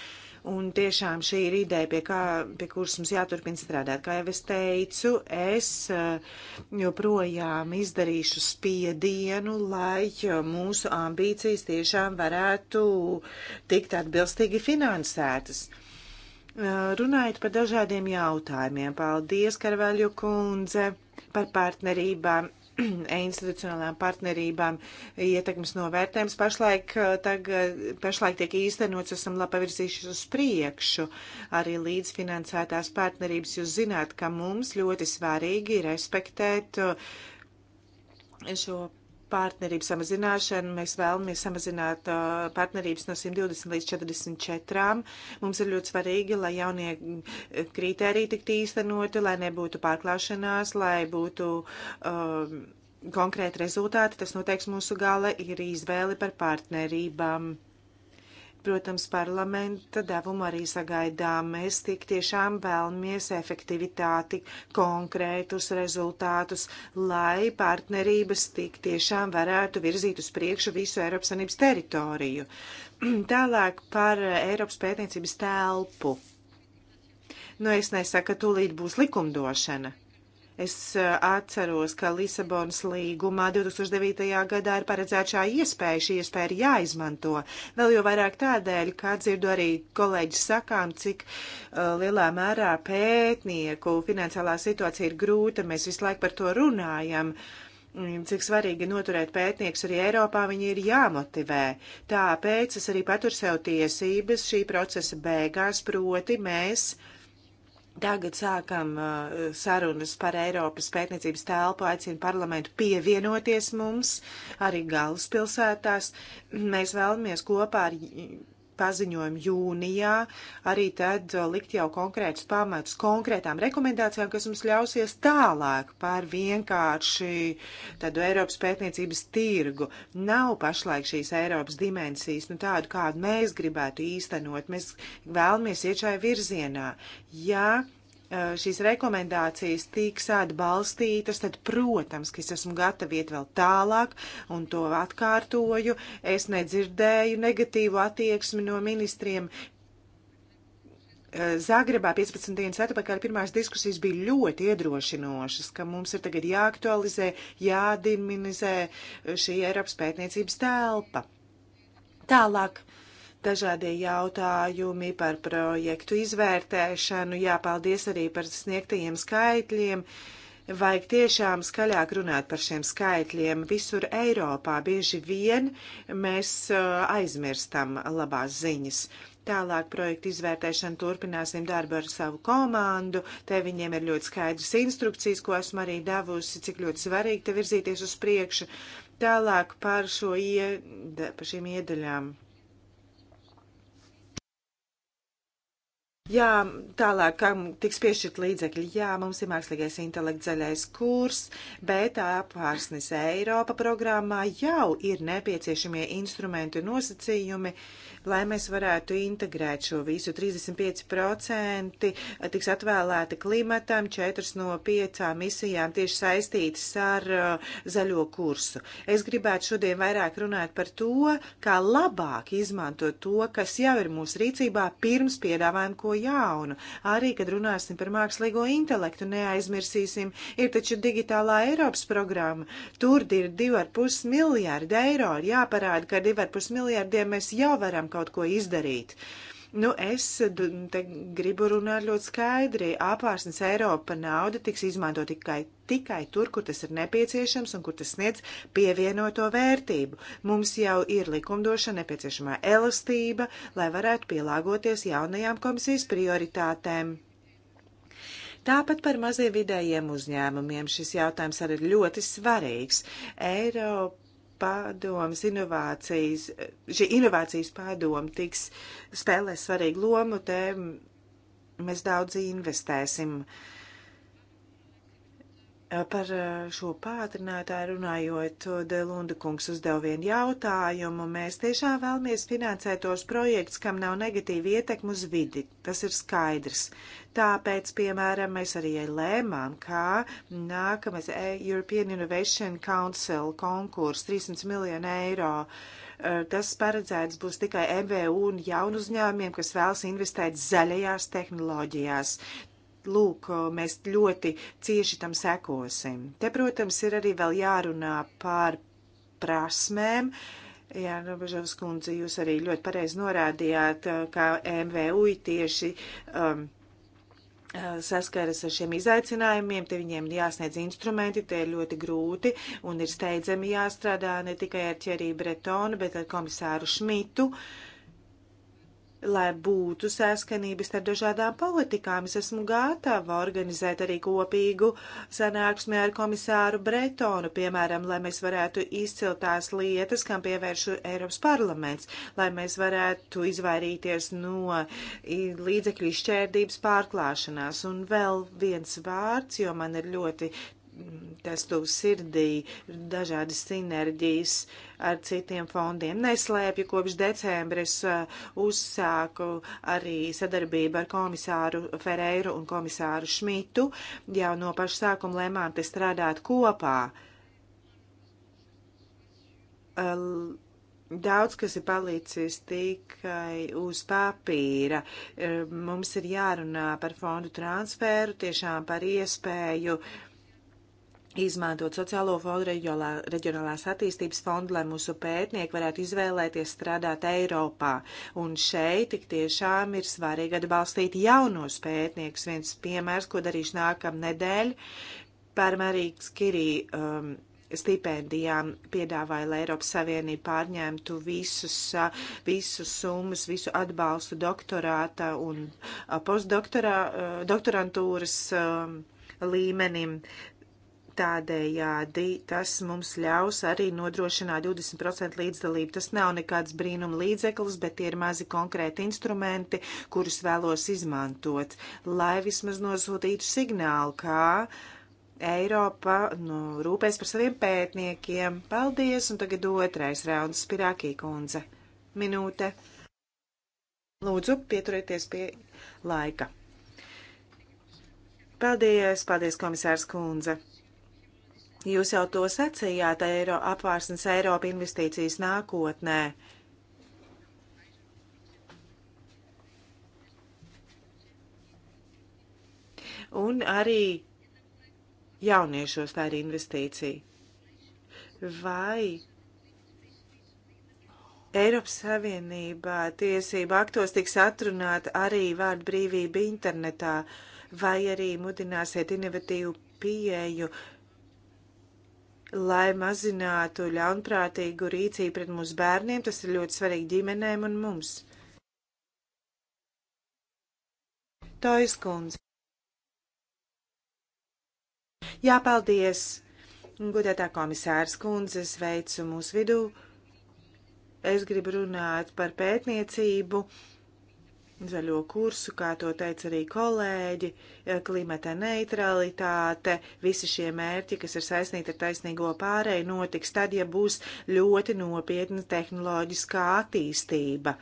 Un tiešām šī ir ideja, pie, kā, pie kuras mums jāturpina strādāt. Kā jau es teicu, es eh, joprojām izdarīšu spiedienu, lai eh, mūsu ambīcijas tiešām varētu tikt atbilstīgi finansētas. Eh, runājot par dažādiem jautājumiem, paldies, Karvaļu kundze, par partnerībām. [CLEARS THROAT] institucionālām partnerībām ietekmes novērtējums pašlaik, eh, tagad, eh, pašlaik tiek īstenots, esam labi pavirzījušies uz priekšu. Arī līdzfinansētās partnerības jūs zināt, ka mums ļoti svarīgi respektēt eh, šo partnerību samazināšanu. Mēs vēlamies samazināt uh, partnerības no 120 līdz 44. Mums ir ļoti svarīgi, lai jaunie uh, kriteriji tiktu īstenoti, lai nebūtu pārklāšanās, lai būtu. Uh, Konkrēti rezultāti, tas noteiks mūsu gala ir izvēli par partnerībām. Protams, parlamenta devumu arī sagaidām. Mēs tik tiešām vēlamies efektivitāti, konkrētus rezultātus, lai partnerības tik tiešām varētu virzīt uz priekšu visu Eiropas Sanības teritoriju. [CLEARS THROAT] Tālāk par Eiropas pētniecības telpu. Nu, es nesaku, ka tūlīt būs likumdošana. Es eh, atceros, ka Lisabonas līgumā 2009. gadā ir paredzēta šā iespēja, šī iespēja ir jāizmanto. Vēl jau vairāk tādēļ, kā dzirdu arī kolēģis sakām, cik uh, lielā mērā pētnieku finansiālā situācija ir grūta, mēs visu laiku par to runājam. Mm, cik svarīgi noturēt pētniekus arī Eiropā, viņi ir jāmotivē. Tāpēc es arī paturu sev tiesības šī procesa beigās, proti mēs uh, Tagad sākam uh, sarunas par Eiropas pētniecības telpu, aicinu parlamentu pievienoties mums arī galvaspilsētās. Mēs vēlamies kopā ar paziņojumu jūnijā, arī tad likt jau konkrētus pamatus konkrētām rekomendācijām, kas mums ļausies tālāk par vienkārši tādu Eiropas pētniecības tirgu. Nav pašlaik šīs Eiropas dimensijas, nu tādu, kādu mēs gribētu īstenot. Mēs vēlamies iet šai virzienā. Ja Eh, šīs rekomendācijas tiks atbalstītas, tad, protams, ka es esmu gatava iet vēl tālāk, un to atkārtoju. Es nedzirdēju negatīvu attieksmi no ministriem. Eh, Zagrebā 15 dienas atpakaļ pirmās diskusijas bija ļoti iedrošinošas, ka mums ir tagad jāaktualizē, jādiminizē eh, šī Eiropas pētniecības telpa. Tālāk. Uh, dažādie jautājumi par projektu izvērtēšanu. Jā, paldies arī par sniegtajiem skaitļiem. Vajag tiešām skaļāk runāt par šiem skaitļiem. Visur Eiropā bieži vien mēs uh, aizmirstam labās ziņas. Tālāk projektu izvērtēšanu turpināsim darbu ar savu komandu. Te viņiem ir ļoti skaidrs instrukcijas, ko esmu arī devusi, cik ļoti svarīgi te virzīties uz priekšu. Tālāk par, ie, par šīm iedaļām. Jā, tālāk, kam tiks piešķirt līdzekļi, jā, mums ir mākslīgais intelekts zaļais kurs, bet apvārsnes Eiropa programmā jau ir nepieciešamie instrumenti un nosacījumi, uh, lai mēs varētu integrēt šo visu. 35% tiks atvēlēti klimatam, 4 no 5 misijām tieši saistītas ar uh, zaļo kursu. Es gribētu šodien vairāk runāt par to, kā labāk izmantot to, kas jau ir mūsu rīcībā, pirms piedāvājam ko jaunu. Arī, kad runāsim par mākslīgo intelektu, neaizmirsīsim, ir taču digitālā Eiropas programma. Tur ir 2,5 miljārdi eiro. Ir jāparāda, ka ar 2,5 miljārdiem mēs jau varam varam kaut ko izdarīt. Nu, es te gribu runāt ļoti skaidri. Apvārsnes Eiropa nauda tiks izmanto tikai, tikai tur, kur tas ir nepieciešams un kur tas sniedz pievienoto vērtību. Mums jau ir likumdošana nepieciešamā elastība, lai varētu pielāgoties jaunajām komisijas prioritātēm. Tāpat par mazie vidējiem uzņēmumiem šis jautājums arī ir ļoti svarīgs. Eiropa padomas inovācijas, šī inovācijas padoma tiks spēlē svarīgu lomu, te mēs daudz investēsim. Uh, Eh, par eh, šo pātrinātāju runājot, eh, Delunda kungs uzdev vienu jautājumu. Mēs tiešām vēlamies finansēt tos projekts, kam nav negatīva ietekma uz vidi. Tas ir skaidrs. Tāpēc, piemēram, mēs arī lēmām, ka nākamais European Innovation Council konkurs 300 miljonu eiro. Tas paredzēts būs tikai MVU un jaunu uzņēmumiem, kas vēlas investēt zaļajās tehnoloģijās lūk, mēs ļoti cieši tam sekosim. Te, protams, ir arī vēl jārunā par prasmēm. Jā, Robežovs kundze, jūs arī ļoti pareizi norādījāt, kā MVU tieši. Um, saskaras ar šiem izaicinājumiem, te viņiem ir jāsniedz instrumenti, tie ir ļoti grūti un ir steidzami jāstrādā ne tikai ar Čerī Bretonu, bet ar komisāru Šmitu. Uh, lai būtu saskanības starp dažādām politikām. Es esmu gatava organizēt arī kopīgu sanāksmi ar komisāru Bretonu, piemēram, lai mēs varētu izcilt tās lietas, kam pievērš Eiropas parlaments, lai mēs varētu izvairīties no līdzekļu izšķērdības pārklāšanās. Un vēl viens vārds, jo man ir ļoti tas tuv sirdī, dažādas sinerģijas ar citiem fondiem. Neslēpju, kopš decembra es uh, uzsāku arī sadarbību ar komisāru Ferreiru un komisāru Šmitu. Jau no paša sākuma lēmām te strādāt kopā. L daudz kas ir palicis tikai uz papīra. Mums ir jārunā par fondu transferu, tiešām par iespēju uh, izmantot sociālo fondu, reģionālās attīstības fondu, lai mūsu pētnieki varētu izvēlēties strādāt Eiropā. Un šeit tik tiešām ir svarīgi atbalstīt jaunos pētniekus. Viens piemērs, ko darīšu nākamnedēļ, par Marīgas Kirī. Um, stipendijām piedāvāja, lai Eiropas Savienība pārņemtu visus, visus summas, visu atbalstu doktorāta un postdoktorantūras līmenim. Tādējādi tas mums ļaus arī nodrošināt 20% līdzdalību. Tas nav nekāds brīnuma līdzeklis, bet tie ir mazi konkrēti instrumenti, kurus vēlos izmantot, lai vismaz nosūtītu signālu, kā Eiropa nu, rūpēs par saviem pētniekiem. Paldies, un tagad otrais rauns Spirākī kundze. Minūte. Lūdzu, pieturieties pie laika. Paldies, paldies, komisārs kundze. Jūs jau to sacījāt, Eiro, apvārsnes Eiropa investīcijas nākotnē. Un arī jauniešos tā ir investīcija. Vai Eiropas Savienībā tiesība aktos tiks atrunāta arī vārdu brīvība internetā, vai arī mudināsiet inovatīvu pieeju lai mazinātu ļaunprātīgu rīcību pret mūsu bērniem. Tas ir ļoti svarīgi ģimenēm un mums. Tojas kundze. Jā, paldies! Godētā komisārs kundze, sveicu mūsu vidū. Es gribu runāt par pētniecību zaļo kursu, kā to teica arī kolēģi, eh, klimata neutralitāte, visi šie mērķi, kas ir saistīti ar taisnīgo pārēju, notiks tad, ja būs ļoti nopietna tehnoloģiskā attīstība.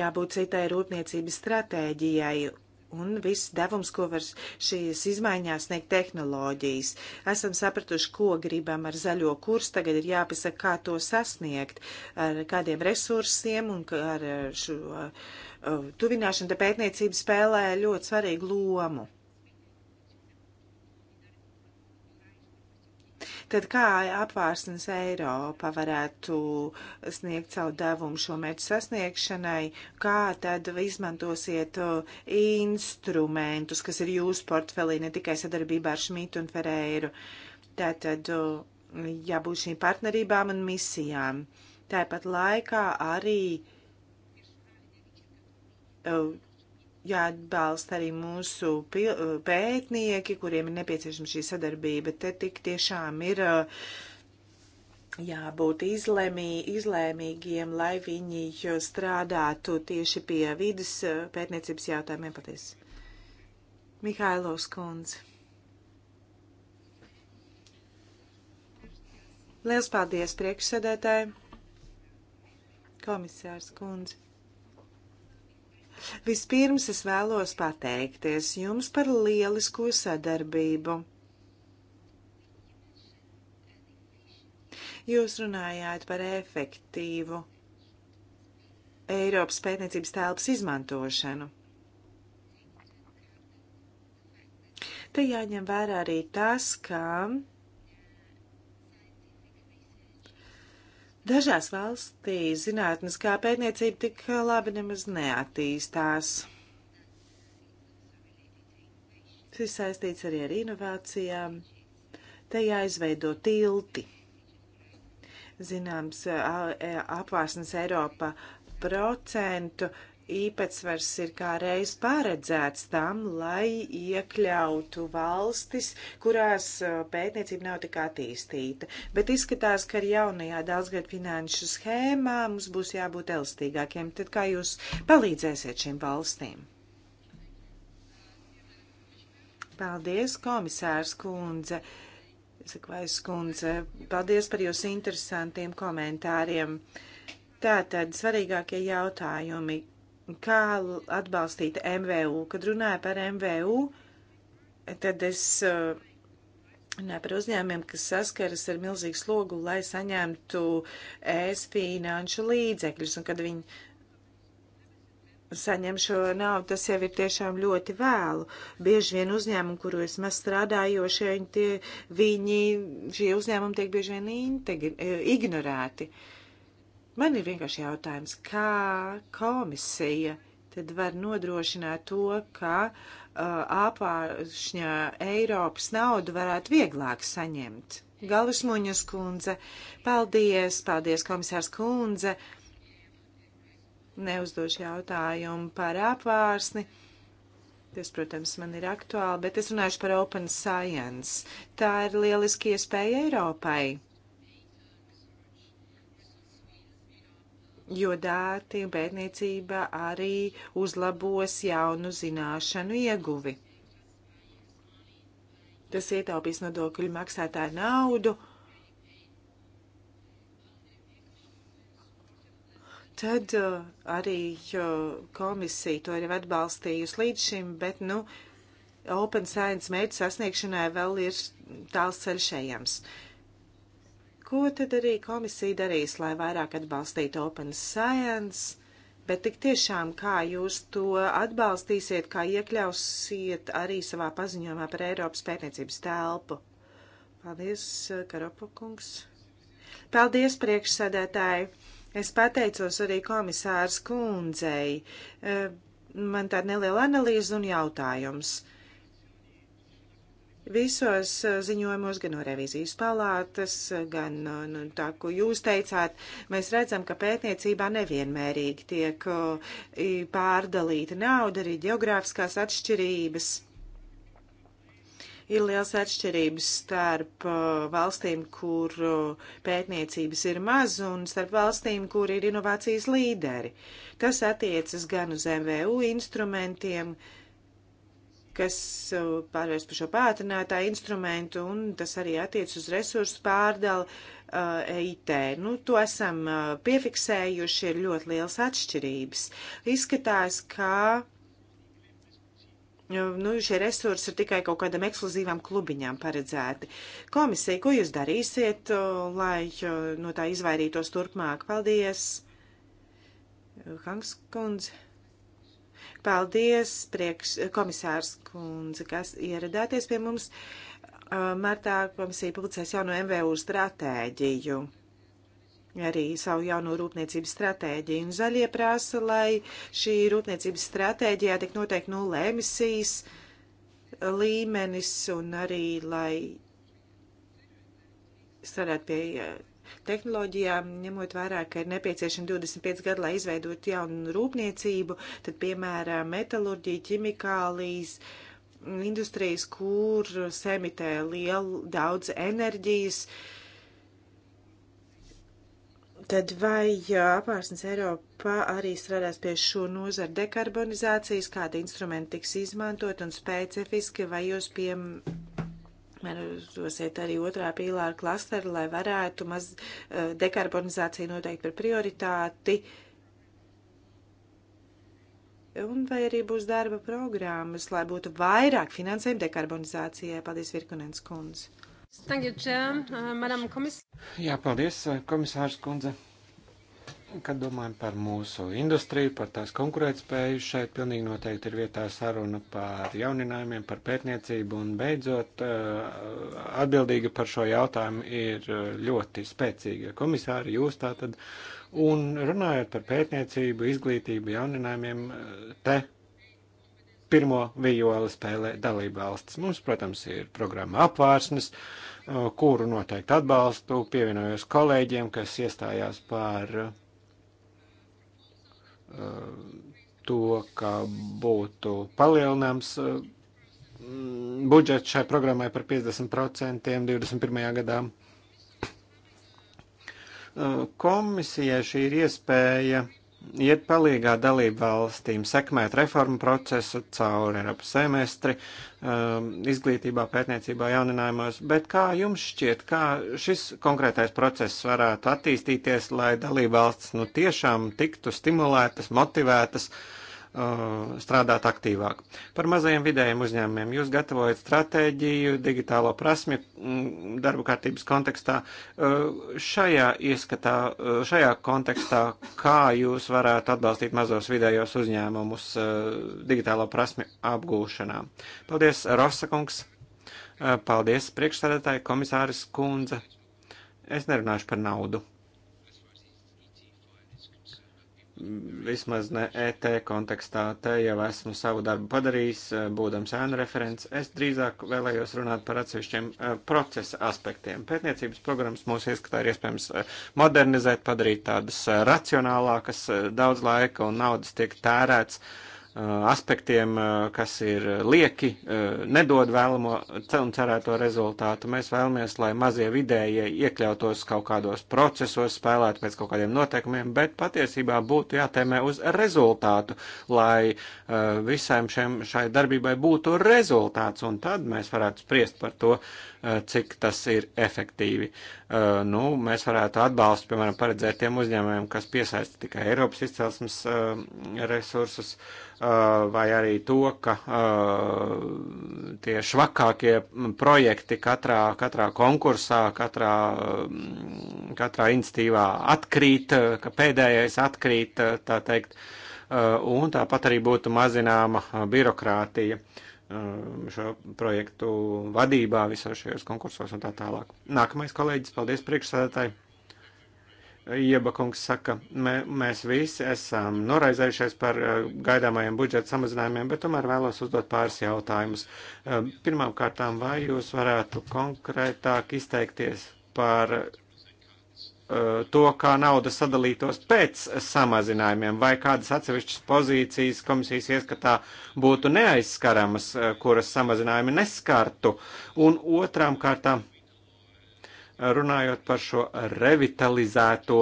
Jābūt citai rūpniecības stratēģijai un viss devums, ko var šīs izmaiņās sniegt tehnoloģijas. Esam sapratuši, ko gribam ar zaļo kursu, tagad ir jāpasaka, kā to sasniegt, ar kādiem resursiem un ar šo uh, tuvināšanu, te pētniecība spēlē ļoti svarīgu lomu. Tad kā apvārsnes Eiropa varētu sniegt savu devumu šo mērķu sasniegšanai? Kā tad izmantosiet uh, instrumentus, kas ir jūsu portfelī, ne tikai sadarbībā ar Šmitu un Ferēru? Tātad uh, jābūt šīm partnerībām un misijām. Tāpat laikā arī uh, jāatbalsta arī mūsu pētnieki, kuriem ir nepieciešama šī sadarbība. Te tik tiešām ir jābūt izlemī, izlēmīgiem, lai viņi strādātu tieši pie vidas pētniecības jautājumiem. Paties. Mihailovs kundze. Liels paldies priekšsēdētāji, komisārs kundze. Vispirms es vēlos pateikties jums par lielisko sadarbību. Jūs runājāt par efektīvu Eiropas pētniecības telpas izmantošanu. Te jāņem vērā arī tas, ka Dažās valstīs zinātniskā pētniecība tik labi nemaz neattīstās. Tas ir saistīts arī ar inovācijām. Te jāizveido tilti. Zināms, e, apvārsnes Eiropa procentu īpatsvars ir kā reiz paredzēts tam, lai iekļautu valstis, kurās uh, pētniecība nav tik attīstīta. Bet izskatās, ka ar jaunajā daudzgad finanšu schēmā mums būs jābūt elastīgākiem. Tad kā jūs palīdzēsiet šīm valstīm? Paldies, komisārs kundze. Sakvais kundze, paldies par jūsu interesantiem komentāriem. Tātad svarīgākie jautājumi, kā atbalstīt MVU. Kad runāju par MVU, tad es eh, runāju par uzņēmumiem, kas saskaras ar milzīgu slogu, lai saņemtu ES finanšu līdzekļus. Un kad viņi saņem šo naudu, tas jau ir tiešām ļoti vēlu. Bieži vien uzņēmumi, kuru es maz strādājošie, viņi, tie, viņi šie uzņēmumi tiek bieži vien integri, eh, ignorēti. Uh, Man ir vienkārši jautājums, kā komisija tad var nodrošināt to, ka uh, apāršņā Eiropas naudu varētu vieglāk saņemt. Galvas muņas kundze, paldies, paldies komisārs kundze. Neuzdošu jautājumu par apvārsni. Tas, protams, man ir aktuāli, bet es runāšu par Open Science. Tā ir lieliski iespēja Eiropai. jo dāti un pētniecība arī uzlabos jaunu zināšanu ieguvi. Tas ietaupīs nodokļu maksātāju naudu. Tad uh, arī komisija to ir atbalstījusi līdz šim, bet, nu, Open Science mērķu sasniegšanai vēl ir tāls ceļš ejams. Uh, Ko tad arī komisija darīs, lai vairāk atbalstītu Open Science? Bet tik tiešām, kā jūs to atbalstīsiet, kā iekļausiet arī savā paziņojumā par Eiropas pētniecības telpu? Paldies, Karopokungs. Paldies, priekšsēdētāji. Es pateicos arī komisārs kundzei. Eh, man tāda neliela analīze un jautājums visos eh, ziņojumos, gan no revizijas palātas, gan eh, nu, tā, ko jūs teicāt, mēs redzam, ka pētniecībā nevienmērīgi tiek eh, pārdalīta nauda, arī geogrāfiskās atšķirības. Ir liels atšķirības starp valstīm, kur pētniecības ir maz, un starp valstīm, kur ir inovācijas līderi. Tas attiecas gan uz MVU instrumentiem, uh, kas pārvērst par šo pātrinātāju instrumentu, un tas arī attiec uz resursu pārdali uh, EIT. Nu, to esam uh, piefiksējuši, ir ļoti liels atšķirības. Izskatās, ka nu, šie resursi ir tikai kaut kādam ekskluzīvam klubiņām paredzēti. Komisija, ko jūs darīsiet, lai no tā izvairītos turpmāk? Paldies! Hanks kundze. Paldies, priekš, komisārs kundze, kas ieradāties pie mums. Martā komisija publicēs jauno MVU stratēģiju arī savu jauno rūpniecības stratēģiju. Un zaļie prasa, lai šī rūpniecības stratēģijā tik noteikti nulle emisijas līmenis un arī, lai strādāt pie tehnoloģijām, ņemot vērā, ka ir nepieciešami 25 gadi, lai izveidotu jaunu rūpniecību, tad, piemēram, metalurģija, ķimikālijas, industrijas, kur semitē lielu daudz enerģijas, tad vai apārsnes Eiropa arī strādās pie šo nozaru dekarbonizācijas, kādi instrumenti tiks izmantot un specifiski, vai jūs, piemēram, piemērosiet arī otrā pīlāra klasteru, lai varētu maz eh, dekarbonizāciju noteikt par prioritāti. Un vai arī būs darba programmas, lai būtu vairāk finansējuma dekarbonizācijai? Paldies, Virkunens kundze. Thank you, Chair. Uh, Madam Komisārs. Jā, paldies, komisārs kundze. Kad domājam par mūsu industriju, par tās konkurētspēju, šeit pilnīgi noteikti ir vietā saruna par jauninājumiem, par pētniecību, un beidzot eh, atbildīgi par šo jautājumu ir eh, ļoti spēcīga komisāri, jūs tātad, un runājot par pētniecību, izglītību, jauninājumiem, eh, te pirmo vijoli spēlē dalība valstis. Mums, protams, ir programma apvārsnes kuru noteikti atbalstu, pievienojos kolēģiem, kas iestājās par uh, Eh, to, ka būtu palielināms eh, budžets šai programmai par 50% 21. gadā. Eh, komisijai šī ir iespēja uh, iet palīgā dalību valstīm sekmēt reformu procesu cauri Eiropas semestri, um, izglītībā, pētniecībā, jauninājumos, bet kā jums šķiet, kā šis konkrētais process varētu attīstīties, lai dalību valsts nu tiešām tiktu stimulētas, motivētas, uh, Uh, strādāt aktīvāk. Par mazajiem vidējiem uzņēmumiem jūs gatavojat stratēģiju, digitālo prasmi mm, darba kārtības kontekstā. Uh, šajā ieskatā, uh, šajā kontekstā, kā jūs varētu atbalstīt mazos vidējos uzņēmumus digitālo prasmi apgūšanā? Paldies, Rosa kungs! Paldies, priekšsēdētāji, komisāris kundze! Es nerunāšu par naudu vismaz ne ET kontekstā, te jau esmu savu darbu padarījis, eh, būdams ēnu referents, es drīzāk vēlējos runāt par atsevišķiem eh, procesa aspektiem. Pētniecības programmas mūsu ieskatā ir iespējams eh, modernizēt, padarīt tādas racionālākas, daudz laika un naudas tiek tērēts uh, Eh, aspektiem, eh, kas ir lieki, eh, nedod vēlamo un cerēto rezultātu. Mēs vēlamies, lai mazie vidējie iekļautos kaut kādos procesos, spēlētu pēc kaut kādiem noteikumiem, bet patiesībā būtu jātēmē uz rezultātu, lai visām šiem, šai darbībai būtu rezultāts, un tad mēs varētu spriest par to, cik tas ir efektīvi. Nu, mēs varētu atbalstu, piemēram, paredzēt tiem uzņēmējiem, kas piesaista tikai Eiropas izcelsmes resursus. Uh, Uh, vai arī to, ka uh, tie švakākie projekti katrā, katrā konkursā, katrā, mm, katrā institīvā atkrīt, uh, ka pēdējais atkrīt, tā teikt, un tāpat arī būtu mazināma birokrātija šo projektu vadībā, visos šajos konkursos un tā tālāk. Nākamais kolēģis, paldies priekšsēdētāji! Iebakungs saka, mē, mēs visi esam noraizējušies par eh, gaidāmajiem budžeta samazinājumiem, bet tomēr vēlos uzdot pāris jautājumus. Eh, pirmām kārtām, vai jūs varētu konkrētāk izteikties par eh, to, kā nauda sadalītos pēc samazinājumiem, vai kādas atsevišķas pozīcijas komisijas ieskatā būtu neaizskaramas, kuras samazinājumi neskartu? Un otrām kārtām runājot par šo revitalizēto,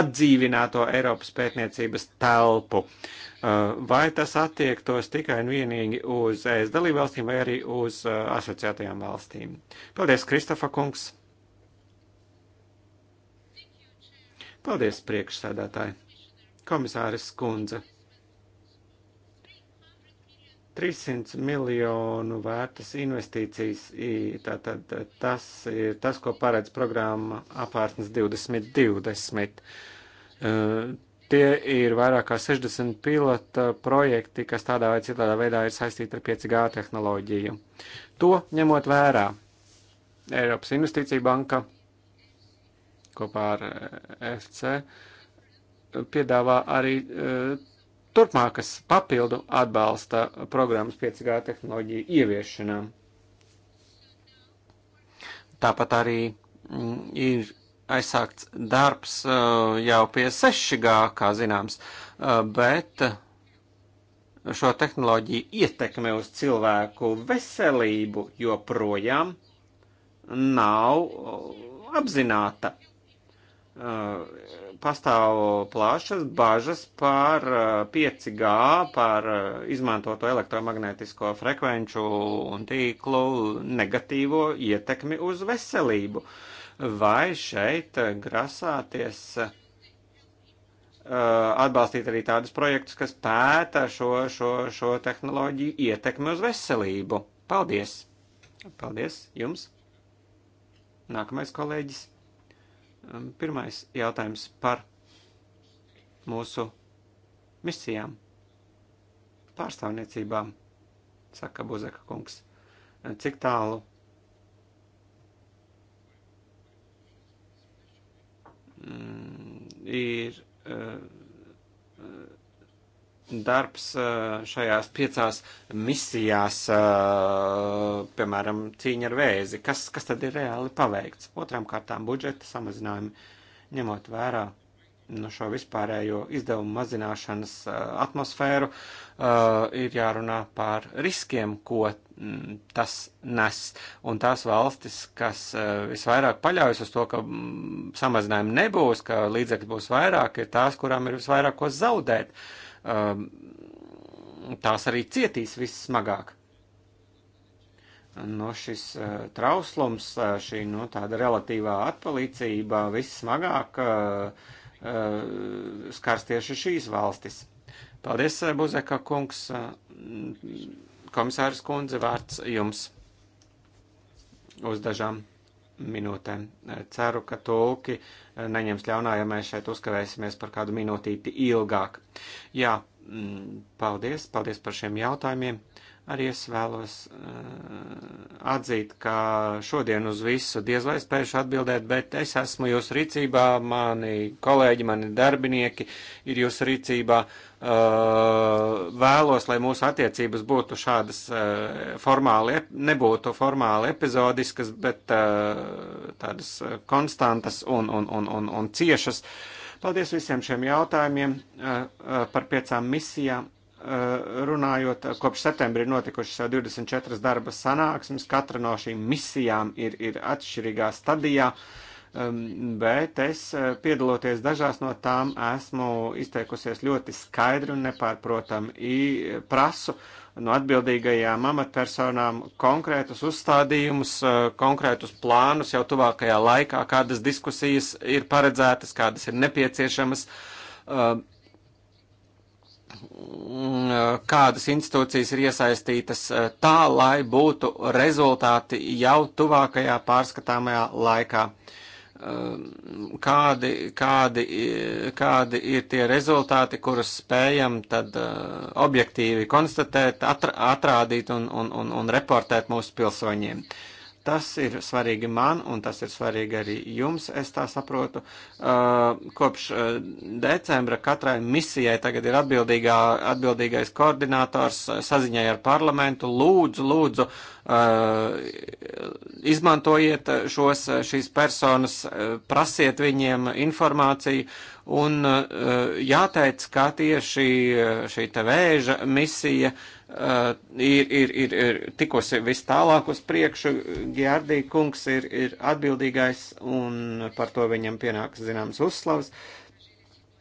atdzīvināto Eiropas pētniecības telpu. Vai tas attiektos tikai un vienīgi uz ES dalībvalstīm vai arī uz asociētajām valstīm? Paldies, Kristofa kungs! Paldies, priekšsēdētāji! Komisāris Kundze! 300 miljonu vērtas investīcijas. Tātad tas ir tas, ko paredz programma apvārsnes 2020. Uh, e, tie ir vairāk kā 60 pilota projekti, kas tādā vai citādā veidā ir saistīti ar 5G tehnoloģiju. To ņemot vērā Eiropas Investīcija banka kopā ar e, FC piedāvā arī uh, turpmākas papildu atbalsta programmas 5G tehnoloģiju ieviešanām. Tāpat arī mm, ir aizsākts darbs uh, jau pie 6G, kā zināms, uh, bet uh, šo tehnoloģiju ietekme uz cilvēku veselību joprojām nav apzināta pastāv plašas bažas par 5G, eh, par eh, izmantoto elektromagnētisko frekvenču un tīklu negatīvo ietekmi uz veselību. Vai šeit grasāties eh, atbalstīt arī tādus projektus, kas pēta šo, šo, šo tehnoloģiju ietekmi uz veselību? Paldies! Paldies jums! Nākamais kolēģis. Um, pirmais jautājums par mūsu misijām, pārstāvniecībām, saka Buzeka kungs. Uh, cik tālu mm, ir uh, darbs šajās piecās misijās, piemēram, cīņa ar vēzi, kas, kas tad ir reāli paveikts? Otram kārtām budžeta samazinājumi, ņemot vērā nu, šo vispārējo izdevumu mazināšanas atmosfēru, ir jārunā par riskiem, ko mm, tas nes. Un tās valstis, kas visvairāk paļaujas uz to, ka mm, samazinājumi nebūs, ka līdzekļi būs vairāk, ir tās, kurām ir visvairāk ko zaudēt. Uh, Um, tās arī cietīs vissmagāk. No šis uh, trauslums, uh, šī nu, tāda relatīvā atpalīdzība vissmagāk uh, skars tieši šīs valstis. Paldies, Buzeka kungs, komisārs kundze, vārds jums uz dažām minūtēm. Ceru, ka tulki neņems ļaunā, ja mēs šeit uzkavēsimies par kādu minūtīti ilgāk. Jā, mm, paldies, paldies par šiem jautājumiem. Arī es vēlos uh, atzīt, ka šodien uz visu diez vai spējuši atbildēt, bet es esmu jūsu rīcībā, mani kolēģi, mani darbinieki ir jūsu rīcībā. Uh, vēlos, lai mūsu attiecības būtu šādas uh, formāli, nebūtu formāli epizodiskas, bet uh, tādas konstantas un, un, un, un, un ciešas. Paldies visiem šiem jautājumiem uh, uh, par piecām misijām Eh, runājot, eh, kopš septembra ir notikušas jau 24 darba sanāksmes, katra no šīm misijām ir, ir atšķirīgā stadijā, bet es eh, piedaloties dažās no tām esmu izteikusies ļoti skaidri un nepārprotami prasu no atbildīgajām amatpersonām konkrētus uzstādījumus, konkrētus plānus jau tuvākajā laikā, kādas diskusijas ir paredzētas, kādas ir nepieciešamas kādas institūcijas ir iesaistītas eh, tā, lai būtu rezultāti jau tuvākajā pārskatāmajā laikā. Eh, kādi, kādi, eh, kādi ir tie rezultāti, kurus spējam tad objektīvi konstatēt, atrādīt un, un, un, un reportēt mūsu pilsoņiem. Uh, Tas ir svarīgi man, un tas ir svarīgi arī jums, es tā saprotu. Uh, kopš uh, decembra katrai misijai tagad ir atbildīgais koordinators uh, saziņai ar parlamentu. Lūdzu, lūdzu, izmantojiet šos, šīs personas, prasiet viņiem informāciju. Un jāteic, ka tieši šī te vēža misija Uh, ir, ir, ir, ir tikusi vis tālāk uz priekšu. Gjārdī kungs ir, ir atbildīgais un par to viņam pienāks zināms uzslavs.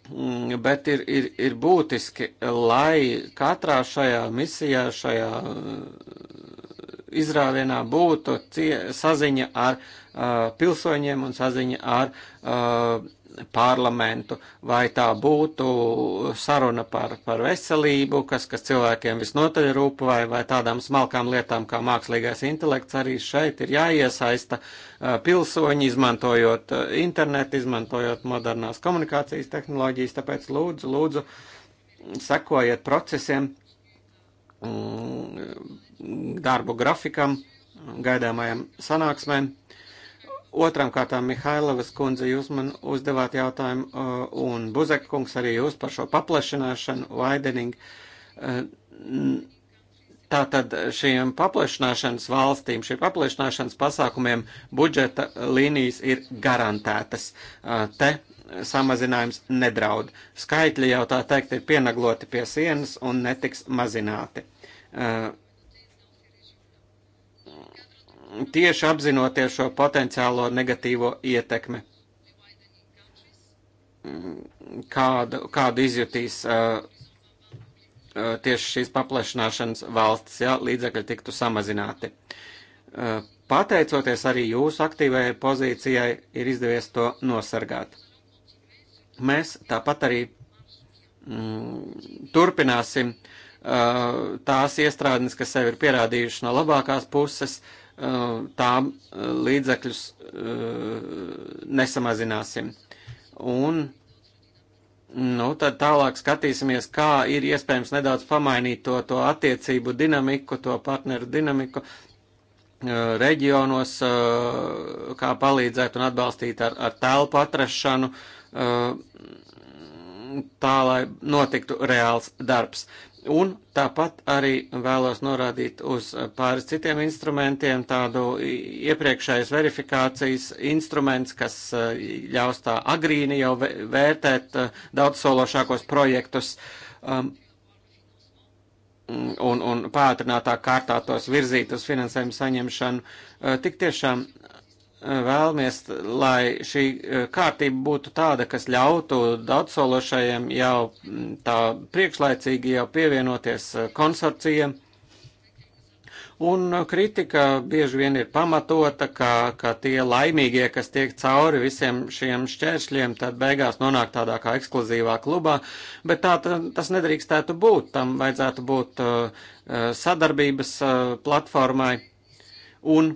Mm, bet ir, ir, ir būtiski, lai katrā šajā misijā, šajā uh, izrāvienā būtu cie, saziņa ar uh, pilsoņiem un saziņa ar uh, parlamentu, vai tā būtu saruna par, par veselību, kas, kas cilvēkiem visnotaļ rūp, vai, vai tādām smalkām lietām kā mākslīgais intelekts, arī šeit ir jāiesaista pilsoņi, izmantojot internetu, izmantojot modernās komunikācijas tehnoloģijas, tāpēc lūdzu, lūdzu, sekojiet procesiem, darbu grafikam, gaidāmajam sanāksmēm Otram kārtām, Mihailovas kundze, jūs man uzdevāt jautājumu, uh, un Buzek kungs arī jūs par šo paplašināšanu, widening. Uh, tātad šiem paplašināšanas valstīm, šiem paplašināšanas pasākumiem budžeta līnijas ir garantētas. Uh, te samazinājums nedraud. Skaitļi jau tā teikt ir pienagloti pie sienas un netiks mazināti tieši apzinoties šo potenciālo negatīvo ietekmi, kādu, kādu izjutīs uh, uh tieši šīs paplašināšanas valsts, ja līdzekļi tiktu samazināti. Uh, pateicoties arī jūsu aktīvajai pozīcijai, ir izdevies to nosargāt. Mēs tāpat arī mm, turpināsim uh, tās iestrādnes, kas sev ir pierādījušas no labākās puses, uh, tām eh, līdzekļus eh, nesamazināsim. Un Nu, tad tālāk skatīsimies, kā ir iespējams nedaudz pamainīt to, to attiecību dinamiku, to partneru dinamiku eh, reģionos, kā palīdzēt un atbalstīt ar, ar telpu atrašanu, tā lai notiktu reāls darbs. Un tāpat arī vēlos norādīt uz pāris citiem instrumentiem, tādu iepriekšējas verifikācijas instruments, kas e, ļaus tā agrīni jau vērtēt e, daudzsološākos projektus um, un, un pātrinātā kārtā tos virzīt uz finansējumu saņemšanu. E, tik tiešām vēlamies, lai šī eh, kārtība būtu tāda, kas ļautu daudzsološajiem jau mm, tā priekšlaicīgi jau pievienoties eh, konsorcijiem. Un eh, kritika bieži vien ir pamatota, ka, ka tie laimīgie, kas tiek cauri visiem šiem šķēršļiem, tad beigās nonāk tādā kā ekskluzīvā klubā, bet tā tas nedrīkstētu būt. Tam vajadzētu būt sadarbības platformai. Un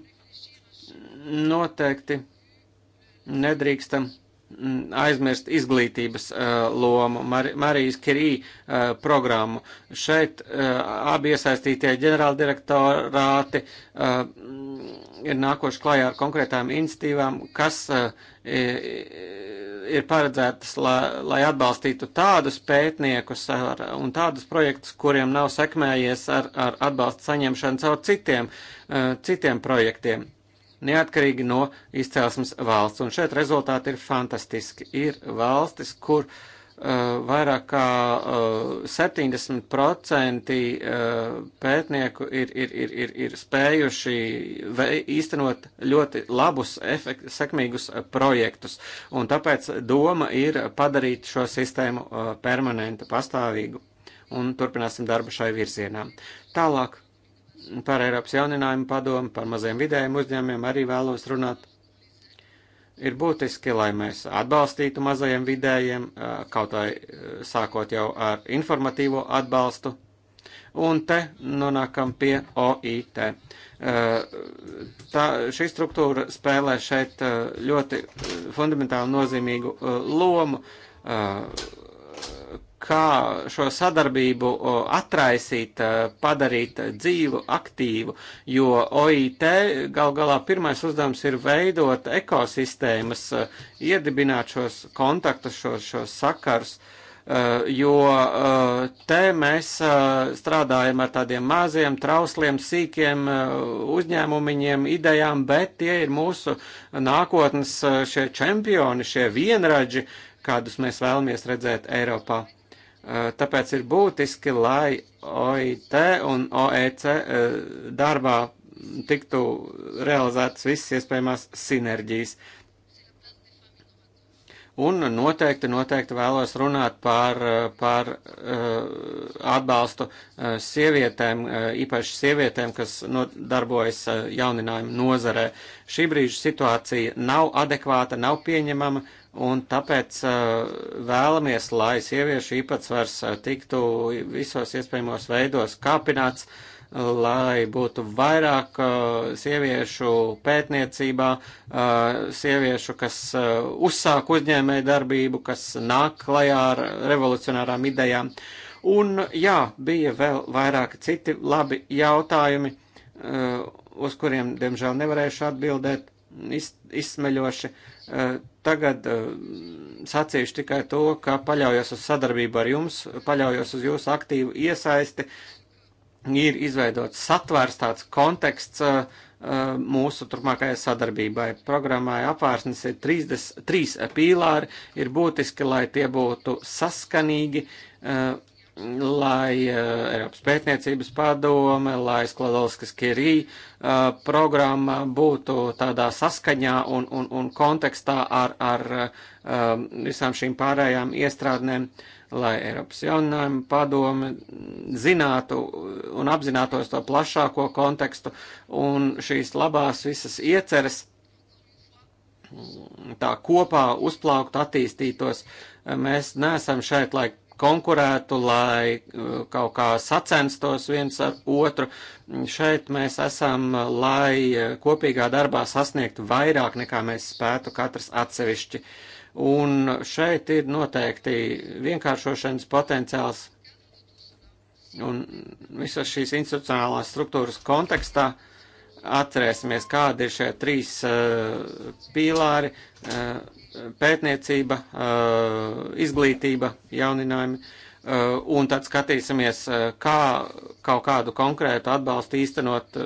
noteikti nedrīkstam mm, aizmirst izglītības uh, lomu, Mar Marijas Kirī uh, programmu. Šeit uh, abi iesaistītie ģenerāldirektorāti uh, ir nākoši klajā ar konkrētām institīvām, kas uh, ir paredzētas, lai, lai atbalstītu tādus pētniekus ar, un tādus projektus, kuriem nav sekmējies ar, ar atbalstu saņemšanu caur citiem, uh, citiem projektiem neatkarīgi no izcelsmes valsts. Un šeit rezultāti ir fantastiski. Ir valstis, kur uh, vairāk kā uh, 70% uh, pētnieku ir, ir, ir, ir, ir spējuši īstenot ļoti labus, efekt, sekmīgus uh, projektus. Un tāpēc doma ir padarīt šo sistēmu uh, permanentu, pastāvīgu. Un turpināsim darbu šai virzienā. Tālāk par Eiropas jauninājumu padomu, par maziem vidējiem uzņēmiem arī vēlos runāt. Ir būtiski, lai mēs atbalstītu mazajiem vidējiem, kaut vai sākot jau ar informatīvo atbalstu. Un te nonākam pie OIT. Tā, šī struktūra spēlē šeit ļoti fundamentāli nozīmīgu lomu kā šo sadarbību atraisīt, padarīt dzīvu, aktīvu, jo OIT gal galā pirmais uzdevums ir veidot ekosistēmas, iedibināt šos kontaktus, šos, šos sakars, jo te mēs strādājam ar tādiem maziem, trausliem, sīkiem uzņēmumiņiem, idejām, bet tie ir mūsu nākotnes šie čempioni, šie vienraģi, kādus mēs vēlamies redzēt Eiropā. Tāpēc ir būtiski, lai OIT un OEC darbā tiktu realizētas visas iespējamās sinerģijas. Un noteikti, noteikti vēlos runāt par, par atbalstu sievietēm, īpaši sievietēm, kas darbojas jauninājumu nozarē. Šī brīža situācija nav adekvāta, nav pieņemama, un tāpēc uh, vēlamies, lai sieviešu īpatsvars uh, tiktu visos iespējamos veidos kāpināts, lai būtu vairāk uh, sieviešu pētniecībā, sieviešu, kas uzsāk uzņēmē darbību, kas nāk klajā ar revolucionārām idejām. Un jā, bija vēl vairāki citi labi jautājumi, uz kuriem, diemžēl, nevarēšu atbildēt izsmeļoši tagad eh, sacīšu tikai to, ka paļaujos uz sadarbību ar jums, paļaujos uz jūsu aktīvu iesaisti. Ir izveidots satvērs tāds konteksts eh, eh, mūsu turpmākajai sadarbībai. Programmai apvārsnes ir 30, 3 pīlāri, ir būtiski, lai tie būtu saskanīgi, lai uh, Eiropas pētniecības padome, lai Skladovskas Kirī uh, eh, programma būtu tādā saskaņā un, un, un kontekstā ar, ar uh, visām šīm pārējām iestrādnēm, lai Eiropas jauninājuma padome zinātu un apzinātos to plašāko kontekstu un šīs labās visas ieceres tā kopā uzplaukt attīstītos. Mēs neesam šeit, lai konkurētu, lai uh, kaut kā sacenstos viens ar otru. Šeit mēs esam, uh, lai uh, kopīgā darbā sasniegtu vairāk nekā mēs spētu katrs atsevišķi. Un šeit ir noteikti vienkāršošanas potenciāls. Un visas šīs institucionālās struktūras kontekstā atcerēsimies, kādi ir šie trīs uh, pīlāri. Uh, pētniecība, izglītība, jauninājumi. Un tad skatīsimies, kā kaut kādu konkrētu atbalstu īstenot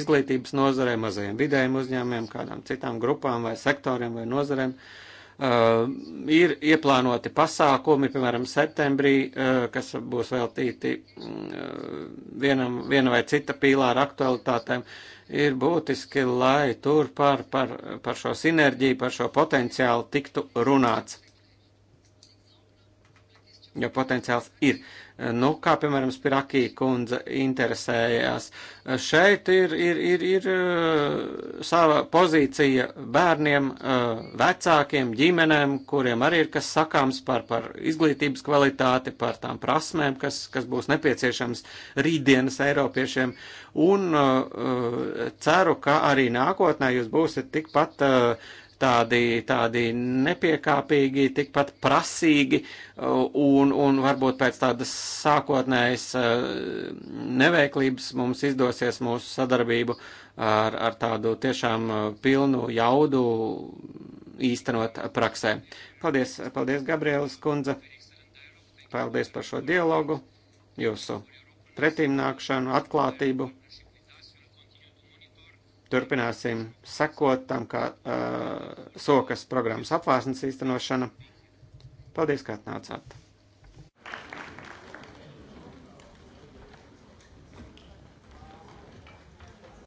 izglītības nozarē, mazajiem vidējiem uzņēmumiem, kādām citām grupām vai sektoriem vai nozarēm. Uh, Uh, ir ieplānoti pasākumi, piemēram, septembrī, uh, kas būs veltīti mm, uh, vienam, viena vai cita pīlāra aktualitātēm. Ir būtiski, lai tur par, par, par šo sinerģiju, par šo potenciālu tiktu runāts jo potenciāls ir. Nu, kā piemēram Spirakī kundze interesējās, šeit ir, ir, ir, ir uh, sava pozīcija bērniem, uh, vecākiem, ģimenēm, kuriem arī ir kas sakāms par, par izglītības kvalitāti, par tām prasmēm, kas, kas būs nepieciešams rītdienas Eiropiešiem. Un uh, ceru, ka arī nākotnē jūs būsiet tikpat uh, tādi, tādi nepiekāpīgi, tikpat prasīgi uh, un, un varbūt pēc tādas sākotnējas uh, neveiklības mums izdosies mūsu sadarbību ar, ar tādu tiešām uh, pilnu jaudu īstenot praksē. Paldies, paldies Gabrielas kundze, paldies par šo dialogu, jūsu pretīmnākšanu, atklātību turpināsim sekot tam, kā uh, sokas programmas apvārsnes īstenošana. Paldies, ka atnācāt!